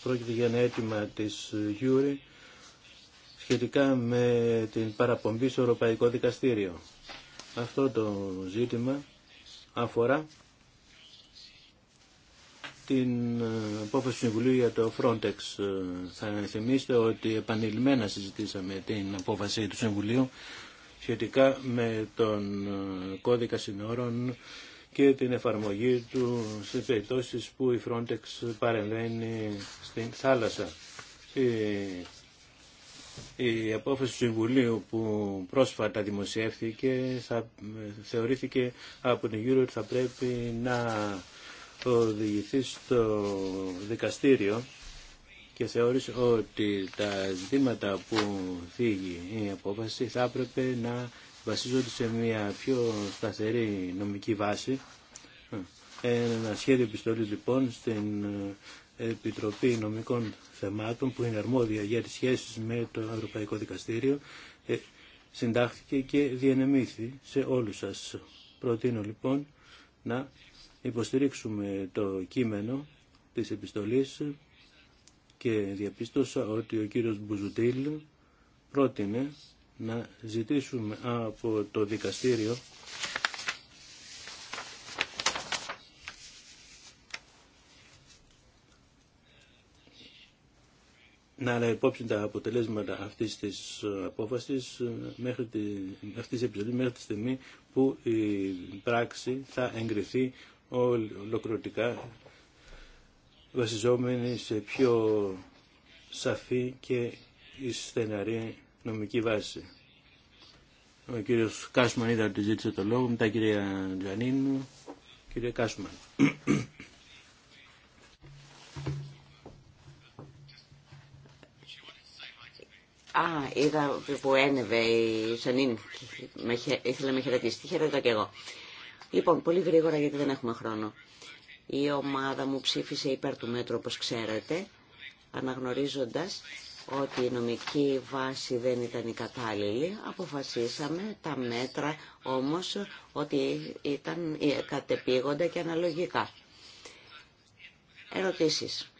Πρόκειται για ένα αίτημα της ε, Γιούρη σχετικά με την παραπομπή στο Ευρωπαϊκό Δικαστήριο. Αυτό το ζήτημα αφορά την ε, απόφαση του Συμβουλίου για το Frontex. Ε, θα θυμίστε ότι επανειλημμένα συζητήσαμε την απόφαση του Συμβουλίου σχετικά με τον κώδικα συνόρων και την εφαρμογή του σε περιπτώσει που η Frontex παρεμβαίνει στην θάλασσα. Η απόφαση του Συμβουλίου που πρόσφατα δημοσιεύθηκε θα θεωρήθηκε από την Euro ότι θα πρέπει να οδηγηθεί στο δικαστήριο και θεώρησε ότι τα ζητήματα που θίγει η απόφαση θα έπρεπε να βασίζονται σε μια πιο σταθερή νομική βάση. Ένα σχέδιο επιστολή λοιπόν στην ε, Επιτροπή Νομικών Θεμάτων που είναι αρμόδια για τις σχέσεις με το Ευρωπαϊκό Δικαστήριο ε, συντάχθηκε και διενεμήθη σε όλους σας. Προτείνω λοιπόν να υποστηρίξουμε το κείμενο της επιστολής και διαπίστωσα ότι ο κύριος Μπουζουτήλ πρότεινε να ζητήσουμε από το δικαστήριο να υπόψη τα αποτελέσματα αυτής της απόφασης ε, μέχρι τη, αυτής της επιστολής μέχρι τη στιγμή που η πράξη θα εγκριθεί ολοκληρωτικά βασιζόμενη σε πιο σαφή και στεναρή νομική βάση. Ο κύριος Κάσμαν είδα ότι ζήτησε το λόγο, μετά κυρία Τζανίνου, κύριε Κάσμαν. Α, είδα που ένευε η Σανίν, ήθελα να με χαιρετήσει, χαιρετώ και εγώ. Λοιπόν, πολύ γρήγορα γιατί δεν έχουμε χρόνο. Η ομάδα μου ψήφισε υπέρ του μέτρου όπως ξέρετε, αναγνωρίζοντας ότι η νομική βάση δεν ήταν η κατάλληλη. Αποφασίσαμε τα μέτρα όμως ότι ήταν ε, κατεπήγοντα και αναλογικά. Ερωτήσεις.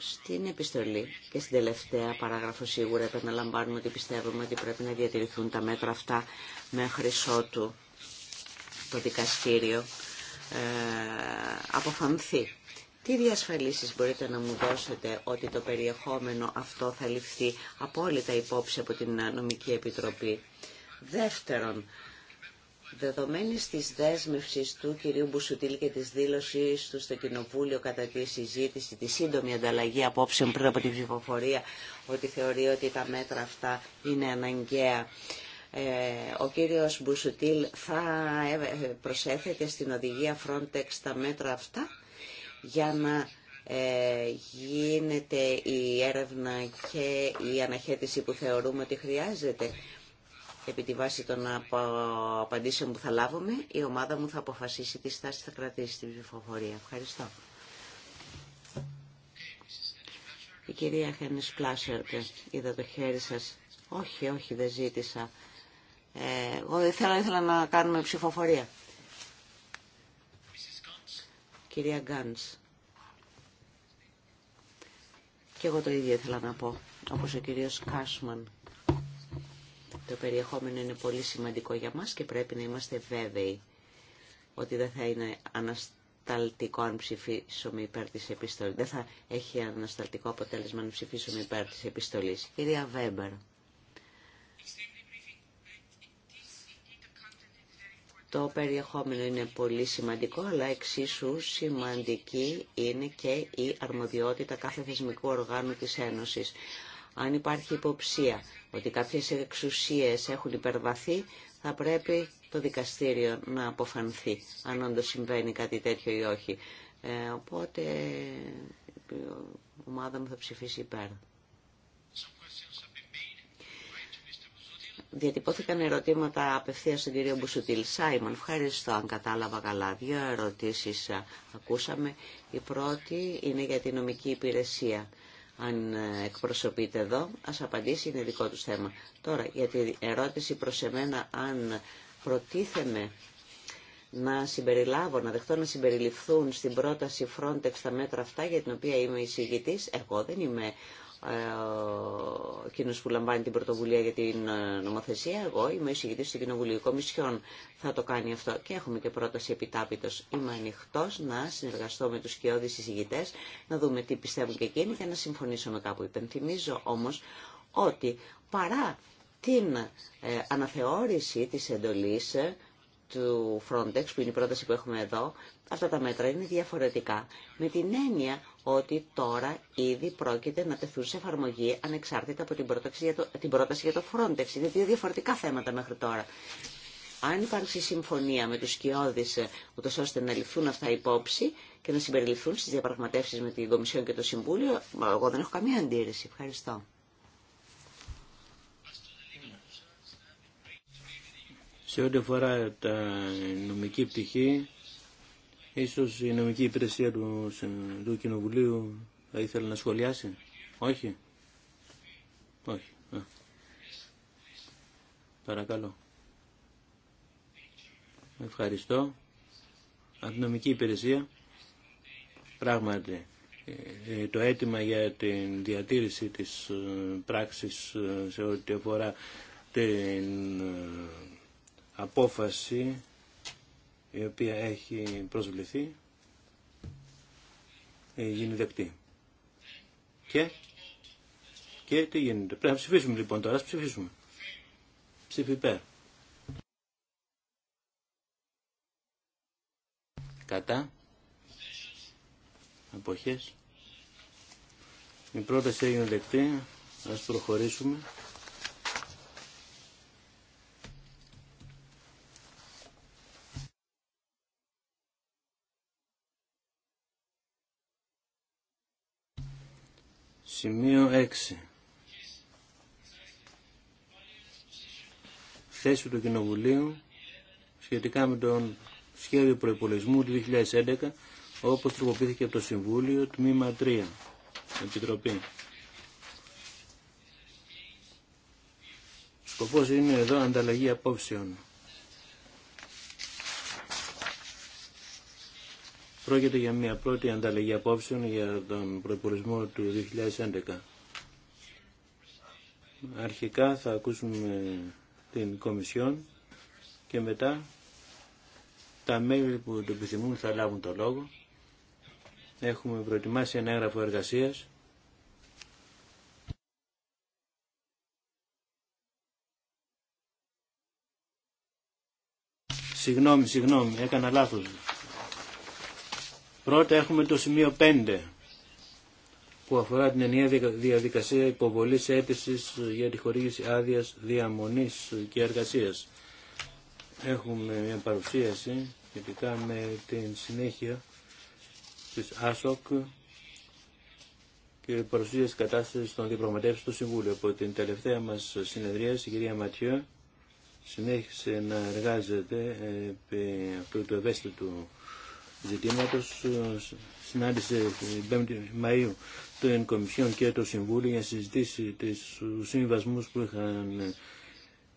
Στην επιστολή και στην τελευταία παράγραφο σίγουρα επαναλαμβάνουμε ότι πιστεύουμε ότι πρέπει να διατηρηθούν τα μέτρα αυτά μέχρι ότου το δικαστήριο ε, αποφανθεί τι διασφαλίσεις μπορείτε να μου δώσετε ότι το περιεχόμενο αυτό θα ληφθεί απόλυτα υπόψη από την Νομική Επιτροπή. Δεύτερον, δεδομένης της δέσμευσης του κυρίου Μπουσουτήλ και της δήλωσής του στο Κοινοβούλιο κατά τη συζήτηση, τη σύντομη ανταλλαγή απόψεων πριν από την ψηφοφορία, ότι θεωρεί ότι τα μέτρα αυτά είναι αναγκαία. Ε, ο κύριος Μπουσουτήλ θα ε, ε, προσέθεται στην οδηγία Frontex τα μέτρα αυτά για να ε, γίνεται η έρευνα και η αναχέτηση που θεωρούμε ότι χρειάζεται επί τη βάση των απαντήσεων που θα λάβουμε, η ομάδα μου θα αποφασίσει τι στάση θα κρατήσει στην ψηφοφορία. Ευχαριστώ. Η κυρία Χένις Πλάσερτε, είδα το χέρι σα. Όχι, όχι, δεν ζήτησα. Ε, εγώ ήθελα, ήθελα να κάνουμε ψηφοφορία κυρία Γκάνς. Και εγώ το ίδιο ήθελα να πω, όπως ο κύριος Κάσμαν. Το περιεχόμενο είναι πολύ σημαντικό για μας και πρέπει να είμαστε βέβαιοι ότι δεν θα είναι ανασταλτικό αν ψηφίσουμε υπέρ της επιστολής. Δεν θα έχει ανασταλτικό αποτέλεσμα αν ψηφίσουμε υπέρ της επιστολής. Κυρία Βέμπερ. Το περιεχόμενο είναι πολύ σημαντικό, αλλά εξίσου σημαντική είναι και η αρμοδιότητα κάθε θεσμικού οργάνου της Ένωσης. Αν υπάρχει υποψία ότι κάποιες εξουσίες έχουν υπερβαθεί, θα πρέπει το δικαστήριο να αποφανθεί αν όντως συμβαίνει κάτι τέτοιο ή όχι. Ε, οπότε η οχι οποτε η ομαδα μου θα ψηφίσει υπέρ. Διατυπώθηκαν ερωτήματα απευθεία στον κύριο Μπουσουτήλ. Σάιμον, ευχαριστώ αν κατάλαβα καλά. Δύο ερωτήσεις ακούσαμε. Η πρώτη είναι για την νομική υπηρεσία. Αν εκπροσωπείτε εδώ, ας απαντήσει, είναι δικό του θέμα. Τώρα, για την ερώτηση προ εμένα, αν προτίθεμε να συμπεριλάβω, να δεχτώ να συμπεριληφθούν στην πρόταση Frontex τα μέτρα αυτά για την οποία είμαι εισηγητής. Εγώ δεν είμαι ε, εκείνο που λαμβάνει την πρωτοβουλία για την ε, νομοθεσία. Εγώ είμαι εισηγητή του Κοινοβουλίου Κομισιόν. Θα το κάνει αυτό. Και έχουμε και πρόταση επιτάπητο. Είμαι ανοιχτό να συνεργαστώ με του κοιόδη εισηγητέ, να δούμε τι πιστεύουν και εκείνοι και να συμφωνήσουμε κάπου. Υπενθυμίζω όμω ότι παρά την ε, αναθεώρηση της εντολής του Frontex, που είναι η πρόταση που έχουμε εδώ, αυτά τα μέτρα είναι διαφορετικά, με την έννοια ότι τώρα ήδη πρόκειται να τεθούν σε εφαρμογή ανεξάρτητα από την πρόταση για το, την πρόταση για το Frontex. Είναι δύο διαφορετικά θέματα μέχρι τώρα. Αν υπάρξει συμφωνία με τους σκιώδεις, ούτως ώστε να ληφθούν αυτά υπόψη και να συμπεριληφθούν στις διαπραγματεύσεις με την Κομισιόν και το Συμβούλιο, εγώ δεν έχω καμία αντίρρηση. Ευχαριστώ. Σε ό,τι αφορά τα νομική πτυχή, ίσως η νομική υπηρεσία του, του Κοινοβουλίου θα ήθελε να σχολιάσει. Όχι. Όχι. Α. Παρακαλώ. Ευχαριστώ. νομική υπηρεσία. Πράγματι, ε, ε, το αίτημα για την διατήρηση της ε, πράξης σε ό,τι αφορά την απόφαση η οποία έχει προσβληθεί ε, γίνει δεκτή. Και, και τι γίνεται. Πρέπει να ψηφίσουμε λοιπόν τώρα, ας ψηφίσουμε. Ψήφι υπέρ. Κατά. Αποχές. Η πρόταση έγινε δεκτή. Ας προχωρήσουμε. Σημείο 6. Θέση του Κοινοβουλίου σχετικά με τον σχέδιο προϋπολογισμού του 2011 όπως τροποποιήθηκε από το Συμβούλιο τμήμα 3 Επιτροπή. Σκοπός είναι εδώ ανταλλαγή απόψεων. Πρόκειται για μια πρώτη ανταλλαγή απόψεων για τον προπολογισμό του 2011. Αρχικά θα ακούσουμε την Κομισιόν και μετά τα μέλη που το επιθυμούν θα λάβουν το λόγο. Έχουμε προετοιμάσει ένα έγγραφο εργασίας Συγγνώμη, συγγνώμη, έκανα λάθος. Πρώτα έχουμε το σημείο 5 που αφορά την ενιαία διαδικασία υποβολής αίτησης για τη χορήγηση άδειας διαμονής και εργασίας. Έχουμε μια παρουσίαση σχετικά με την συνέχεια της ΑΣΟΚ και παρουσίαση κατάσταση των διαπραγματεύσεων του Συμβούλου. Από την τελευταία μας συνεδρία η κυρία Ματιό συνέχισε να εργάζεται επί αυτού του ευαίσθητου Ζητήματο, ε, συνάντησε την 5η Μαΐου το Ενκομισιόν και το Συμβούλιο για συζητήσει του σύμβασμού που είχαν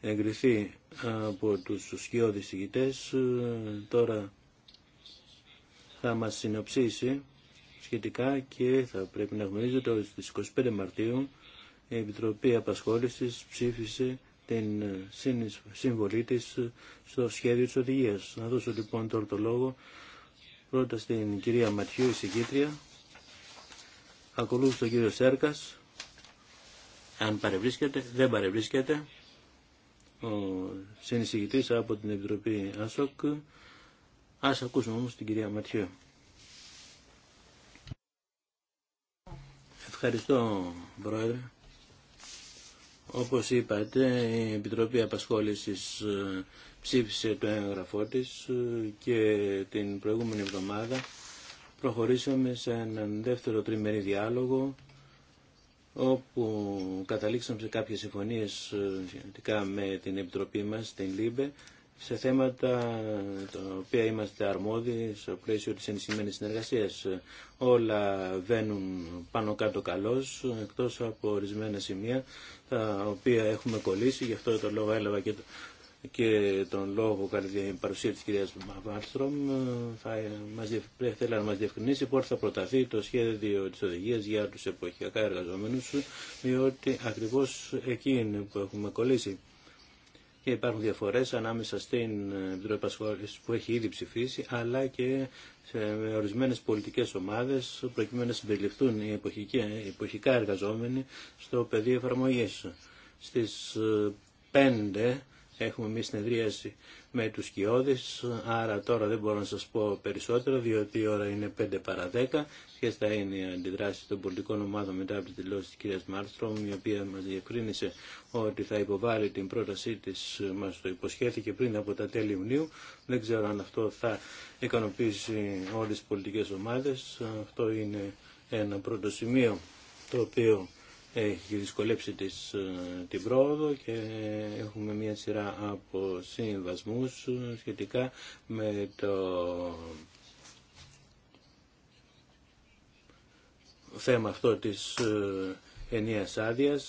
εγκριθεί από τους σκιώδεις ε, Τώρα θα μας συνοψίσει σχετικά και θα πρέπει να γνωρίζετε ότι στις 25 Μαρτίου η Επιτροπή Απασχόληση ψήφισε την ε, συμβολή της στο σχέδιο της οδηγίας. Να δώσω λοιπόν τώρα το λόγο Πρώτα στην κυρία Ματιού, η συγκήτρια. Ακολούθησε τον κύριο Σέρκας. Αν παρευρίσκεται, δεν παρευρίσκεται. Ο συνεισηγητής από την Επιτροπή ΑΣΟΚ. Ας ακούσουμε όμως την κυρία Ματιού. Ευχαριστώ, Πρόεδρε. Όπως είπατε, η Επιτροπή Απασχόλησης ε, ψήφισε το έγγραφό της ε, και την προηγούμενη εβδομάδα προχωρήσαμε σε έναν δεύτερο τριμερή διάλογο όπου καταλήξαμε σε κάποιες συμφωνίες ε, σχετικά με την Επιτροπή μας, την ΛΥΜΠΕ, σε θέματα τα οποία είμαστε αρμόδιοι στο πλαίσιο της ενισχυμένης συνεργασίας. Όλα βαίνουν πάνω κάτω καλώς, εκτός από ορισμένα σημεία τα οποία έχουμε κολλήσει, γι' αυτό το λόγο έλαβα και και τον λόγο κατά την παρουσία της κυρίας Μάλστρομ θα μας, θέλει να μας διευκρινίσει πότε θα προταθεί το σχέδιο της οδηγίας για τους εποχιακά εργαζόμενους διότι ακριβώς εκεί είναι που έχουμε κολλήσει και υπάρχουν διαφορές ανάμεσα στην Επιτροπή που έχει ήδη ψηφίσει αλλά και σε ορισμένες πολιτικές ομάδες προκειμένου να συμπεριληφθούν οι εποχικά εργαζόμενοι στο πεδίο εφαρμογής. Στις 5 έχουμε μια συνεδρίαση με τους Κιώδης, άρα τώρα δεν μπορώ να σας πω περισσότερο, διότι η ώρα είναι 5 παρα 10. Ποιες θα είναι η αντιδράση των πολιτικών ομάδων μετά από τη δηλώση της κυρίας Μάρστρομ, η οποία μας διευκρίνησε ότι θα υποβάλει την πρότασή της, μας το υποσχέθηκε πριν από τα τέλη Ιουνίου. Δεν ξέρω αν αυτό θα ικανοποιήσει όλες τις πολιτικές ομάδες. Αυτό είναι ένα πρώτο σημείο το οποίο έχει δυσκολέψει της, ε, την πρόοδο και έχουμε μια σειρά από συμβασμούς σχετικά με το θέμα αυτό της ε, ενίας άδεια, ε,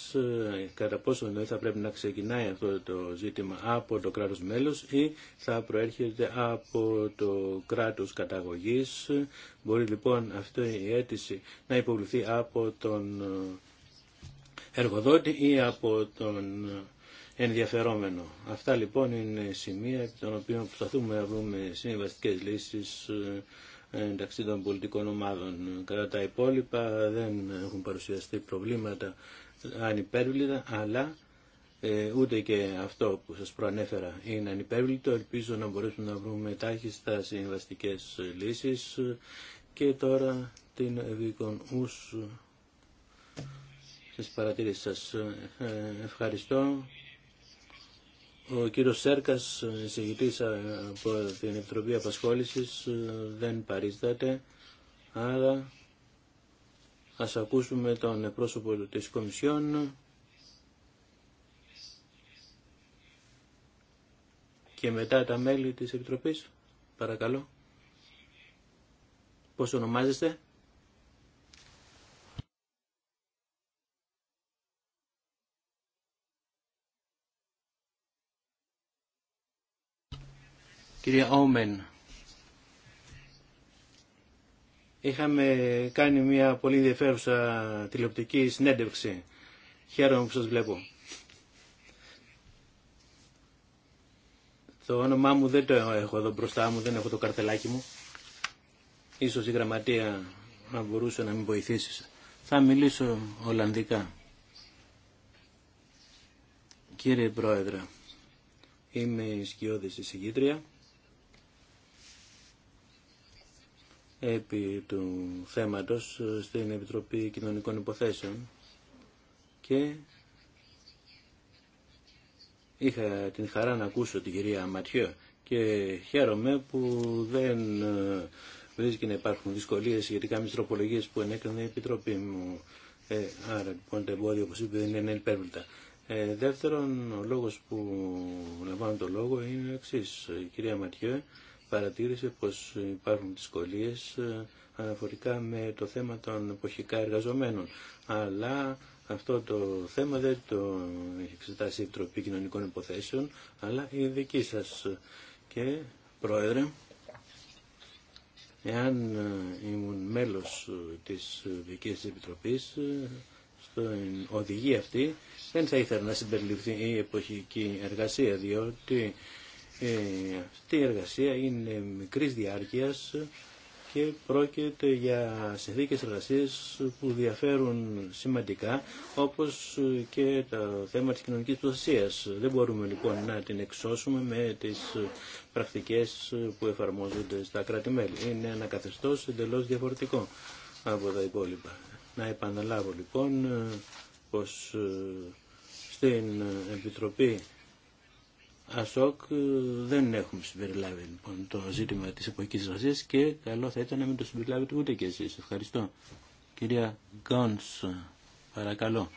κατά πόσο δηλαδή θα πρέπει να ξεκινάει αυτό το ζήτημα από το κράτος μέλος ή θα προέρχεται από το κράτος καταγωγής. Μπορεί λοιπόν αυτή η αίτηση να υποβληθεί από τον εργοδότη ή από τον ενδιαφερόμενο. Αυτά λοιπόν είναι σημεία των οποίων προσπαθούμε να βρούμε συμβαστικές λύσεις μεταξύ των πολιτικών ομάδων. Κατά τα υπόλοιπα δεν έχουν παρουσιαστεί προβλήματα ανυπέρβλητα, αλλά ε, ούτε και αυτό που σας προανέφερα είναι ανυπέρβλητο. Ελπίζω να μπορέσουμε να βρούμε τάχιστα συμβαστικές λύσεις και τώρα την Ευήκον τις παρατηρήσεις σας. Ε, ευχαριστώ. Ο κύριος Σέρκας, εισηγητής από την Επιτροπή Απασχόλησης, δεν παρίσταται, αλλά ας ακούσουμε τον πρόσωπο της Κομισιόν και μετά τα μέλη της Επιτροπής. Παρακαλώ. Πώς ονομάζεστε. Κυρία Όμεν, είχαμε κάνει μια πολύ ενδιαφέρουσα τηλεοπτική συνέντευξη. Χαίρομαι που σας βλέπω. Το όνομά μου δεν το έχω εδώ μπροστά μου, δεν έχω το καρτελάκι μου. Ίσως η γραμματεία να μπορούσε να με βοηθήσει. Θα μιλήσω Ολλανδικά. Κύριε Πρόεδρε, είμαι η Σκιώδης Συγκίτρια. επί του θέματος ε, στην Επιτροπή Κοινωνικών Υποθέσεων και είχα την χαρά να ακούσω την κυρία Ματιό και χαίρομαι που δεν ε, βρίσκει να υπάρχουν δυσκολίες σχετικά με τις που ενέκρινε η Επιτροπή μου. Ε, άρα λοιπόν τα εμπόδια όπως είπε δεν είναι υπέρβλητα. Ε, δεύτερον, ο λόγος που λαμβάνω το λόγο είναι ο εξής. Η κυρία Ματιό παρατήρησε πως υπάρχουν δυσκολίες ε, αναφορικά με το θέμα των εποχικά εργαζομένων. Αλλά αυτό το θέμα δεν το έχει εξετάσει η Επιτροπή Κοινωνικών Υποθέσεων, αλλά η δική σας. Και, Πρόεδρε, εάν ε, ήμουν μέλος της δικής Επιτροπής, ε, στην οδηγία αυτή δεν θα ήθελα να συμπεριληφθεί η εποχική εργασία, διότι ε, αυτή η εργασία είναι μικρής διάρκειας και πρόκειται για συνθήκες εργασίες που διαφέρουν σημαντικά όπως και το θέμα της κοινωνικής προστασίας. Δεν μπορούμε λοιπόν να την εξώσουμε με τις πρακτικές που εφαρμόζονται στα κράτη-μέλη. Είναι ένα καθεστώς εντελώς διαφορετικό από τα υπόλοιπα. Να επαναλάβω λοιπόν πως στην Επιτροπή ΑΣΟΚ ε, δεν έχουμε συμπεριλάβει λοιπόν, το ζήτημα της εποχικής εργασίας και καλό θα ήταν να μην το συμπεριλάβετε ούτε και εσείς. Ευχαριστώ. Κυρία Γκόντς, παρακαλώ.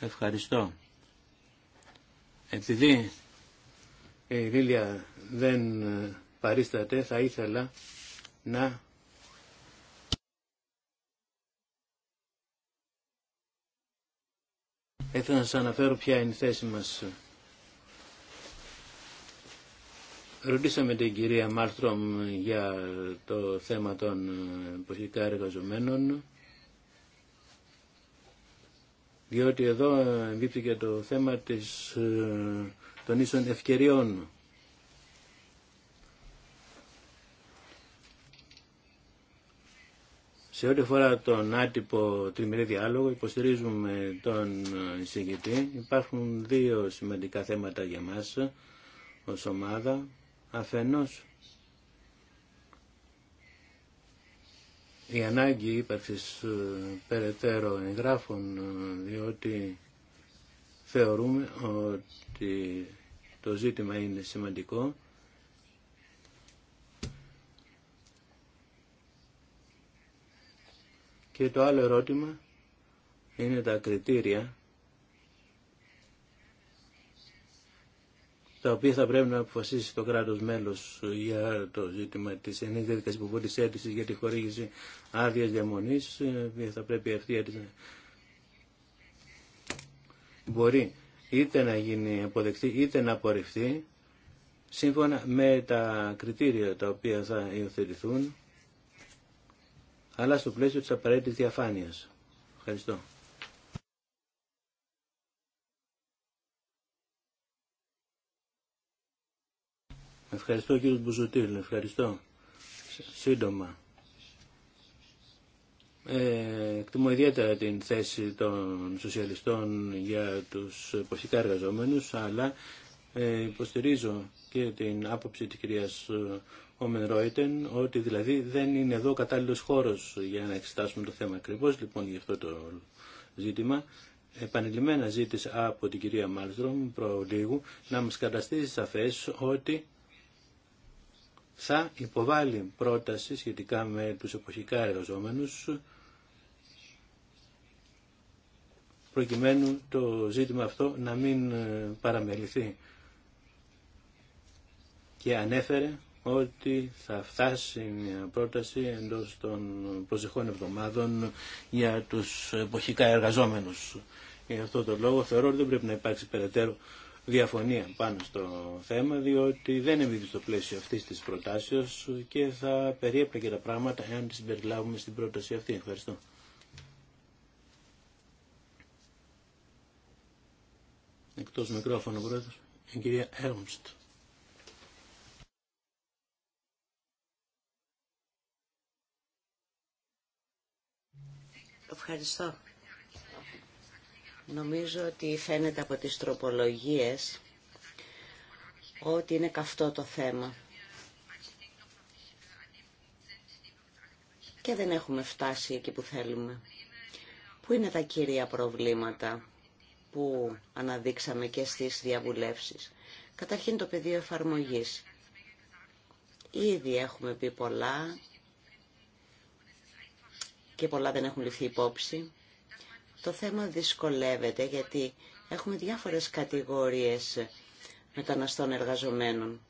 Ευχαριστώ. Επειδή η Λίλια δεν ε, παρίσταται, θα ήθελα να ήθελα να σας αναφέρω ποια είναι η θέση μας Ρωτήσαμε την κυρία Μάρστρομ για το θέμα των εποχικά εργαζομένων διότι εδώ ε, εμπίπτει το θέμα της, ε, των ίσων ευκαιριών. Σε ό,τι αφορά τον άτυπο τριμηρή διάλογο, υποστηρίζουμε τον ε, εισηγητή. Υπάρχουν δύο σημαντικά θέματα για μας ως ομάδα. Αφενός, η ανάγκη ύπαρξης ε, περαιτέρω εγγράφων, ε, διότι θεωρούμε ότι το ζήτημα είναι σημαντικό. Και το άλλο ερώτημα είναι τα κριτήρια τα οποία θα πρέπει να αποφασίσει το κράτο μέλο για το ζήτημα τη ενή διαδικασία υποβολή αίτηση για τη χορήγηση άδεια διαμονή, ε, θα πρέπει αυτή η αίτηση. Μπορεί είτε να γίνει αποδεκτή είτε να απορριφθεί σύμφωνα με τα κριτήρια τα οποία θα υιοθετηθούν αλλά στο πλαίσιο της απαραίτητης διαφάνειας. Ευχαριστώ. Ευχαριστώ κύριε Μπουζουτήλ, ευχαριστώ. Σύντομα. Ε, εκτιμώ ιδιαίτερα την θέση των σοσιαλιστών για τους εποχικά εργαζόμενους, αλλά ε, υποστηρίζω και την άποψη της κυρίας ε, Όμεν Ρόιτεν, ότι δηλαδή δεν είναι εδώ κατάλληλος χώρος για να εξετάσουμε το θέμα ακριβώς, λοιπόν, για αυτό το ζήτημα. Επανειλημμένα ζήτησα από την κυρία Μάλστρομ λίγου να μας καταστήσει σαφές ότι θα υποβάλει πρόταση σχετικά με τους εποχικά εργαζόμενους προκειμένου το ζήτημα αυτό να μην ε, παραμεληθεί. Και ανέφερε ότι θα φτάσει μια πρόταση εντός των προσεχών εβδομάδων για τους εποχικά εργαζόμενους. Για αυτό το λόγο θεωρώ ότι δεν πρέπει να υπάρξει περαιτέρω διαφωνία πάνω στο θέμα, διότι δεν εμπίπτει στο πλαίσιο αυτής της προτάσεως και θα και τα πράγματα εάν τις συμπεριλάβουμε στην πρόταση αυτή. Ευχαριστώ. Εκτό μικρόφωνο, πρόεδρος, η κυρία Έλμστ. Ευχαριστώ. Νομίζω ότι φαίνεται από τις τροπολογίες ότι είναι καυτό το θέμα. Και δεν έχουμε φτάσει εκεί που θέλουμε. Πού είναι τα κύρια προβλήματα που αναδείξαμε και στις διαβουλεύσεις. Καταρχήν το πεδίο εφαρμογής. Ήδη έχουμε πει πολλά και πολλά δεν έχουν ληφθεί υπόψη το θέμα δυσκολεύεται γιατί έχουμε διάφορες κατηγορίες μεταναστών εργαζομένων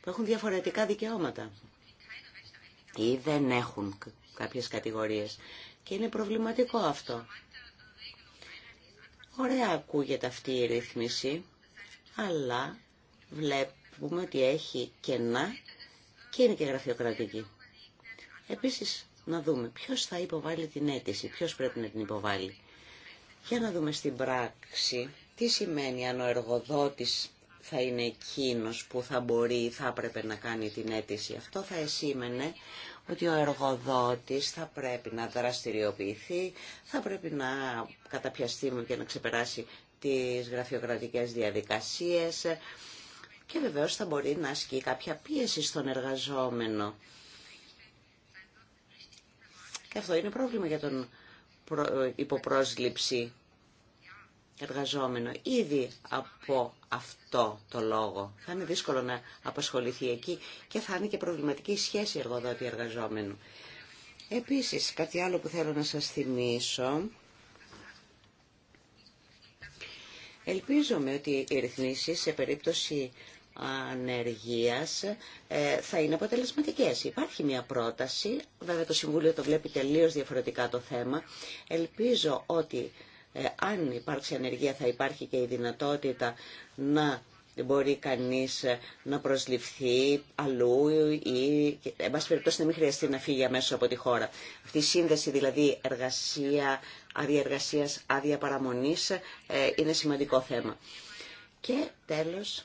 που έχουν διαφορετικά δικαιώματα ή δεν έχουν κάποιες κατηγορίες και είναι προβληματικό αυτό. Ωραία ακούγεται αυτή η ρύθμιση, αλλά βλέπουμε ότι έχει κενά και είναι και γραφειοκρατική. Επίσης, να δούμε ποιος θα υποβάλει την αίτηση, ποιος πρέπει να την υποβάλει. Για να δούμε στην πράξη τι σημαίνει αν ο εργοδότης θα είναι εκείνο που θα μπορεί ή θα έπρεπε να κάνει την αίτηση. Αυτό θα σήμαινε ότι ο εργοδότης θα πρέπει να δραστηριοποιηθεί, θα πρέπει να καταπιαστεί και να ξεπεράσει τις γραφειοκρατικές διαδικασίες και βεβαίως θα μπορεί να ασκεί κάποια πίεση στον εργαζόμενο. Και αυτό είναι πρόβλημα για τον υποπρόσληψη εργαζόμενο. Ήδη από αυτό το λόγο θα είναι δύσκολο να απασχοληθεί εκεί και θα είναι και προβληματική η σχέση εργοδότη-εργαζόμενου. Επίσης, κάτι άλλο που θέλω να σας θυμίσω... Ελπίζομαι ότι οι ρυθμίσεις σε περίπτωση ανεργίας ε, θα είναι αποτελεσματικές. Υπάρχει μια πρόταση, βέβαια το Συμβούλιο το βλέπει τελείως διαφορετικά το θέμα. Ελπίζω ότι ε, αν υπάρξει ανεργία θα υπάρχει και η δυνατότητα να μπορεί κανείς ε, να προσληφθεί αλλού ή εν πάση περιπτώσει να μην χρειαστεί να φύγει αμέσω από τη χώρα. Αυτή η σύνδεση δηλαδή εργασία, άδεια είναι σημαντικό θέμα. Και τέλος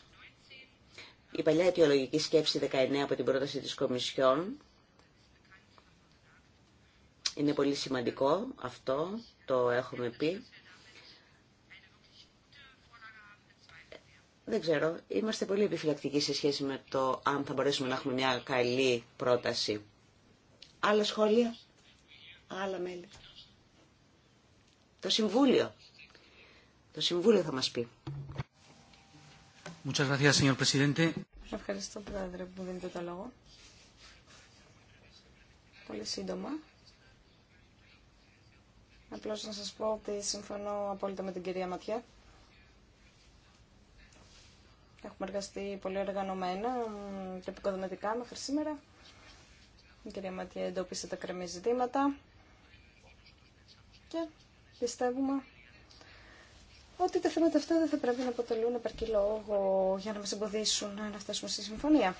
η παλιά αιτιολογική σκέψη 19 από την πρόταση της Κομισιόν είναι πολύ σημαντικό αυτό, το έχουμε πει. Δεν ξέρω, είμαστε πολύ επιφυλακτικοί σε σχέση με το αν θα μπορέσουμε να έχουμε μια καλή πρόταση. Άλλα σχόλια, άλλα μέλη. Το Συμβούλιο. Το Συμβούλιο θα μας πει. Ευχαριστώ, Πρόεδρε, που μου δίνετε το λόγο. Πολύ σύντομα. Απλώς να σας πω ότι συμφωνώ απόλυτα με την κυρία Ματιά. Έχουμε εργαστεί πολύ οργανωμένα και επικοδομητικά μέχρι σήμερα. Η κυρία Ματιά εντόπισε τα κρεμή ζητήματα και πιστεύουμε ότι τα θέματα αυτά δεν θα πρέπει να αποτελούν επαρκή λόγο για να μας εμποδίσουν να φτάσουμε στη συμφωνία.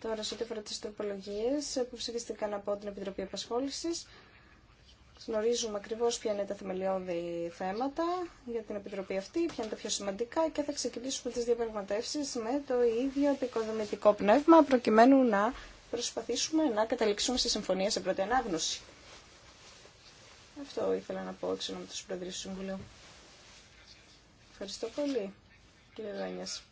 Τώρα, σε ό,τι αφορά τι τροπολογίε που ψηφίστηκαν από την Επιτροπή Επασχόληση, γνωρίζουμε ακριβώ ποια είναι τα θεμελιώδη θέματα για την Επιτροπή αυτή, ποια είναι τα πιο σημαντικά και θα ξεκινήσουμε τι διαπραγματεύσει με το ίδιο επικοδομητικό πνεύμα, προκειμένου να προσπαθήσουμε να καταλήξουμε στη συμφωνία σε πρώτη ανάγνωση. Αυτό ήθελα να πω έξω με τους Πρόεδρους του Συμβουλίου. Ευχαριστώ πολύ, κύριε Ράνιας.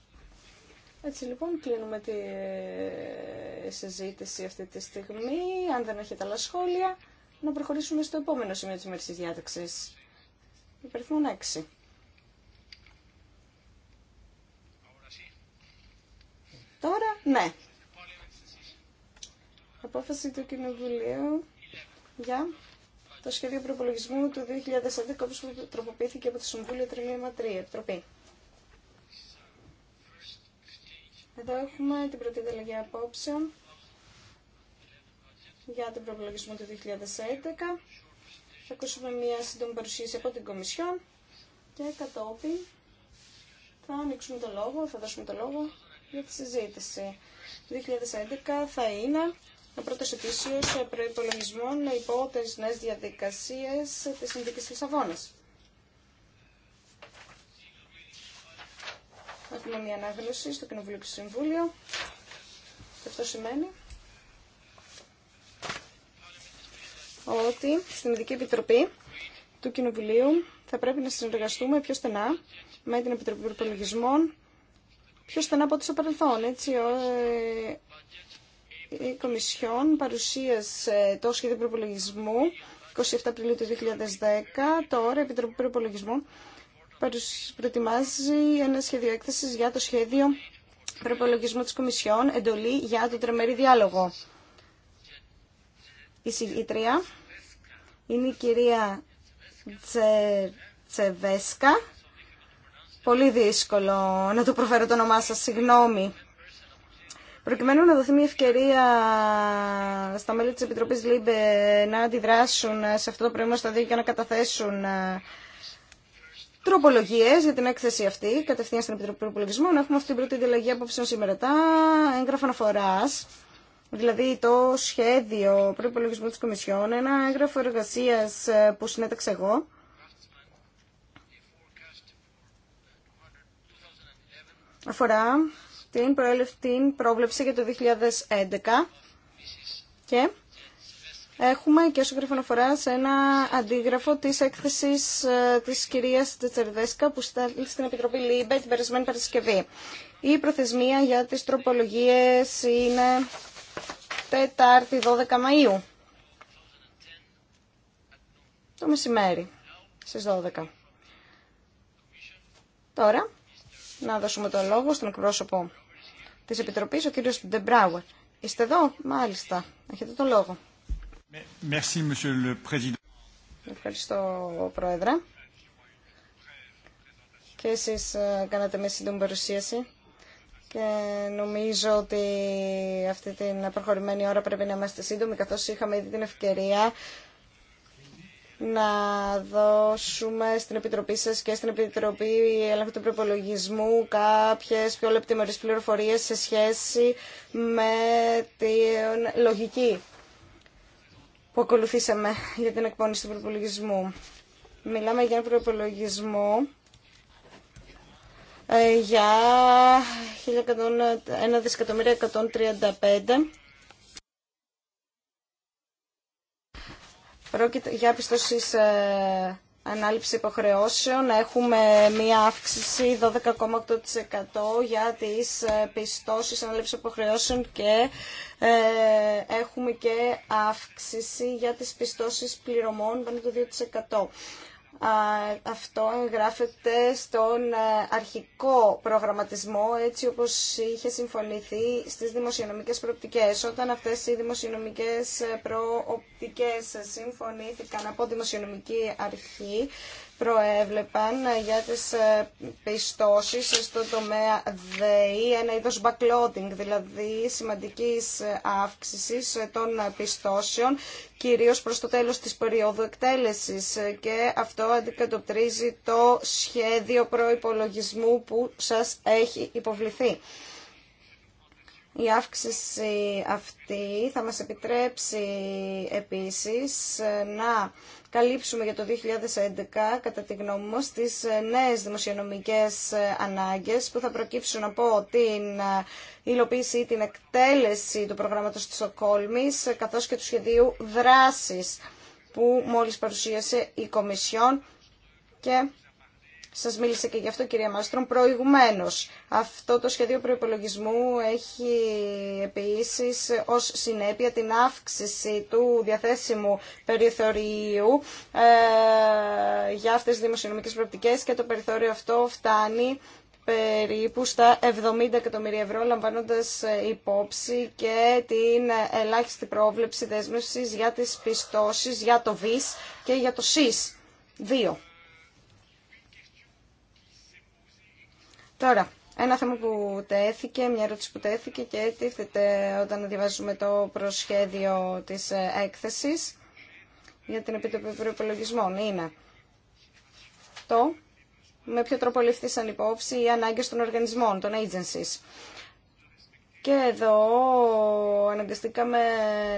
Έτσι λοιπόν κλείνουμε τη συζήτηση αυτή τη στιγμή. Αν δεν έχετε άλλα σχόλια, να προχωρήσουμε στο επόμενο σημείο της ημέρης της διάταξης. Υπερθμόν 6. Τώρα, ναι. Απόφαση του Κοινοβουλίου για το σχέδιο προπολογισμού του 2011 όπως τροποποιήθηκε από το Συμβούλιο 3 3, Επιτροπή. Εδώ έχουμε την πρώτη ανταλλαγή απόψεων για τον προπολογισμό του 2011. Θα ακούσουμε μια σύντομη παρουσίαση από την Κομισιόν και κατόπιν θα ανοίξουμε το λόγο, θα δώσουμε το λόγο για τη συζήτηση. 2011 θα είναι ο πρώτο ετήσιο προπολογισμών υπό τι νέε διαδικασίε τη συνδίκη Λισαβόνα. Έχουμε μια ανάγνωση στο Κοινοβούλιο και Συμβούλιο. Και αυτό σημαίνει ότι στην Ειδική Επιτροπή του Κοινοβουλίου θα πρέπει να συνεργαστούμε πιο στενά με την Επιτροπή Προπολογισμών πιο στενά από ό,τι στο παρελθόν, έτσι, ε, η Κομισιόν παρουσίασε το σχέδιο προπολογισμού 27 Απριλίου του 2010. Τώρα η Επιτροπή Προπολογισμού προετοιμάζει ένα σχέδιο έκθεση για το σχέδιο προπολογισμού της Κομισιόν, εντολή για το τρεμερή διάλογο. Η συγγήτρια είναι η κυρία Τσε... Τσεβέσκα. Πολύ δύσκολο να το προφέρω το όνομά σας, συγγνώμη προκειμένου να δοθεί μια ευκαιρία στα μέλη της Επιτροπής ΛΥΜΠΕ να αντιδράσουν σε αυτό το προηγούμενο δύο και να καταθέσουν ε, τροπολογίε για την έκθεση αυτή, κατευθείαν στην Επιτροπή Προπολογισμού, να έχουμε αυτή την πρώτη ενταλλαγή απόψεων σήμερα. Τα έγγραφα αναφορά, δηλαδή το σχέδιο προπολογισμού τη Κομισιόν, ένα έγγραφο εργασία ε, που συνέταξα εγώ. Αφορά την, την πρόβλεψη για το 2011 και έχουμε και όσο γράφει αναφορά σε ένα αντίγραφο της έκθεσης ε, της κυρίας Τετσερδέσκα που στέλνει στην Επιτροπή ΛΥΜΠΕ την περασμένη Παρασκευή. Η προθεσμία για τις τροπολογίες είναι Τετάρτη 12 Μαΐου το μεσημέρι στις 12. Τώρα να δώσουμε τον λόγο στον εκπρόσωπο της Επιτροπής, ο κύριος Ντεμπράουερ. Είστε εδώ, μάλιστα. Έχετε τον λόγο. Ευχαριστώ, Πρόεδρε. Και εσείς ε, κάνατε μια σύντομη παρουσίαση και νομίζω ότι αυτή την προχωρημένη ώρα πρέπει να είμαστε σύντομοι καθώς είχαμε ήδη την ευκαιρία να δώσουμε στην Επιτροπή σας και στην Επιτροπή Έλεγχου του Προπολογισμού κάποιες πιο λεπτομερείς πληροφορίες σε σχέση με τη λογική που ακολουθήσαμε για την εκπόνηση του προπολογισμού. Μιλάμε για ε, ένα προπολογισμό για 1 Πρόκειται για πιστώσεις ανάληψη υποχρεώσεων. Έχουμε μία αύξηση 12,8% για τις ε, πιστώσεις ανάληψη υποχρεώσεων και ε, έχουμε και αύξηση για τις πιστώσεις πληρωμών πάνω το 2% αυτό εγγράφεται στον ε, αρχικό προγραμματισμό έτσι όπως είχε συμφωνηθεί στις δημοσιονομικές προοπτικές. Όταν αυτές οι δημοσιονομικές ε, προοπτικές συμφωνήθηκαν από δημοσιονομική αρχή προέβλεπαν ε, για τις ε, πιστώσεις στο τομέα ΔΕΗ ένα είδος backloading, δηλαδή σημαντικής ε, αύξησης των πιστώσεων κυρίως προς το τέλος της περίοδου εκτέλεσης και αυτό αντικατοπτρίζει το σχέδιο προϋπολογισμού που σας έχει υποβληθεί. Η αύξηση αυτή θα μας επιτρέψει επίσης ε, να καλύψουμε για το 2011, κατά τη γνώμη μου, τις ε, νέες δημοσιονομικές ε, ανάγκες που θα προκύψουν από την υλοποίηση ή την εκτέλεση του προγράμματος της Οκόλμης, καθώς και του σχεδίου δράσης που μόλις παρουσίασε η Κομισιόν και σας μίλησε και γι' αυτό κυρία Μάστρον προηγουμένως. Αυτό το σχέδιο προϋπολογισμού έχει επίσης ως συνέπεια την αύξηση του διαθέσιμου περιθωρίου ε, για αυτές τις δημοσιονομικές προοπτικές και το περιθώριο αυτό φτάνει περίπου στα 70 εκατομμύρια ευρώ, λαμβάνοντας υπόψη και την ελάχιστη πρόβλεψη δέσμευσης για τις πιστώσεις για το ΒΙΣ και για το ΣΥΣ 2. Τώρα, ένα θέμα που τέθηκε, μια ερώτηση που τέθηκε και τίθεται όταν διαβάζουμε το προσχέδιο της ε, έκθεσης για την Επιτροπή Προπολογισμών είναι το με ποιο τρόπο ληφθήσαν υπόψη οι ανάγκες των οργανισμών, των agencies. Και εδώ αναγκαστήκαμε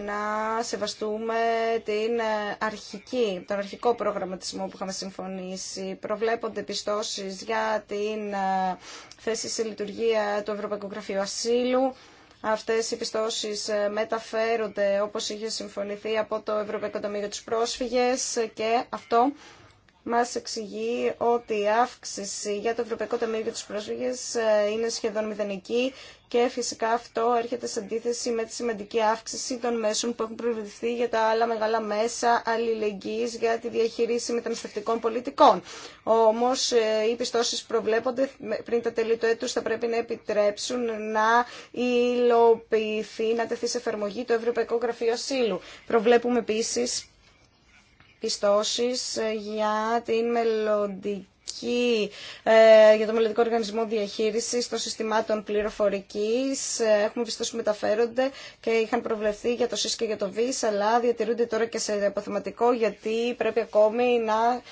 να σεβαστούμε την ε, αρχική, τον αρχικό προγραμματισμό που είχαμε συμφωνήσει. Προβλέπονται πιστώσεις για την ε, θέση σε λειτουργία του Ευρωπαϊκού Γραφείου Ασύλου. Αυτές οι πιστώσεις ε, μεταφέρονται όπως είχε συμφωνηθεί από το Ευρωπαϊκό Ταμείο για τους Πρόσφυγες και αυτό μας εξηγεί ότι η αύξηση για το Ευρωπαϊκό Ταμείο για τους πρόσφυγες ε, είναι σχεδόν μηδενική και φυσικά αυτό έρχεται σε αντίθεση με τη σημαντική αύξηση των μέσων που έχουν προβληθεί για τα άλλα μεγάλα μέσα αλληλεγγύης για τη διαχείριση μεταναστευτικών πολιτικών. Όμως ε, οι πιστώσεις προβλέπονται πριν τα τέλη του έτους θα πρέπει να επιτρέψουν να υλοποιηθεί, να τεθεί σε εφαρμογή το Ευρωπαϊκό Γραφείο Ασύλου. Προβλέπουμε επίσης πιστώσεις ε, για την μελλοντική ε, για το μελλοντικό οργανισμό διαχείριση των συστημάτων πληροφορική. Ε, έχουμε πιστώσει που μεταφέρονται και είχαν προβλεφθεί για το ΣΥΣ και για το ΒΙΣ, αλλά διατηρούνται τώρα και σε αποθεματικό γιατί πρέπει ακόμη να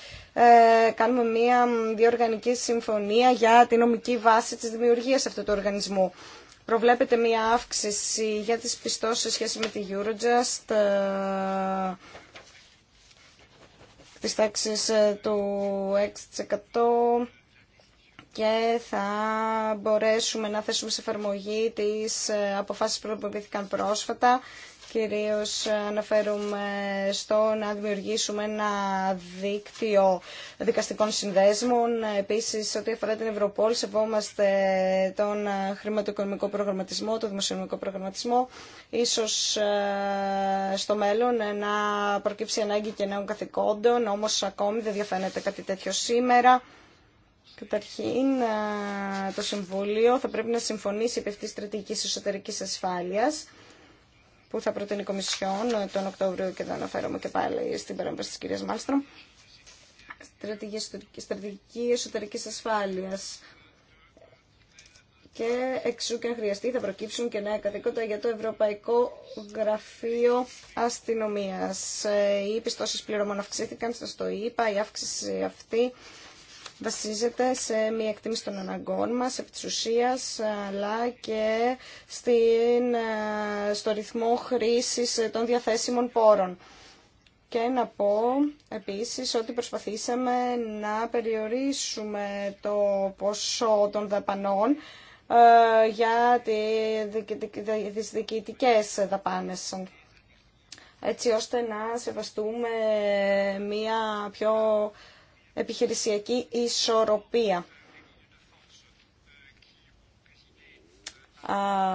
κάνουμε μια διοργανική συμφωνία για την νομική βάση της δημιουργίας αυτού του οργανισμού. Προβλέπεται μια αύξηση για τις πιστώσεις σε σχέση με τη Eurojust της τάξη ε, του 6% και θα μπορέσουμε να θέσουμε σε εφαρμογή τις ε, αποφάσεις που προβληθήκαν πρόσφατα Κυρίως αναφέρουμε στο να δημιουργήσουμε ένα δίκτυο δικαστικών συνδέσμων. Επίσης, ό,τι αφορά την Ευρωπόλ, σεβόμαστε τον χρηματοοικονομικό προγραμματισμό, τον δημοσιονομικό προγραμματισμό. Ίσως ε, στο μέλλον να προκύψει ανάγκη και νέων καθηκόντων, όμως ακόμη δεν διαφαίνεται κάτι τέτοιο σήμερα. Καταρχήν, ε, το Συμβούλιο θα πρέπει να συμφωνήσει επί αυτής της στρατηγικής εσωτερικής ασφάλειας που θα προτείνει η Κομισιόν τον Οκτώβριο και θα αναφέρομαι και πάλι στην παρέμβαση της κυρίας Μάλστρομ. Στρατηγική εσωτερικής ασφάλειας και εξού και αν χρειαστεί θα προκύψουν και νέα καθήκοντα για το Ευρωπαϊκό Γραφείο Αστυνομίας. Ε, οι πιστώσεις πληρωμών αυξήθηκαν, σας το είπα, η αύξηση αυτή βασίζεται σε μια εκτίμηση των αναγκών μας, επί της ουσίας, αλλά και στην, ε, στο ρυθμό χρήσης ε, των διαθέσιμων πόρων. Και να πω επίσης ότι προσπαθήσαμε να περιορίσουμε το ποσό των δαπανών ε, για τις διοικητικές δαπάνες έτσι ώστε να σεβαστούμε μία πιο επιχειρησιακή ισορροπία.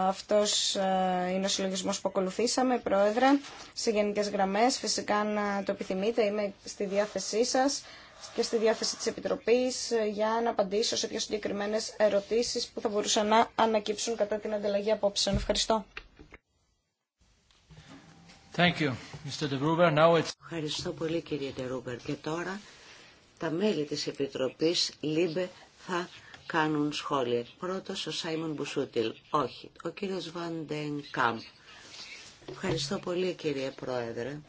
Αυτός ε, είναι ο συλλογισμός που ακολουθήσαμε, Πρόεδρε, σε γενικές γραμμές. Φυσικά να το επιθυμείτε, είμαι στη διάθεσή σας και στη διάθεση της Επιτροπής για να απαντήσω σε πιο συγκεκριμένε ερωτήσεις που θα μπορούσαν να ανακύψουν κατά την ανταλλαγή απόψεων. Ευχαριστώ. Ευχαριστώ πολύ κύριε τώρα τα μέλη της Επιτροπής ΛΥΜΠΕ θα κάνουν σχόλια. Πρώτος ο Σάιμον Μπουσούτιλ. Όχι. Ο κύριος Βαντεν Κάμπ. Ευχαριστώ πολύ κύριε Πρόεδρε.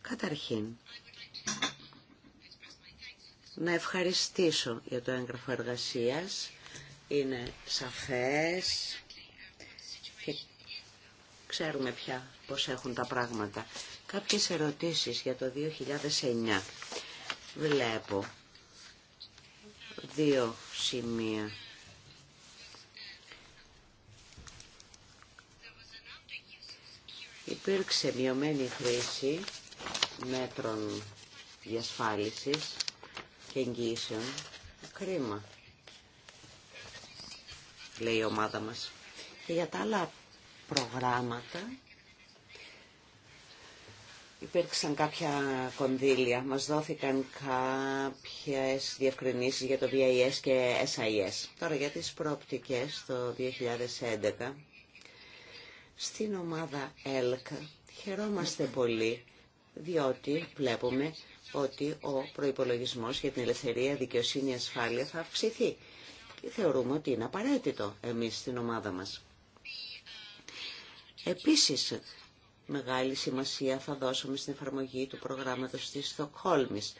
Καταρχήν, να ευχαριστήσω για το έγγραφο εργασίας. Είναι σαφές και ξέρουμε πια πώς έχουν τα πράγματα. Κάποιες ερωτήσεις για το 2009. Βλέπω δύο σημεία. Υπήρξε μειωμένη χρήση μέτρων διασφάλισης και εγγύσεων. Κρίμα, λέει η ομάδα μας. Και για τα άλλα προγράμματα υπήρξαν κάποια κονδύλια. Μας δόθηκαν κάποιες διευκρινήσεις για το VIS και SIS. Τώρα για τις προοπτικές το 2011. Στην ομάδα ΕΛΚ χαιρόμαστε πολύ διότι βλέπουμε ότι ο προϋπολογισμός για την ελευθερία, δικαιοσύνη, ασφάλεια θα αυξηθεί. Και θεωρούμε ότι είναι απαραίτητο εμείς στην ομάδα μας. Επίσης, μεγάλη σημασία θα δώσουμε στην εφαρμογή του προγράμματος της Στοκχόλμης.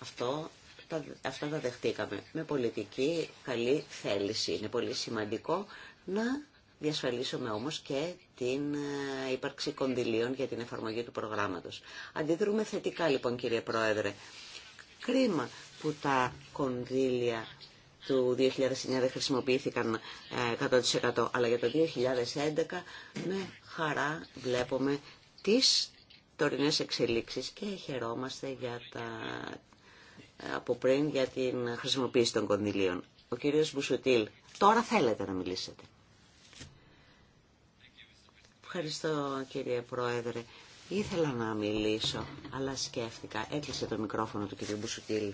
Αυτό, τα, αυτά τα δεχτήκαμε με πολιτική καλή θέληση. Είναι πολύ σημαντικό να διασφαλίσουμε όμως και την ε, ύπαρξη κονδυλίων για την εφαρμογή του προγράμματος. Αντιδρούμε θετικά λοιπόν κύριε Πρόεδρε. Κρίμα που τα κονδύλια του 2009 δεν χρησιμοποιήθηκαν 100% ε, αλλά για το 2011 με χαρά βλέπουμε τις τωρινές εξελίξεις και χαιρόμαστε για τα... Ε, από πριν για την χρησιμοποίηση των κονδυλίων. Ο κύριος Μπουσουτήλ, τώρα θέλετε να μιλήσετε. Ευχαριστώ κύριε Πρόεδρε. Ήθελα να μιλήσω, αλλά σκέφτηκα. Έκλεισε το μικρόφωνο του κύριου Μπουσουτήλ.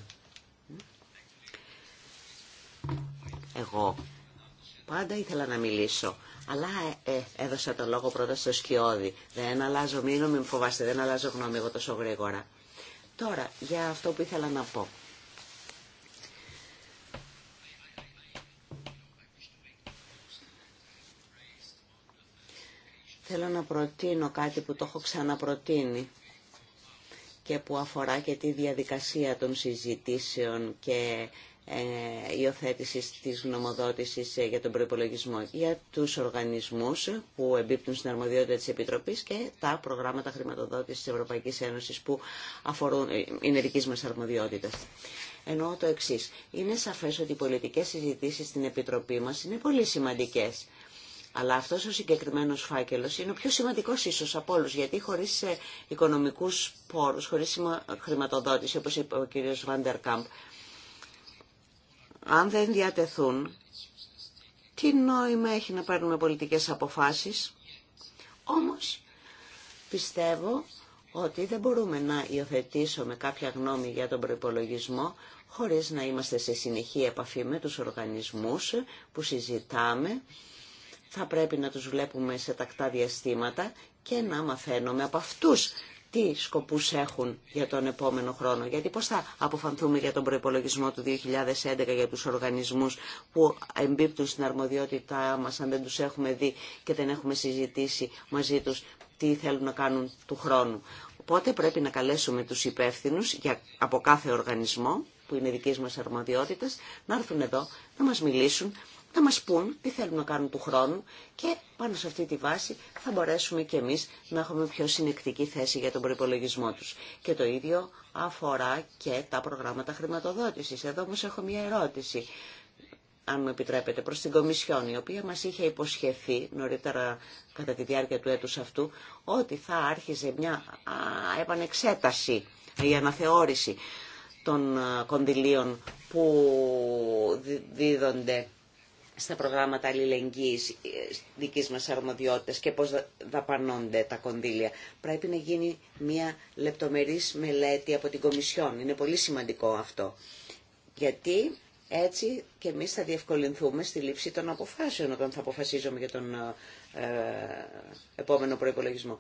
Εγώ πάντα ήθελα να μιλήσω, αλλά ε, ε, έδωσα το λόγο πρώτα στο σκιώδη. Δεν αλλάζω, μην μην φοβάστε, δεν αλλάζω γνώμη εγώ τόσο γρήγορα. Τώρα, για αυτό που ήθελα να πω. Θέλω να προτείνω κάτι που το έχω ξαναπροτείνει και που αφορά και τη διαδικασία των συζητήσεων και ε, υιοθέτηση της γνωμοδότησης ε, για τον προϋπολογισμό για τους οργανισμούς που εμπίπτουν στην αρμοδιότητα της Επιτροπής και τα προγράμματα χρηματοδότησης της Ευρωπαϊκής Ένωσης που αφορούν, ε, είναι δική μας αρμοδιότητα. Εννοώ το εξή. Είναι σαφές ότι οι πολιτικές συζητήσεις στην Επιτροπή μας είναι πολύ σημαντικές. Αλλά αυτός ο συγκεκριμένος φάκελος είναι ο πιο σημαντικός ίσως από όλους, γιατί χωρίς οικονομικούς πόρους, χωρί χρηματοδότηση, όπω είπε ο κ. Βαντερκάμπ, αν δεν διατεθούν, τι νόημα έχει να παίρνουμε πολιτικές αποφάσεις. Όμως, πιστεύω ότι δεν μπορούμε να υιοθετήσουμε κάποια γνώμη για τον προϋπολογισμό χωρίς να είμαστε σε συνεχή επαφή με τους οργανισμούς που συζητάμε. Θα πρέπει να τους βλέπουμε σε τακτά διαστήματα και να μαθαίνουμε από αυτούς τι σκοπούς έχουν για τον επόμενο χρόνο. Γιατί πώς θα αποφανθούμε για τον προϋπολογισμό του 2011 για τους οργανισμούς που εμπίπτουν στην αρμοδιότητά μας αν δεν τους έχουμε δει και δεν έχουμε συζητήσει μαζί τους τι θέλουν να κάνουν του χρόνου. Οπότε πρέπει να καλέσουμε τους υπεύθυνους για, από κάθε οργανισμό που είναι δικής μας αρμοδιότητας να έρθουν εδώ να μας μιλήσουν θα μας πούν τι θέλουν να κάνουν του χρόνου και πάνω σε αυτή τη βάση θα μπορέσουμε και εμείς να έχουμε πιο συνεκτική θέση για τον προϋπολογισμό τους. Και το ίδιο αφορά και τα προγράμματα χρηματοδότησης. Εδώ όμως έχω μια ερώτηση, αν μου επιτρέπετε, προς την Κομισιόν, η οποία μας είχε υποσχεθεί νωρίτερα κατά τη διάρκεια του έτους αυτού, ότι θα άρχιζε μια επανεξέταση, η αναθεώρηση των κονδυλίων που δίδονται στα προγράμματα αλληλεγγύης ε, δικής μας αρμοδιότητας και πώς δαπανώνται τα κονδύλια. Πρέπει να γίνει μια λεπτομερής μελέτη από την Κομισιόν. Είναι πολύ σημαντικό αυτό. Γιατί έτσι και εμείς θα διευκολυνθούμε στη λήψη των αποφάσεων όταν θα αποφασίζουμε για τον ε, ε, επόμενο προϋπολογισμό.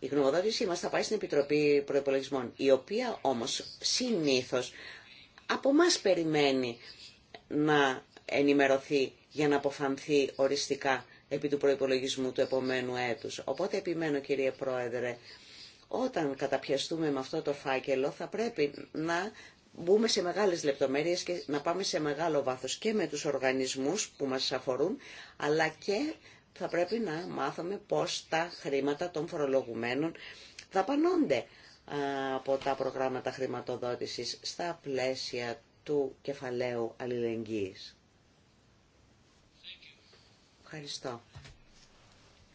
Η γνωμοδότησή μας θα πάει στην Επιτροπή Προϋπολογισμών, η οποία όμως συνήθως από μας περιμένει να ενημερωθεί για να αποφανθεί οριστικά επί του προϋπολογισμού του επομένου έτους. Οπότε επιμένω κύριε Πρόεδρε, όταν καταπιαστούμε με αυτό το φάκελο θα πρέπει να μπούμε σε μεγάλες λεπτομέρειες και να πάμε σε μεγάλο βάθος και με τους οργανισμούς που μας αφορούν, αλλά και θα πρέπει να μάθουμε πώς τα χρήματα των φορολογουμένων δαπανώνται από τα προγράμματα χρηματοδότησης στα πλαίσια του κεφαλαίου αλληλεγγύης. Ευχαριστώ.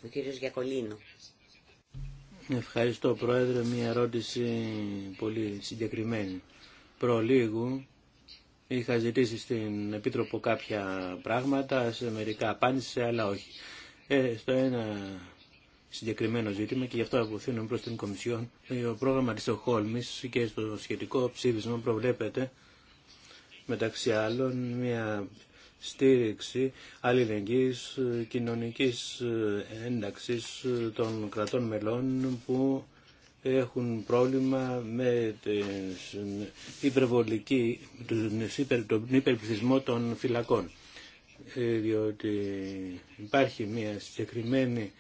Ο κύριος Γιακολίνο. Ευχαριστώ Πρόεδρε. Μια ερώτηση πολύ συγκεκριμένη. Προλίγου είχα ζητήσει στην Επίτροπο κάποια πράγματα, σε μερικά απάντησε, αλλά όχι. Ε, στο ένα συγκεκριμένο ζήτημα και γι' αυτό αποθύνουμε προς την Κομισιόν. Το ε, πρόγραμμα της Οχόλμης και στο σχετικό ψήφισμα προβλέπεται μεταξύ άλλων μια στήριξη αλληλεγγύης κοινωνικής ένταξης των κρατών μελών που έχουν πρόβλημα με την υπερβολική, τον υπερπληθυσμό των φυλακών. Ε, διότι υπάρχει μια συγκεκριμένη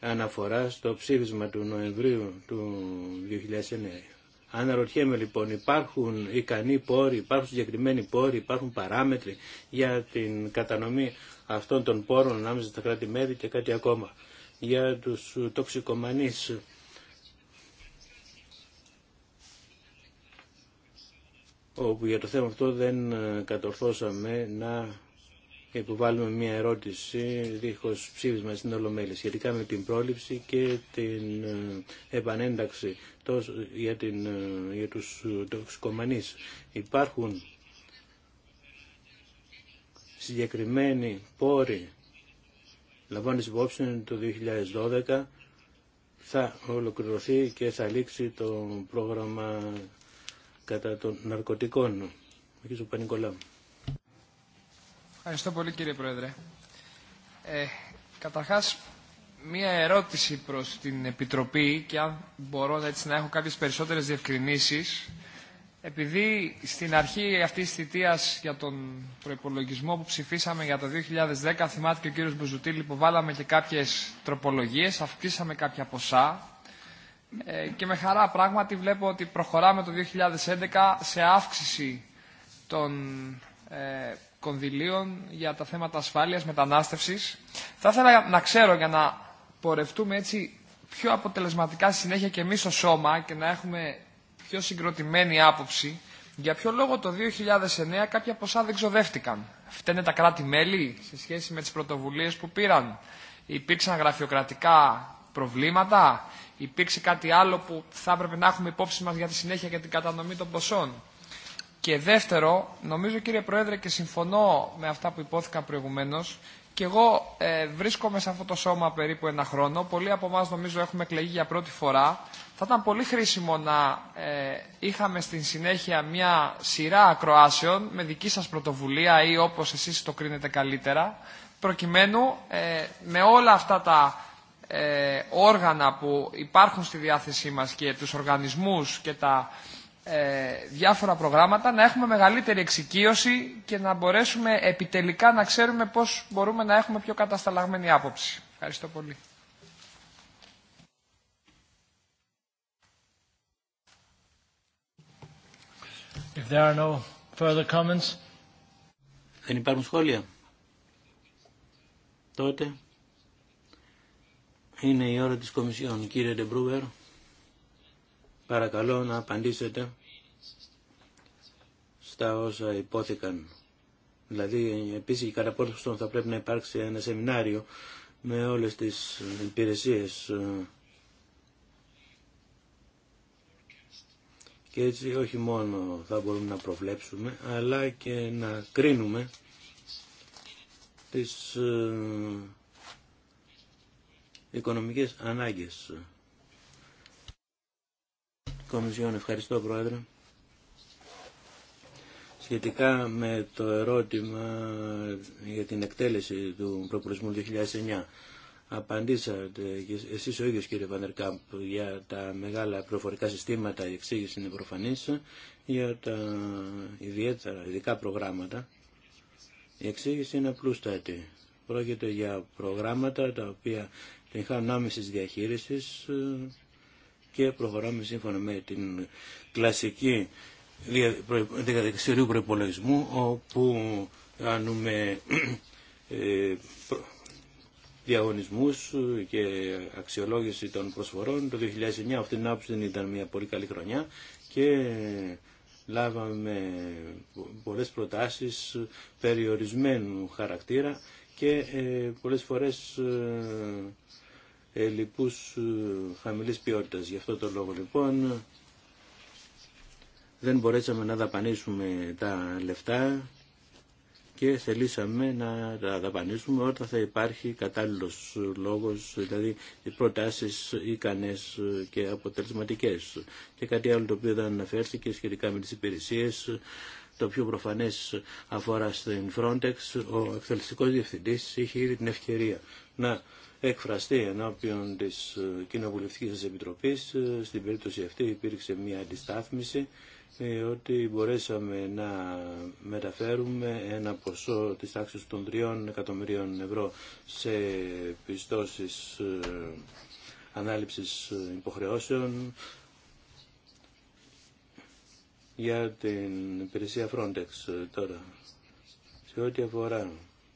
αναφορά στο ψήφισμα του Νοεμβρίου του 2009 Αναρωτιέμαι λοιπόν, υπάρχουν ικανοί πόροι, υπάρχουν συγκεκριμένοι πόροι, υπάρχουν παράμετροι για την κατανομή αυτών των πόρων ανάμεσα στα κράτη-μέρη και κάτι ακόμα. Για τους τοξικομανείς όπου για το θέμα αυτό δεν κατορθώσαμε να βάλουμε μια ερώτηση δίχως ψήφισμα στην Ολομέλη σχετικά με την πρόληψη και την ε, επανένταξη τόσο για, την, ε, για τους τοξικομανείς. Υπάρχουν συγκεκριμένοι πόροι λαμβάνοντας υπόψη το 2012 θα ολοκληρωθεί και θα λήξει το πρόγραμμα κατά των ναρκωτικών. Εκεί κ. Ευχαριστώ πολύ κύριε Πρόεδρε. Ε, καταρχάς, μία ερώτηση προς την Επιτροπή και αν μπορώ έτσι, να έχω κάποιες περισσότερες διευκρινήσεις. Επειδή στην αρχή αυτή τη θητεία για τον προπολογισμό που ψηφίσαμε για το 2010, θυμάται και ο κύριο που βάλαμε και κάποιες τροπολογίες, αυξήσαμε κάποια ποσά. Ε, και με χαρά πράγματι βλέπω ότι προχωράμε το 2011 σε αύξηση των ε, κονδυλίων για τα θέματα ασφάλειας, μετανάστευσης. Θα ήθελα να ξέρω για να πορευτούμε έτσι πιο αποτελεσματικά συνέχεια και εμείς στο σώμα και να έχουμε πιο συγκροτημένη άποψη για ποιο λόγο το 2009 κάποια ποσά δεν ξοδεύτηκαν. Φταίνε τα κράτη-μέλη σε σχέση με τις πρωτοβουλίες που πήραν. Υπήρξαν γραφειοκρατικά προβλήματα. Υπήρξε κάτι άλλο που θα έπρεπε να έχουμε υπόψη μας για τη συνέχεια και την κατανομή των ποσών. Και δεύτερο, νομίζω κύριε Πρόεδρε και συμφωνώ με αυτά που υπόθηκαν προηγουμένως, και εγώ ε, βρίσκομαι σε αυτό το σώμα περίπου ένα χρόνο. Πολλοί από εμά νομίζω έχουμε εκλεγεί για πρώτη φορά. Θα ήταν πολύ χρήσιμο να ε, είχαμε στην συνέχεια μια σειρά ακροάσεων με δική σας πρωτοβουλία ή όπως εσείς το κρίνετε καλύτερα, προκειμένου ε, με όλα αυτά τα όργανα που υπάρχουν στη διάθεσή μας και τους οργανισμούς και τα ε, διάφορα προγράμματα, να έχουμε μεγαλύτερη εξοικείωση και να μπορέσουμε επιτελικά να ξέρουμε πώς μπορούμε να έχουμε πιο κατασταλαγμένη άποψη. Ευχαριστώ πολύ. If there are no further comments. Δεν υπάρχουν σχόλια. Τότε είναι η ώρα της Κομισιόν. Κύριε Ντεμπρούβερ. Παρακαλώ να απαντήσετε στα όσα υπόθηκαν. Δηλαδή, επίση κατά πόσο θα πρέπει να υπάρξει ένα σεμινάριο με όλες τις υπηρεσίες και έτσι όχι μόνο θα μπορούμε να προβλέψουμε αλλά και να κρίνουμε τις ε, οικονομικές ανάγκες Κομισιόν, ευχαριστώ Πρόεδρε. Σχετικά με το ερώτημα για την εκτέλεση του προπορισμού 2009, απαντήσατε εσείς ο ίδιος κύριε Βανερκάμπ για τα μεγάλα προφορικά συστήματα, η εξήγηση είναι προφανής, για τα ιδιαίτερα, ειδικά προγράμματα. Η εξήγηση είναι απλούστατη. Πρόκειται για προγράμματα τα οποία την χάνουν άμεσης διαχείρισης και προχωράμε σύμφωνα με την κλασική διαδικασία προπολογισμού όπου κάνουμε ε, διαγωνισμούς και αξιολόγηση των προσφορών. Το 2009 αυτήν την άποψη ήταν μια πολύ καλή χρονιά και λάβαμε πολλές προτάσεις περιορισμένου χαρακτήρα και ε, πολλές φορές ε, ε, λοιπούς ε, χαμηλής ποιότητας. Γι' αυτό το λόγο λοιπόν δεν μπορέσαμε να δαπανίσουμε τα λεφτά και θελήσαμε να τα δαπανίσουμε όταν θα υπάρχει κατάλληλος λόγος, δηλαδή οι προτάσεις ικανές και αποτελεσματικές. Και κάτι άλλο το οποίο δεν αναφέρθηκε σχετικά με τις υπηρεσίες, το πιο προφανές αφορά στην Frontex, ο εκτελεστικός διευθυντής είχε ήδη την ευκαιρία να εκφραστεί ενώπιον της ε, Κοινοβουλευτικής Επιτροπής. Ε, στην περίπτωση αυτή υπήρξε μια αντιστάθμιση ε, ότι μπορέσαμε να μεταφέρουμε ένα ποσό της τάξης των 3 εκατομμυρίων ευρώ σε πιστώσεις ανάληψης υποχρεώσεων για την υπηρεσία Frontex τώρα. Σε ό,τι αφορά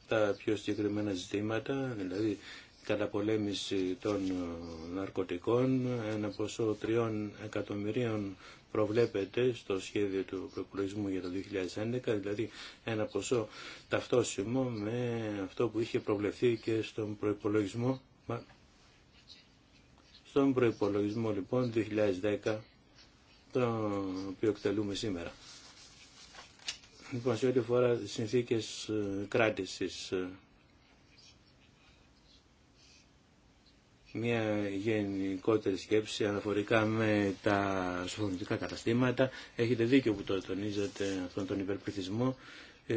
τα πιο συγκεκριμένα ζητήματα, δηλαδή καταπολέμηση των ε, ναρκωτικών. Ένα ποσό 3 εκατομμυρίων προβλέπεται στο σχέδιο του προπολογισμού για το 2011, δηλαδή ένα ποσό ταυτόσιμο με αυτό που είχε προβλεφθεί και στον προπολογισμό. Στον προπολογισμό λοιπόν 2010, το οποίο εκτελούμε σήμερα. Λοιπόν, σε ό,τι αφορά συνθήκες ε, κράτησης ε, μια γενικότερη σκέψη αναφορικά με τα σωθοδοτικά καταστήματα. Έχετε δίκιο που το τονίζετε αυτόν τον υπερπληθυσμό. Ε,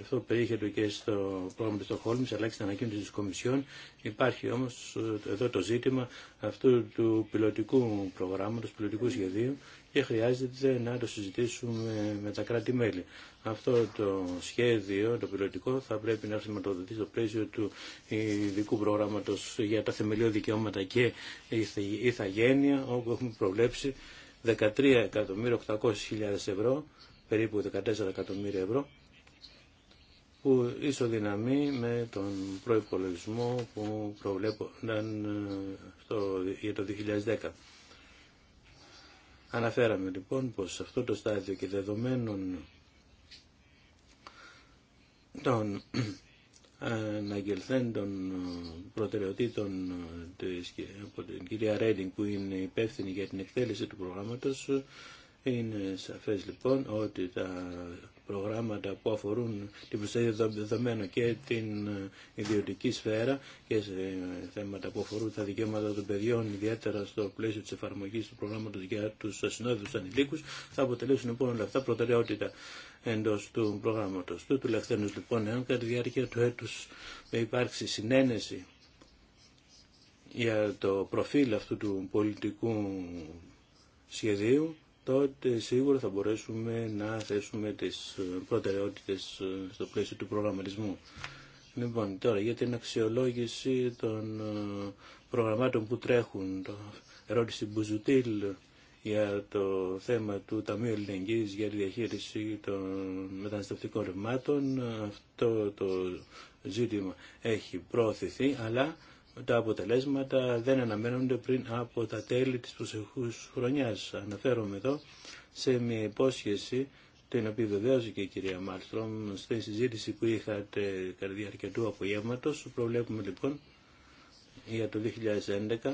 αυτό το και στο πρόγραμμα του Στοχόλμης αλλά και στην ανακοίνωση της Κομισιόν. Υπάρχει όμως ε, εδώ το ζήτημα αυτού του πιλωτικού προγράμματος, πιλωτικού σχεδίου και χρειάζεται να το συζητήσουμε με τα κράτη-μέλη. Αυτό το σχέδιο, το πιλωτικό, θα πρέπει να χρηματοδοτεί στο πλαίσιο του ειδικού προγράμματος για τα θεμελιώδη δικαιώματα και ηθαγένεια, όπου έχουμε προβλέψει 13.800.000 ευρώ, περίπου 14 εκατομμύρια ευρώ, που ισοδυναμεί με τον προϋπολογισμό που προβλέπονταν ε, για το 2010. Αναφέραμε λοιπόν πως σε αυτό το στάδιο και δεδομένων των αναγγελθέν των προτεραιοτήτων της, από την κυρία Ρέντινγκ που είναι υπεύθυνη για την εκτέλεση του προγράμματος είναι σαφές λοιπόν ότι τα προγράμματα που αφορούν την προστασία των δεδομένων και την ε, ιδιωτική σφαίρα και σε θέματα που αφορούν τα δικαιώματα των παιδιών, ιδιαίτερα στο πλαίσιο τη εφαρμογή του προγράμματο για του ασυνόδου ανηλίκου, θα αποτελέσουν λοιπόν όλα αυτά προτεραιότητα εντό του προγράμματο του. Τουλάχιστον λοιπόν, εάν κατά τη διάρκεια του έτου υπάρξει συνένεση για το προφίλ αυτού του πολιτικού σχεδίου, τότε σίγουρα θα μπορέσουμε να θέσουμε τις ε, προτεραιότητες ε, στο πλαίσιο του προγραμματισμού. Λοιπόν, τώρα για την αξιολόγηση των ε, προγραμμάτων που τρέχουν, το ερώτηση Μπουζουτήλ για το θέμα του Ταμείου Ελληνικής για τη διαχείριση των μεταναστευτικών ρευμάτων. Αυτό το ζήτημα έχει προωθηθεί, αλλά τα αποτελέσματα δεν αναμένονται πριν από τα τέλη της προσεχούς χρονιάς. Αναφέρομαι εδώ σε μια υπόσχεση την οποία βεβαίωσε και η κυρία Μάλστρομ στην συζήτηση που είχατε κατά διάρκεια του απογεύματος. Προβλέπουμε λοιπόν για το 2011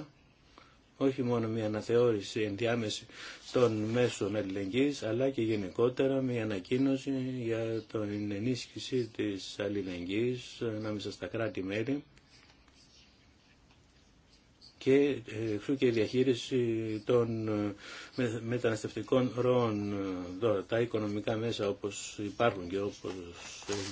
όχι μόνο μια αναθεώρηση ενδιάμεση των μέσων αλληλεγγύης, αλλά και γενικότερα μια ανακοίνωση για την ενίσχυση της αλληλεγγύης ανάμεσα στα κράτη-μέλη και ε, εξού και η διαχείριση των ε, μεταναστευτικών ροών. Τώρα, τα οικονομικά μέσα όπως υπάρχουν και όπως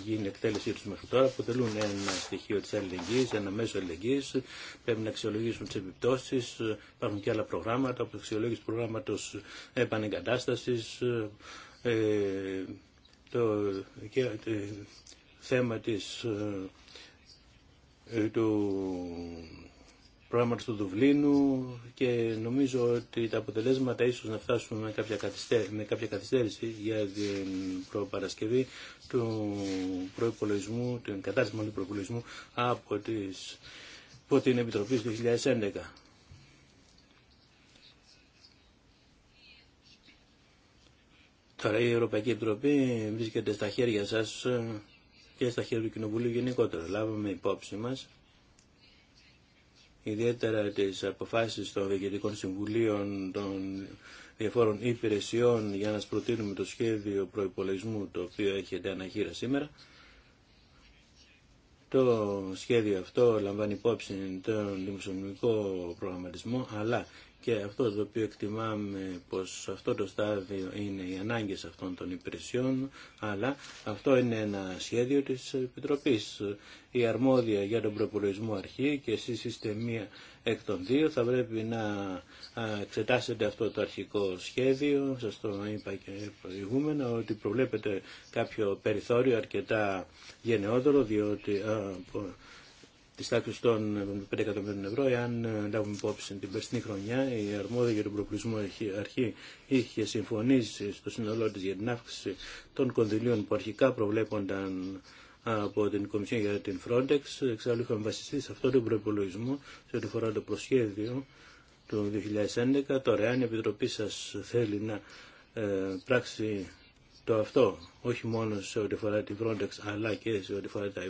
γίνει η εκτέλεσή τους μέχρι τώρα αποτελούν ένα στοιχείο της αλληλεγγύης, ένα μέσο αλληλεγγύης. Πρέπει να αξιολογήσουν τις επιπτώσεις. Υπάρχουν και άλλα προγράμματα, όπως αξιολόγηση προγράμματος επανεγκατάστασης, ε, και, το θέμα της του προγράμματος του Δουβλίνου και νομίζω ότι τα αποτελέσματα ίσως να φτάσουν με κάποια καθυστέρηση, με κάποια για την προπαρασκευή του προϋπολογισμού, την μόνο του προϋπολογισμού από, τις, από την Επιτροπή του 2011. Τώρα η Ευρωπαϊκή Επιτροπή βρίσκεται στα χέρια σας και στα χέρια του Κοινοβουλίου γενικότερα. Λάβαμε υπόψη μας ιδιαίτερα τις αποφάσεις των διοικητικών συμβουλίων των διαφόρων υπηρεσιών για να προτείνουμε το σχέδιο προϋπολογισμού το οποίο έχετε αναχείρα σήμερα. Το σχέδιο αυτό λαμβάνει υπόψη τον δημοσιονομικό προγραμματισμό αλλά και αυτό το οποίο εκτιμάμε πως αυτό το στάδιο είναι οι ανάγκες αυτών των υπηρεσιών, αλλά αυτό είναι ένα σχέδιο της Επιτροπής. Η αρμόδια για τον προπολογισμό αρχή και εσείς είστε μία εκ των δύο. Θα πρέπει να εξετάσετε αυτό το αρχικό σχέδιο. Σας το είπα και προηγούμενα ότι προβλέπετε κάποιο περιθώριο αρκετά γενναιόδωρο, διότι τη τάξη των 5 εκατομμύριων ευρώ, εάν ε, λάβουμε υπόψη την περσινή χρονιά, η αρμόδια για τον προπλησμό αρχή είχε συμφωνήσει στο σύνολό τη για την αύξηση των κονδυλίων που αρχικά προβλέπονταν από την Κομισιόν για την Frontex. Εξάλλου είχαμε βασιστεί σε αυτόν τον προπολογισμό σε ό,τι φορά το προσχέδιο του 2011. Τώρα, αν η Επιτροπή σα θέλει να ε, πράξει το αυτό, όχι μόνο σε ό,τι αφορά τη Frontex, αλλά και σε ό,τι αφορά τα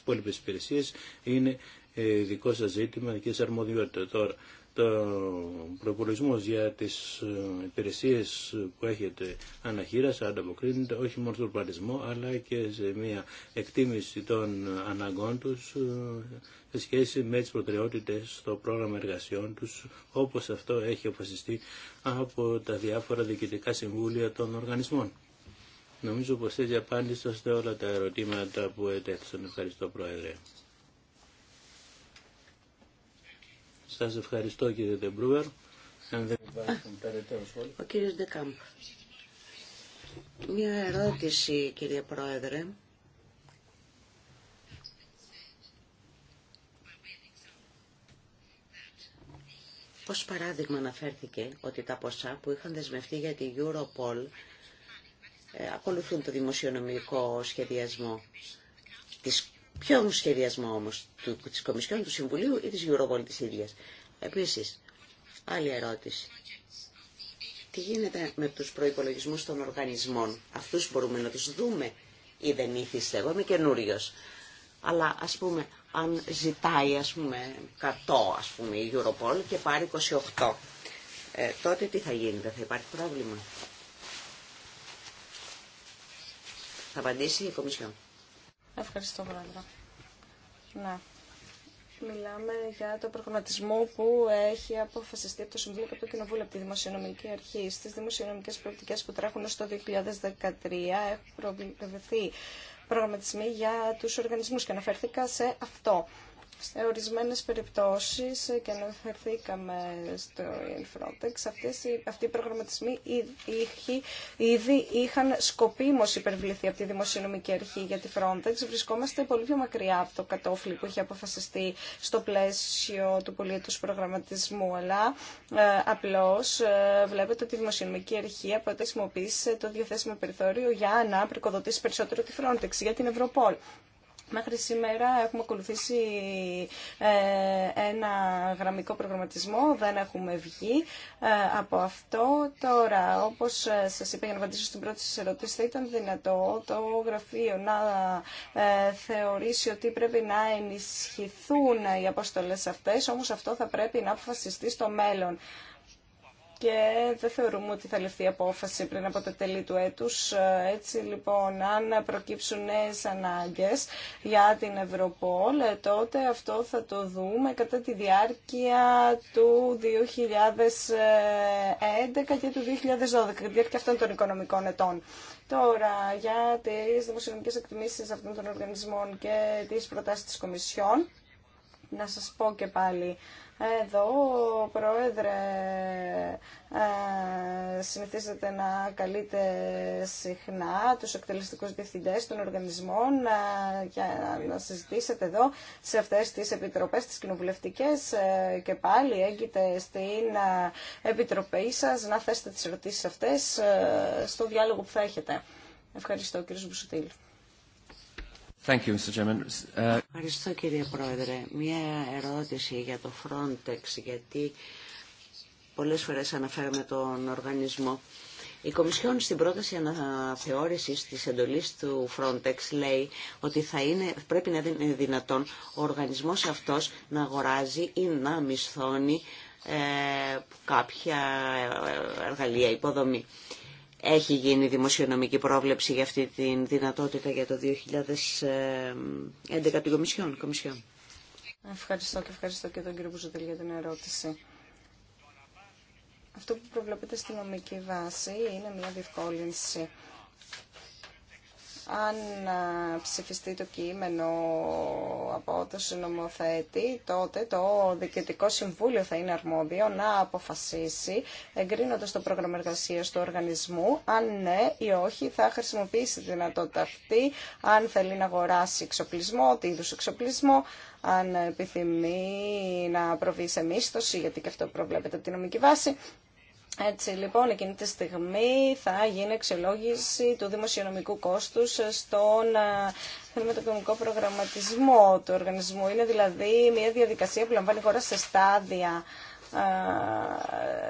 υπόλοιπε υπηρεσίε, είναι ε, δικό σα ζήτημα, και σε αρμοδιότητα. Τώρα, το προπολογισμό για τι ε, υπηρεσίε που έχετε αναχείρα ανταποκρίνεται όχι μόνο στον πλανησμό, αλλά και σε μια εκτίμηση των αναγκών του ε, σε σχέση με τι προτεραιότητε στο πρόγραμμα εργασιών του, όπω αυτό έχει αποφασιστεί από τα διάφορα διοικητικά συμβούλια των οργανισμών. Νομίζω πως έτσι απάντησα σε όλα τα ερωτήματα που έτεξαν. Ευχαριστώ Πρόεδρε. Σας ευχαριστώ κύριε Δεμπρούερ. Αν δεν Ο κύριος Ντεκάμπ. Μια ερώτηση κύριε Πρόεδρε. Ως παράδειγμα αναφέρθηκε ότι τα ποσά που είχαν δεσμευτεί για τη Europol ε, ακολουθούν το δημοσιονομικό σχεδιασμό. Της, ποιον σχεδιασμό όμως, του, της Κομισιόν, του Συμβουλίου ή της Europol της ίδιας. Επίσης, άλλη ερώτηση. Τι γίνεται με τους προϋπολογισμούς των οργανισμών. Αυτούς μπορούμε να τους δούμε ή δεν ήθιστε. Εγώ είμαι καινούριο. Αλλά ας πούμε, αν ζητάει ας πούμε 100 ας πούμε η Europol και πάρει 28, ε, τότε τι θα γίνει, δεν θα υπάρχει πρόβλημα. Θα απαντήσει η Κομισιόν. Ευχαριστώ, Πρόεδρε. Ναι. Μιλάμε για το προγραμματισμό που έχει αποφασιστεί από το Συμβούλιο και από το Κοινοβούλιο από τη Δημοσιονομική Αρχή. Στι δημοσιονομικέ πολιτικέ που τρέχουν ω το 2013 έχουν προβληθεί προγραμματισμοί για του οργανισμού και αναφέρθηκα σε αυτό σε ορισμένες περιπτώσεις και αναφερθήκαμε στο Frontex, αυτοί οι προγραμματισμοί ήδη είχαν σκοπίμως υπερβληθεί από τη Δημοσιονομική Αρχή για τη Frontex. Βρισκόμαστε πολύ πιο μακριά από το κατόφλι που είχε αποφασιστεί στο πλαίσιο του πολιτικού προγραμματισμού, αλλά ε, απλώς ε, βλέπετε ότι η Δημοσιονομική Αρχή αποτεσμοποίησε το διαθέσιμο περιθώριο για να πρικοδοτήσει περισσότερο τη Frontex για την Ευρωπόλ. Μέχρι σήμερα έχουμε ακολουθήσει ε, ένα γραμμικό προγραμματισμό, δεν έχουμε βγει ε, από αυτό. Τώρα, όπως ε, σας είπα για να απαντήσω στην πρώτη σα ερώτηση, θα ήταν δυνατό το γραφείο να θεωρήσει ότι πρέπει να ενισχυθούν οι αποστολές αυτές, όμως αυτό θα πρέπει να αποφασιστεί στο μέλλον και δεν θεωρούμε ότι θα ληφθεί απόφαση πριν από τα τέλη του έτους. Έτσι λοιπόν, αν προκύψουν νέες ανάγκες για την Ευρωπόλ, τότε αυτό θα το δούμε κατά τη διάρκεια του 2011 και του 2012, κατά τη διάρκεια αυτών των οικονομικών ετών. Τώρα, για τις δημοσιονομικές εκτιμήσεις αυτών των οργανισμών και τις προτάσεις της Κομισιόν, να σας πω και πάλι εδώ, Πρόεδρε, ε, συνηθίζεται να καλείτε συχνά τους εκτελεστικούς διευθυντές των οργανισμών ε, για να συζητήσετε εδώ σε αυτές τις επιτροπές, τις κοινοβουλευτικές ε, και πάλι έγκυται στην επιτροπή σας να θέσετε τις ερωτήσεις αυτές στο διάλογο που θα έχετε. Ευχαριστώ κύριε Μπουσουτήλ. Uh, Ευχαριστώ κύριε Πρόεδρε. Μία ερώτηση για το Frontex, γιατί πολλές φορές αναφέραμε τον οργανισμό. Η Κομισιόν στην πρόταση αναθεώρησης της εντολής του Frontex λέει ότι θα είναι, πρέπει να είναι δυνατόν ο οργανισμός αυτός να αγοράζει ή να μισθώνει ε, κάποια ε, εργαλεία, υποδομή. Έχει γίνει δημοσιονομική πρόβλεψη για αυτή τη δυνατότητα για το 2011 του Κομισιόν. Ευχαριστώ και ευχαριστώ και τον κύριο Μπουζουτήλ για την ερώτηση. Αυτό που προβλέπεται στη νομική βάση είναι μια διευκόλυνση αν ψηφιστεί το κείμενο από το συνομοθέτη, τότε το Διοικητικό Συμβούλιο θα είναι αρμόδιο να αποφασίσει, εγκρίνοντας το πρόγραμμα εργασία του οργανισμού, αν ναι ή όχι θα χρησιμοποιήσει τη δυνατότητα αυτή, αν θέλει να αγοράσει εξοπλισμό, τι είδου εξοπλισμό, αν επιθυμεί να προβεί σε μίσθωση, γιατί και αυτό προβλέπεται από τη νομική βάση έτσι λοιπόν εκείνη τη στιγμή θα γίνει εξελόγηση του δημοσιονομικού κόστους στον ε, χρηματοοικονομικό προγραμματισμό του οργανισμού. Είναι δηλαδή μια διαδικασία που λαμβάνει χώρα σε στάδια ε,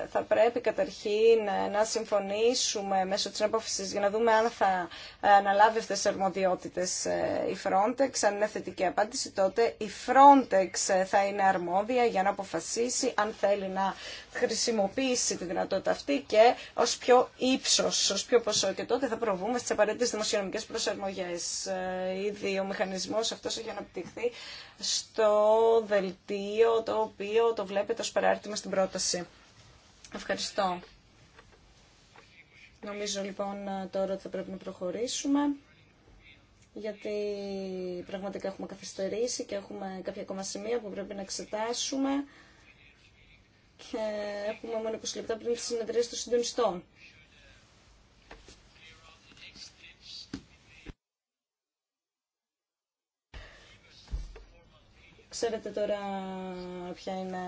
θα πρέπει καταρχήν να συμφωνήσουμε μέσω της απόφασης για να δούμε αν θα αναλάβει αυτές τις αρμοδιότητες ε, η Frontex. Αν είναι θετική απάντηση τότε η Frontex θα είναι αρμόδια για να αποφασίσει αν θέλει να χρησιμοποιήσει τη δυνατότητα αυτή και ω πιο ύψο, ω πιο ποσό και τότε θα προβούμε στις απαραίτητε δημοσιονομικές προσαρμογές. Ε, ήδη ο μηχανισμός αυτός έχει αναπτυχθεί στο δελτίο το οποίο το βλέπετε ω παράρτημα στην πρόταση. Ευχαριστώ. Νομίζω λοιπόν τώρα ότι θα πρέπει να προχωρήσουμε γιατί πραγματικά έχουμε καθυστερήσει και έχουμε κάποια ακόμα σημεία που πρέπει να εξετάσουμε και έχουμε μόνο 20 λεπτά πριν τη συνεδρία των συντονιστών. Ξέρετε τώρα ποια είναι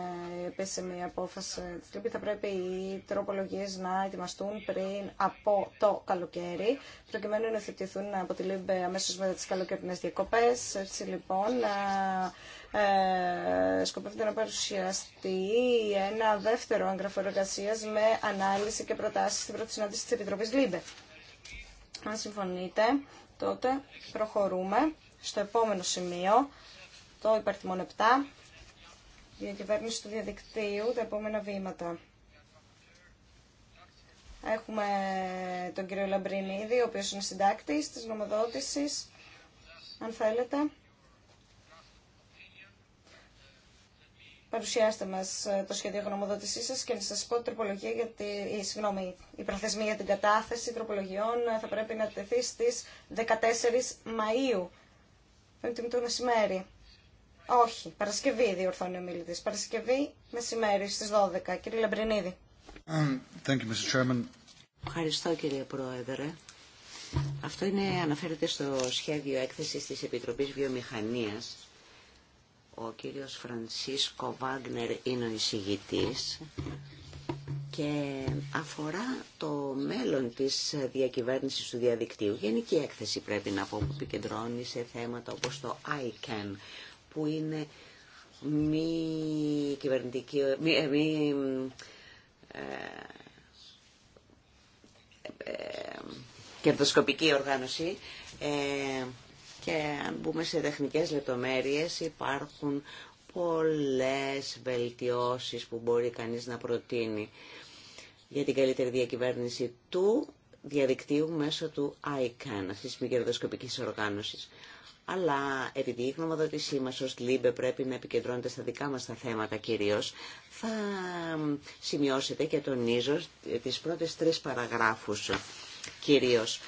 η επίσημη απόφαση της δηλαδή ΛΥΠΗ. Θα πρέπει οι τροπολογίες να ετοιμαστούν πριν από το καλοκαίρι, προκειμένου να θετηθούν από τη ΛΥΜΠΕ αμέσως μετά τις καλοκαιρινές διακοπές. Έτσι λοιπόν, ε, σκοπεύεται να παρουσιαστεί ένα δεύτερο έγγραφο εργασία με ανάλυση και προτάσεις στην πρώτη συνάντηση της Επιτροπής ΛΥΜΠΕ. Αν συμφωνείτε, τότε προχωρούμε στο επόμενο σημείο το υπερθυμόν 7, κυβέρνηση του διαδικτύου, τα επόμενα βήματα. Έχουμε τον κύριο Λαμπρινίδη, ο οποίος είναι συντάκτης της νομοδότησης, αν θέλετε. Παρουσιάστε μας ε, το σχέδιο γνωμοδότησής σας και να σας πω τροπολογία για ε, η, συγγνώμη, για την κατάθεση τροπολογιών ε, θα πρέπει να τεθεί στις 14 Μαΐου, πέμπτη με το μεσημέρι. Όχι, Παρασκευή διορθώνει ο μίλητη. Παρασκευή μεσημέρι στις 12. Κύριε Λαμπρινίδη. Um, Ευχαριστώ κύριε Πρόεδρε. Αυτό είναι, αναφέρεται στο σχέδιο έκθεσης της Επιτροπής Βιομηχανίας. Ο κύριος Φρανσίσκο Βάγνερ είναι ο εισηγητής και αφορά το μέλλον της διακυβέρνησης του διαδικτύου. Γενική έκθεση πρέπει να πω που επικεντρώνει σε θέματα όπως το ICANN, που είναι μη κυβερνητική, ε, ε, ε, κερδοσκοπική οργάνωση ε, και αν μπούμε σε τεχνικές λεπτομέρειες υπάρχουν πολλές βελτιώσεις που μπορεί κανείς να προτείνει για την καλύτερη διακυβέρνηση του διαδικτύου μέσω του ICANN, αυτής της μη κερδοσκοπικής οργάνωσης αλλά επειδή η γνωμοδότησή μα ως ΛΥΜΠΕ πρέπει να επικεντρώνεται στα δικά μα τα θέματα κυρίως, θα σημειώσετε και τονίζω τι πρώτε τρεις παραγράφους κυρίως.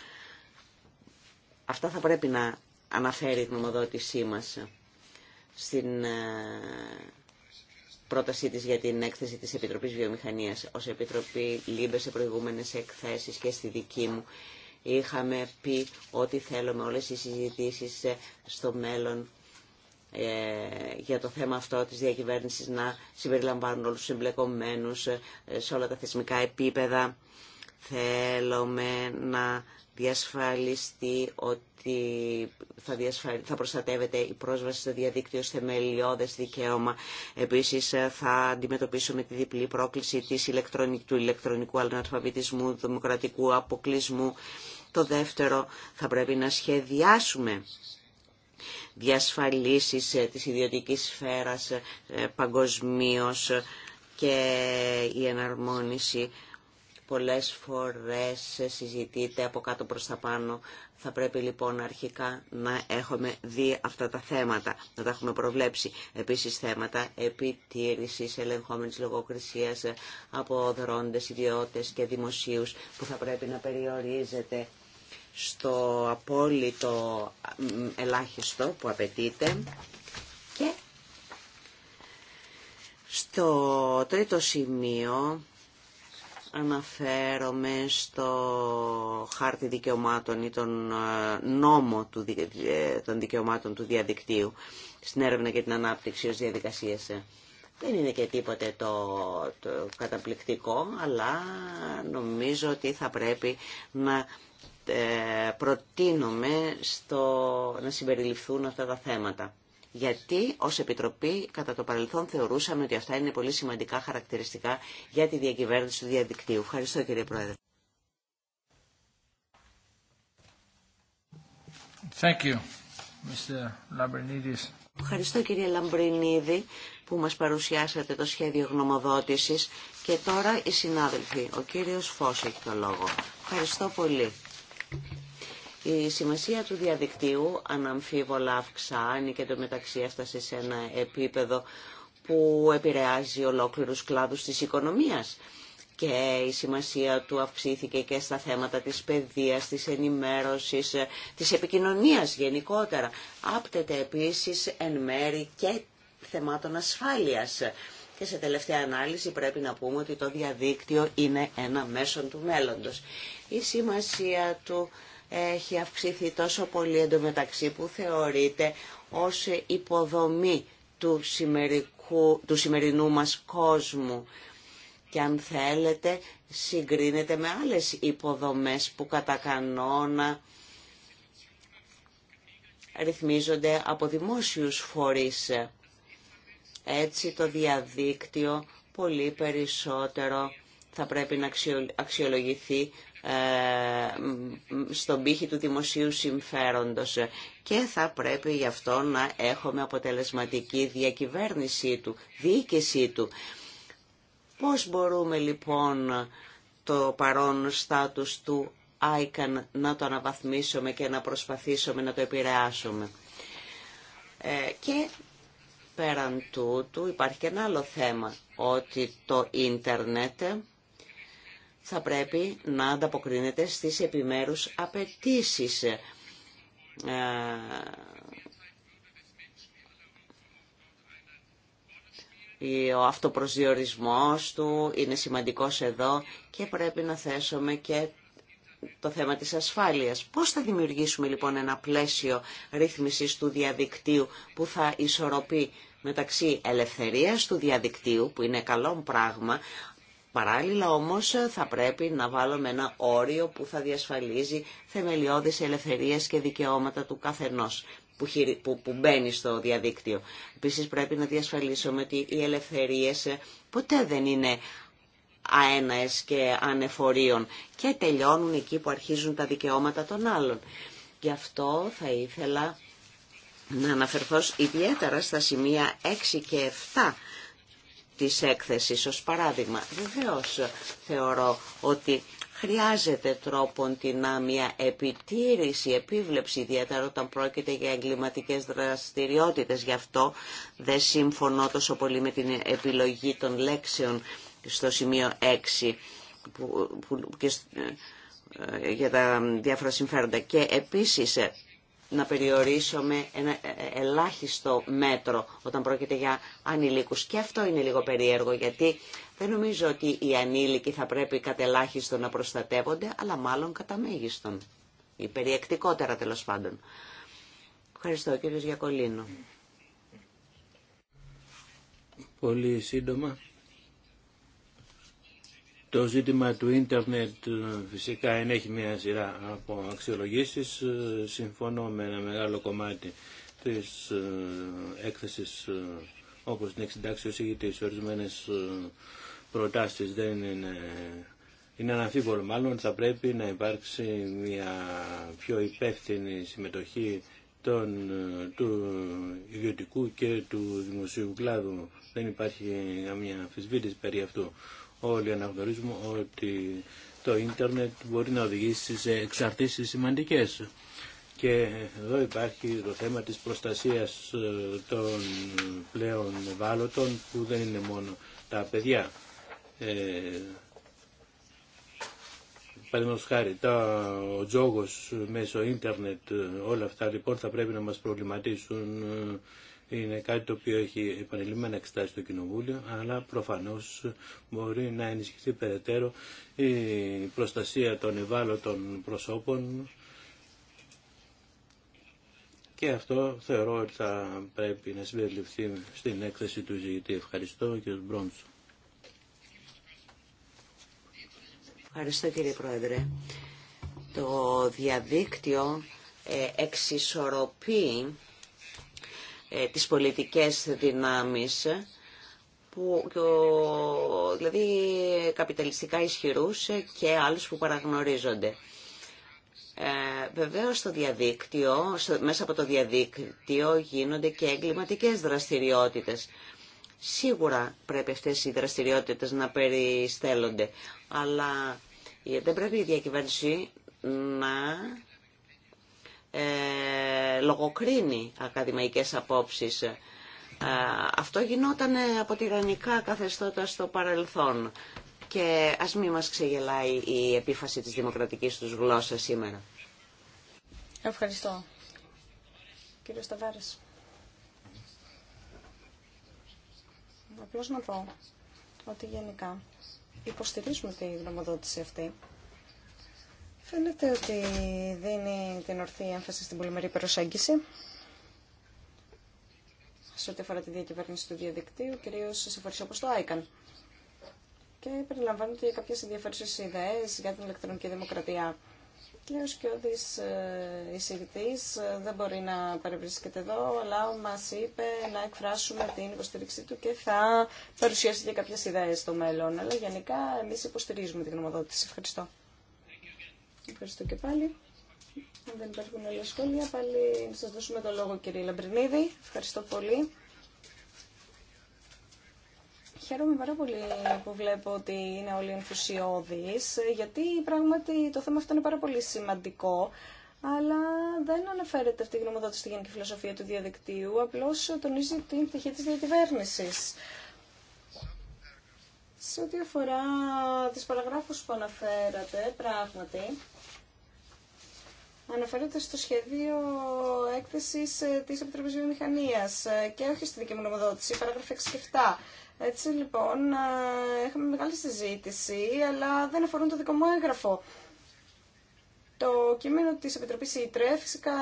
Αυτά θα πρέπει να αναφέρει η γνωμοδότησή μα στην ε, πρότασή της για την έκθεση της Επιτροπής Βιομηχανίας. Ως Επιτροπή ΛΥΜΠΕ σε προηγούμενες εκθέσεις και στη δική μου είχαμε πει ότι θέλουμε όλες οι συζητήσεις ε, στο μέλλον ε, για το θέμα αυτό της διακυβέρνησης να συμπεριλαμβάνουν όλους τους εμπλεκομένους ε, σε όλα τα θεσμικά επίπεδα. Θέλουμε να διασφαλιστεί ότι θα, θα προστατεύεται η πρόσβαση στο διαδίκτυο σε θεμελιώδες δικαίωμα. Επίσης ε, θα αντιμετωπίσουμε τη διπλή πρόκληση της ηλεκτρονικ... του ηλεκτρονικού του δημοκρατικού αποκλεισμού. Το δεύτερο θα πρέπει να σχεδιάσουμε διασφαλίσεις ε, της ιδιωτικής σφαίρας ε, παγκοσμίως και η εναρμόνιση πολλές φορές συζητείται από κάτω προς τα πάνω. Θα πρέπει λοιπόν αρχικά να έχουμε δει αυτά τα θέματα, να τα έχουμε προβλέψει. Επίσης θέματα επιτήρησης, ελεγχόμενης λογοκρισίας από δρόντες, ιδιώτες και δημοσίους που θα πρέπει να περιορίζεται στο απόλυτο ελάχιστο που απαιτείται και στο τρίτο σημείο Αναφέρομαι στο χάρτη δικαιωμάτων ή τον ε, νόμο ε, των δικαιωμάτων του διαδικτύου στην έρευνα και την ανάπτυξη ως διαδικασίες. Ε, δεν είναι και τίποτε το, το καταπληκτικό, αλλά νομίζω ότι θα πρέπει να προτείνουμε στο, να συμπεριληφθούν αυτά τα θέματα γιατί ως Επιτροπή κατά το παρελθόν θεωρούσαμε ότι αυτά είναι πολύ σημαντικά χαρακτηριστικά για τη διακυβέρνηση του διαδικτύου. Ευχαριστώ κύριε Πρόεδρε. Thank you, Mr. Ευχαριστώ κύριε Λαμπρινίδη που μας παρουσιάσατε το σχέδιο γνωμοδότησης και τώρα οι συνάδελφοι. Ο κύριος Φως έχει το λόγο. Ευχαριστώ πολύ. Η σημασία του διαδικτύου αναμφίβολα αυξάνει και το μεταξύ έφτασε σε ένα επίπεδο που επηρεάζει ολόκληρους κλάδους της οικονομίας. Και η σημασία του αυξήθηκε και στα θέματα της παιδείας, της ενημέρωσης, της επικοινωνίας γενικότερα. Άπτεται επίσης εν μέρη και θεμάτων ασφάλειας. Και σε τελευταία ανάλυση πρέπει να πούμε ότι το διαδίκτυο είναι ένα μέσον του μέλλοντος. Η σημασία του έχει αυξηθεί τόσο πολύ εντωμεταξύ που θεωρείται ως υποδομή του, του σημερινού μας κόσμου και αν θέλετε συγκρίνεται με άλλες υποδομές που κατά κανόνα ρυθμίζονται από δημόσιους φορείς. Έτσι το διαδίκτυο πολύ περισσότερο θα πρέπει να αξιολογηθεί ε, στον πύχη του δημοσίου συμφέροντος και θα πρέπει γι' αυτό να έχουμε αποτελεσματική διακυβέρνησή του, διοίκησή του. Πώς μπορούμε λοιπόν το παρόν στάτους του ICAN να το αναβαθμίσουμε και να προσπαθήσουμε να το επηρεάσουμε. Ε, και πέραν τούτου υπάρχει και ένα άλλο θέμα, ότι το ίντερνετ θα πρέπει να ανταποκρίνεται στις επιμέρους απαιτήσει. Ε, ο αυτοπροσδιορισμός του είναι σημαντικός εδώ και πρέπει να θέσουμε και το θέμα της ασφάλειας. Πώς θα δημιουργήσουμε λοιπόν ένα πλαίσιο ρύθμισης του διαδικτύου που θα ισορροπεί μεταξύ ελευθερίας του διαδικτύου, που είναι καλό πράγμα, Παράλληλα όμως θα πρέπει να βάλουμε ένα όριο που θα διασφαλίζει θεμελιώδεις ελευθερίες και δικαιώματα του καθενός που, μπαίνει στο διαδίκτυο. Επίσης πρέπει να διασφαλίσουμε ότι οι ελευθερίες ε, ποτέ δεν είναι αέναες και ανεφορίων και τελειώνουν εκεί που αρχίζουν τα δικαιώματα των άλλων. Γι' αυτό θα ήθελα να αναφερθώ ιδιαίτερα στα σημεία 6 και 7 της έκθεσης ως παράδειγμα. Βεβαίως θεωρώ ότι χρειάζεται τρόπον την άμια επιτήρηση, επίβλεψη, ιδιαίτερα όταν πρόκειται για εγκληματικέ δραστηριότητες. Γι' αυτό δεν συμφωνώ τόσο πολύ με την επιλογή των λέξεων στο σημείο 6 που, και, ε, για τα διάφορα συμφέροντα. Και επίσης ε, να περιορίσουμε ένα ε, ε, ελάχιστο μέτρο όταν πρόκειται για ανηλίκους. Και αυτό είναι λίγο περίεργο γιατί δεν νομίζω ότι οι ανήλικοι θα πρέπει κατ' ελάχιστο να προστατεύονται, αλλά μάλλον κατά μέγιστον ή περιεκτικότερα τέλο πάντων. Ευχαριστώ κύριος Γιακολίνο. Πολύ σύντομα το ζήτημα του ίντερνετ ε, φυσικά ενέχει μια σειρά από αξιολογήσεις. Ε, συμφωνώ με ένα μεγάλο κομμάτι της ε, έκθεσης όπως την εξεντάξει ο συγητής. Ορισμένες προτάσεις δεν είναι... Είναι μάλλον θα πρέπει να υπάρξει μια πιο υπεύθυνη συμμετοχή των, του ιδιωτικού και του δημοσίου κλάδου. Δεν υπάρχει καμία αμφισβήτηση περί αυτού όλοι αναγνωρίζουμε ότι το ίντερνετ μπορεί να οδηγήσει σε εξαρτήσεις σημαντικές. Και εδώ υπάρχει το θέμα της προστασίας ε, των πλέον ευάλωτων που δεν είναι μόνο τα παιδιά. Ε, Παραδείγματος χάρη, τα, ο τζόγος μέσω ίντερνετ, ε, όλα αυτά λοιπόν θα πρέπει να μας προβληματίσουν ε, είναι κάτι το οποίο έχει επανειλημμένα εξετάσει στο Κοινοβούλιο, αλλά προφανώς μπορεί να ενισχυθεί περαιτέρω η προστασία των ευάλωτων προσώπων και αυτό θεωρώ ότι θα πρέπει να συμπεριληφθεί στην έκθεση του ζητητή. Ευχαριστώ τον Μπρόντσο. Ευχαριστώ κύριε Πρόεδρε. Το διαδίκτυο ε, εξισορροπεί ε, τις πολιτικές δυνάμεις που, δηλαδή καπιταλιστικά ισχυρούς και άλλους που παραγνωρίζονται. Ε, βεβαίως στο διαδίκτυο, στο, μέσα από το διαδίκτυο γίνονται και εγκληματικές δραστηριότητες. Σίγουρα πρέπει αυτές οι δραστηριότητες να περιστέλλονται, αλλά δεν πρέπει η διακυβέρνηση να ε, λογοκρίνει ακαδημαϊκές απόψεις. Ε, αυτό γινόταν ε, από τυραννικά καθεστώτα στο παρελθόν και ας μη μας ξεγελάει η επίφαση της δημοκρατικής τους γλώσσας σήμερα. Ευχαριστώ. Κύριε Σταβάρης. Απλώς να πω ότι γενικά υποστηρίζουμε τη γνωμοδότηση αυτή Φαίνεται ότι δίνει την ορθή έμφαση στην πολυμερή προσέγγιση σε ό,τι αφορά τη διακυβέρνηση του διαδικτύου, κυρίω σε φορέ όπω το ICAN. Και περιλαμβάνονται και κάποιε ενδιαφέρουσε ιδέε για την ηλεκτρονική δημοκρατία. Και ο Σκιώδη ε, εισηγητή ε, δεν μπορεί να παρευρίσκεται εδώ, αλλά μα είπε να εκφράσουμε την υποστήριξή του και θα παρουσιάσει και κάποιε ιδέε στο μέλλον. Αλλά γενικά εμεί υποστηρίζουμε την γνωμοδότηση. Ευχαριστώ. Ευχαριστώ και πάλι. Αν δεν υπάρχουν άλλα σχόλια, πάλι σας δώσουμε το λόγο, κύριε Λαμπρινίδη. Ευχαριστώ πολύ. Χαίρομαι πάρα πολύ που βλέπω ότι είναι όλοι ενθουσιώδεις, γιατί πράγματι το θέμα αυτό είναι πάρα πολύ σημαντικό, αλλά δεν αναφέρεται αυτή η γνωμοδότηση στη γενική φιλοσοφία του διαδικτύου, απλώς τονίζει την πτυχή της διακυβέρνησης. Σε ό,τι αφορά τις παραγράφους που αναφέρατε, πράγματι, Αναφέρεται στο σχεδίο έκθεσης ε, τη Επιτροπή βιομηχανία ε, και όχι στη δική μου νομοδότηση, παράγραφα 6 και 7. Έτσι λοιπόν, ε, έχουμε μεγάλη συζήτηση, αλλά δεν αφορούν το δικό μου έγγραφο. Το κείμενο της Επιτροπής ΙΤΡΕ φυσικά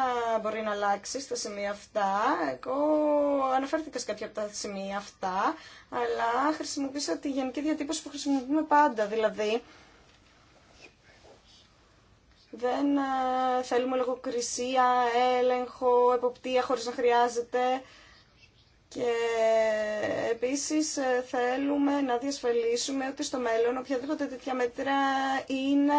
μπορεί να αλλάξει στα σημεία αυτά. Εγώ αναφέρθηκα σε κάποια από τα σημεία αυτά, αλλά χρησιμοποίησα τη γενική διατύπωση που χρησιμοποιούμε πάντα, δηλαδή δεν ε, θέλουμε λογοκρισία, έλεγχο, εποπτεία χωρίς να χρειάζεται. Και ε, επίσης ε, θέλουμε να διασφαλίσουμε ότι στο μέλλον οποιαδήποτε τέτοια μέτρα είναι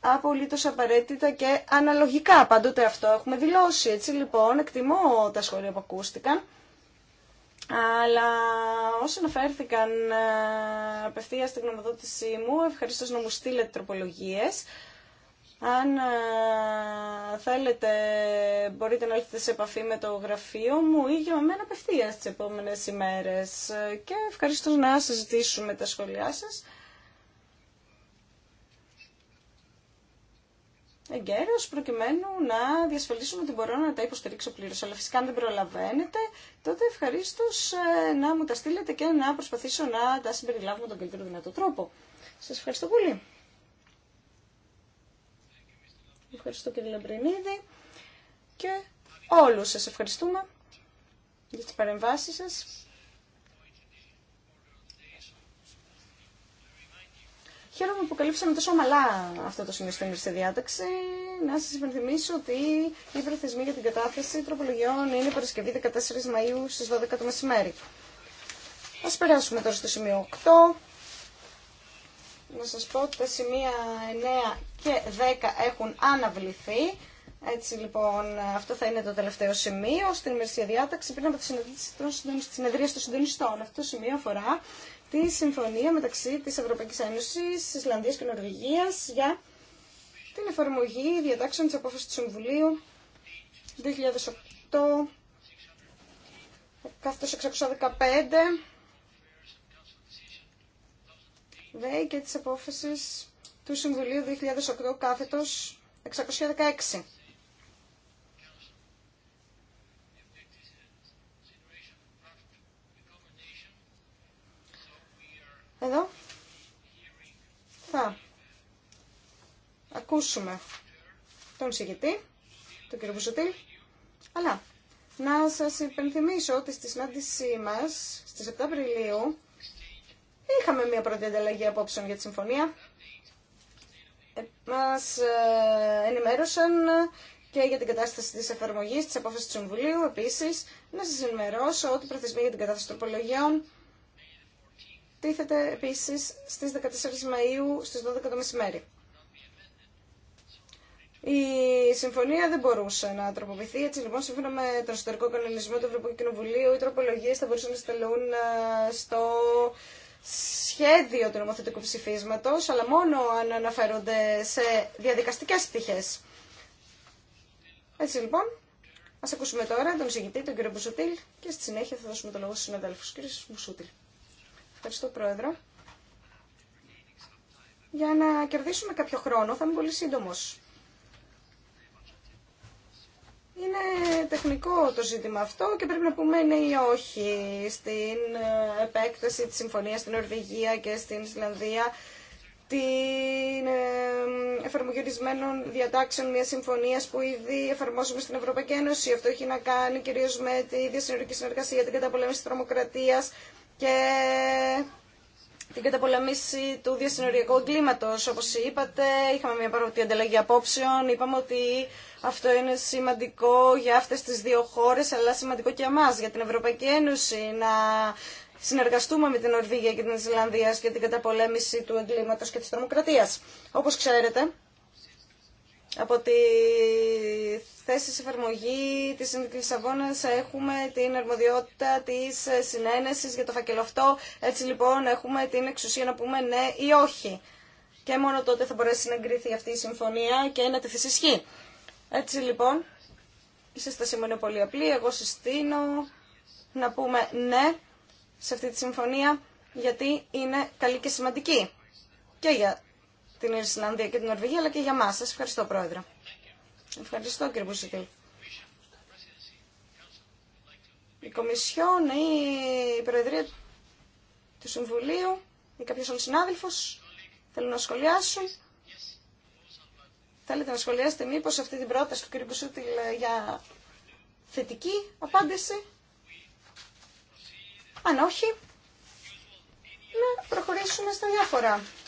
απολύτως απαραίτητα και αναλογικά. Πάντοτε αυτό έχουμε δηλώσει. Έτσι λοιπόν εκτιμώ τα σχόλια που ακούστηκαν. Αλλά όσοι αναφέρθηκαν απευθεία στην γνωμοδότησή μου, ευχαριστώ να μου στείλετε τροπολογίες. Αν ε, θέλετε μπορείτε να έρθετε σε επαφή με το γραφείο μου ή για μένα απευθεία τις επόμενες ημέρες και ευχαριστώ να συζητήσουμε τα σχόλιά σας. εγκαίρω προκειμένου να διασφαλίσουμε ότι μπορώ να τα υποστηρίξω πλήρω. Αλλά φυσικά αν δεν προλαβαίνετε, τότε ευχαρίστω ε, να μου τα στείλετε και να προσπαθήσω να τα συμπεριλάβω τον καλύτερο δυνατό τρόπο. Σα ευχαριστώ πολύ. Ευχαριστώ κύριε Λαμπρινίδη και όλους σας ευχαριστούμε για τις παρεμβάσεις σας. Χαίρομαι που καλύψαμε τόσο μαλά αυτό το σημείο στην στη διάταξη. Να σας υπενθυμίσω ότι οι προθεσμοί για την κατάθεση τροπολογιών είναι Παρασκευή 14 Μαΐου στις 12 το μεσημέρι. Ας περάσουμε τώρα στο σημείο 8 να σας πω ότι τα σημεία 9 και 10 έχουν αναβληθεί. Έτσι λοιπόν, αυτό θα είναι το τελευταίο σημείο στην ημερησία διάταξη πριν από τη συνεδρία των συντονιστών. Αυτό το σημείο αφορά τη συμφωνία μεταξύ της Ευρωπαϊκής Ένωσης, Ισλανδία και Νορβηγία για την εφαρμογή διατάξεων της απόφαση του Συμβουλίου 2008 615 ΔΕΗ και της απόφασης του Συμβουλίου 2008 κάθετος 616. Εδώ θα ακούσουμε τον συγκεκριτή, τον κύριο Βουσουτήλ. αλλά να σας υπενθυμίσω ότι στη συνάντησή μας στις 7 Απριλίου Είχαμε μια πρώτη ανταλλαγή απόψεων για τη συμφωνία. Μας ε, ενημέρωσαν και για την κατάσταση της εφαρμογής της απόφασης του Συμβουλίου. Επίσης, να σας ενημερώσω ότι η για την κατάσταση τροπολογιών τίθεται επίσης στις 14 Μαΐου στις 12 το μεσημέρι. Η συμφωνία δεν μπορούσε να τροποποιηθεί. Έτσι λοιπόν, σύμφωνα με τον ιστορικό κανονισμό του Ευρωπαϊκού Κοινοβουλίου, οι τροπολογίε θα μπορούσαν να στελούν ε, στο σχέδιο του νομοθετικού ψηφίσματος, αλλά μόνο αν αναφέρονται σε διαδικαστικές πτυχε. Έτσι λοιπόν, ας ακούσουμε τώρα τον συγκητή, τον κύριο Μπουσουτήλ, και στη συνέχεια θα δώσουμε το λόγο στου συνάδελφου Κύριε Μπουσουτήλ. Ευχαριστώ, Πρόεδρο. Για να κερδίσουμε κάποιο χρόνο, θα είμαι πολύ σύντομο. Είναι τεχνικό το ζήτημα αυτό και πρέπει να πούμε ναι ή όχι στην ε, επέκταση της συμφωνίας στην Ορβηγία και στην Ισλανδία την ε, εφαρμογή διατάξεων μια συμφωνίας που ήδη εφαρμόζουμε στην Ευρωπαϊκή Ένωση. Αυτό έχει να κάνει κυρίως με τη διασυνορική συνεργασία, την καταπολέμηση της τρομοκρατία και την καταπολεμήση του διασυνοριακού εγκλήματο. Όπως είπατε, είχαμε μια παρόμοια ανταλλαγή απόψεων. Είπαμε ότι αυτό είναι σημαντικό για αυτές τις δύο χώρε, αλλά σημαντικό και για εμά, για την Ευρωπαϊκή Ένωση, να συνεργαστούμε με την Νορβηγία και την Ισλανδία για την καταπολέμηση του εγκλήματο και της τρομοκρατία. Όπω ξέρετε, από τη θέση της εφαρμογή της Αγώνας έχουμε την αρμοδιότητα της συνένεσης για το φακελό Έτσι λοιπόν έχουμε την εξουσία να πούμε ναι ή όχι. Και μόνο τότε θα μπορέσει να εγκρίθει αυτή η συμφωνία και να τη ισχύ. Έτσι λοιπόν, η συστασία μου είναι πολύ απλή. Εγώ συστήνω να πούμε ναι σε αυτή τη συμφωνία γιατί είναι καλή και σημαντική και για την Ισλανδία και την Νορβηγία, αλλά και για μας. Σας ευχαριστώ, Πρόεδρε. Ευχαριστώ, κύριε Μπουσουτή. Η Κομισιόν ή η Προεδρία του Συμβουλίου ή κάποιος άλλος συνάδελφος θέλουν να σχολιάσουν. Θέλετε να σχολιάσετε μήπως αυτή την πρόταση του κύριου Μπουσούτιλ για θετική απάντηση. Αν όχι, να προχωρήσουμε στα διάφορα.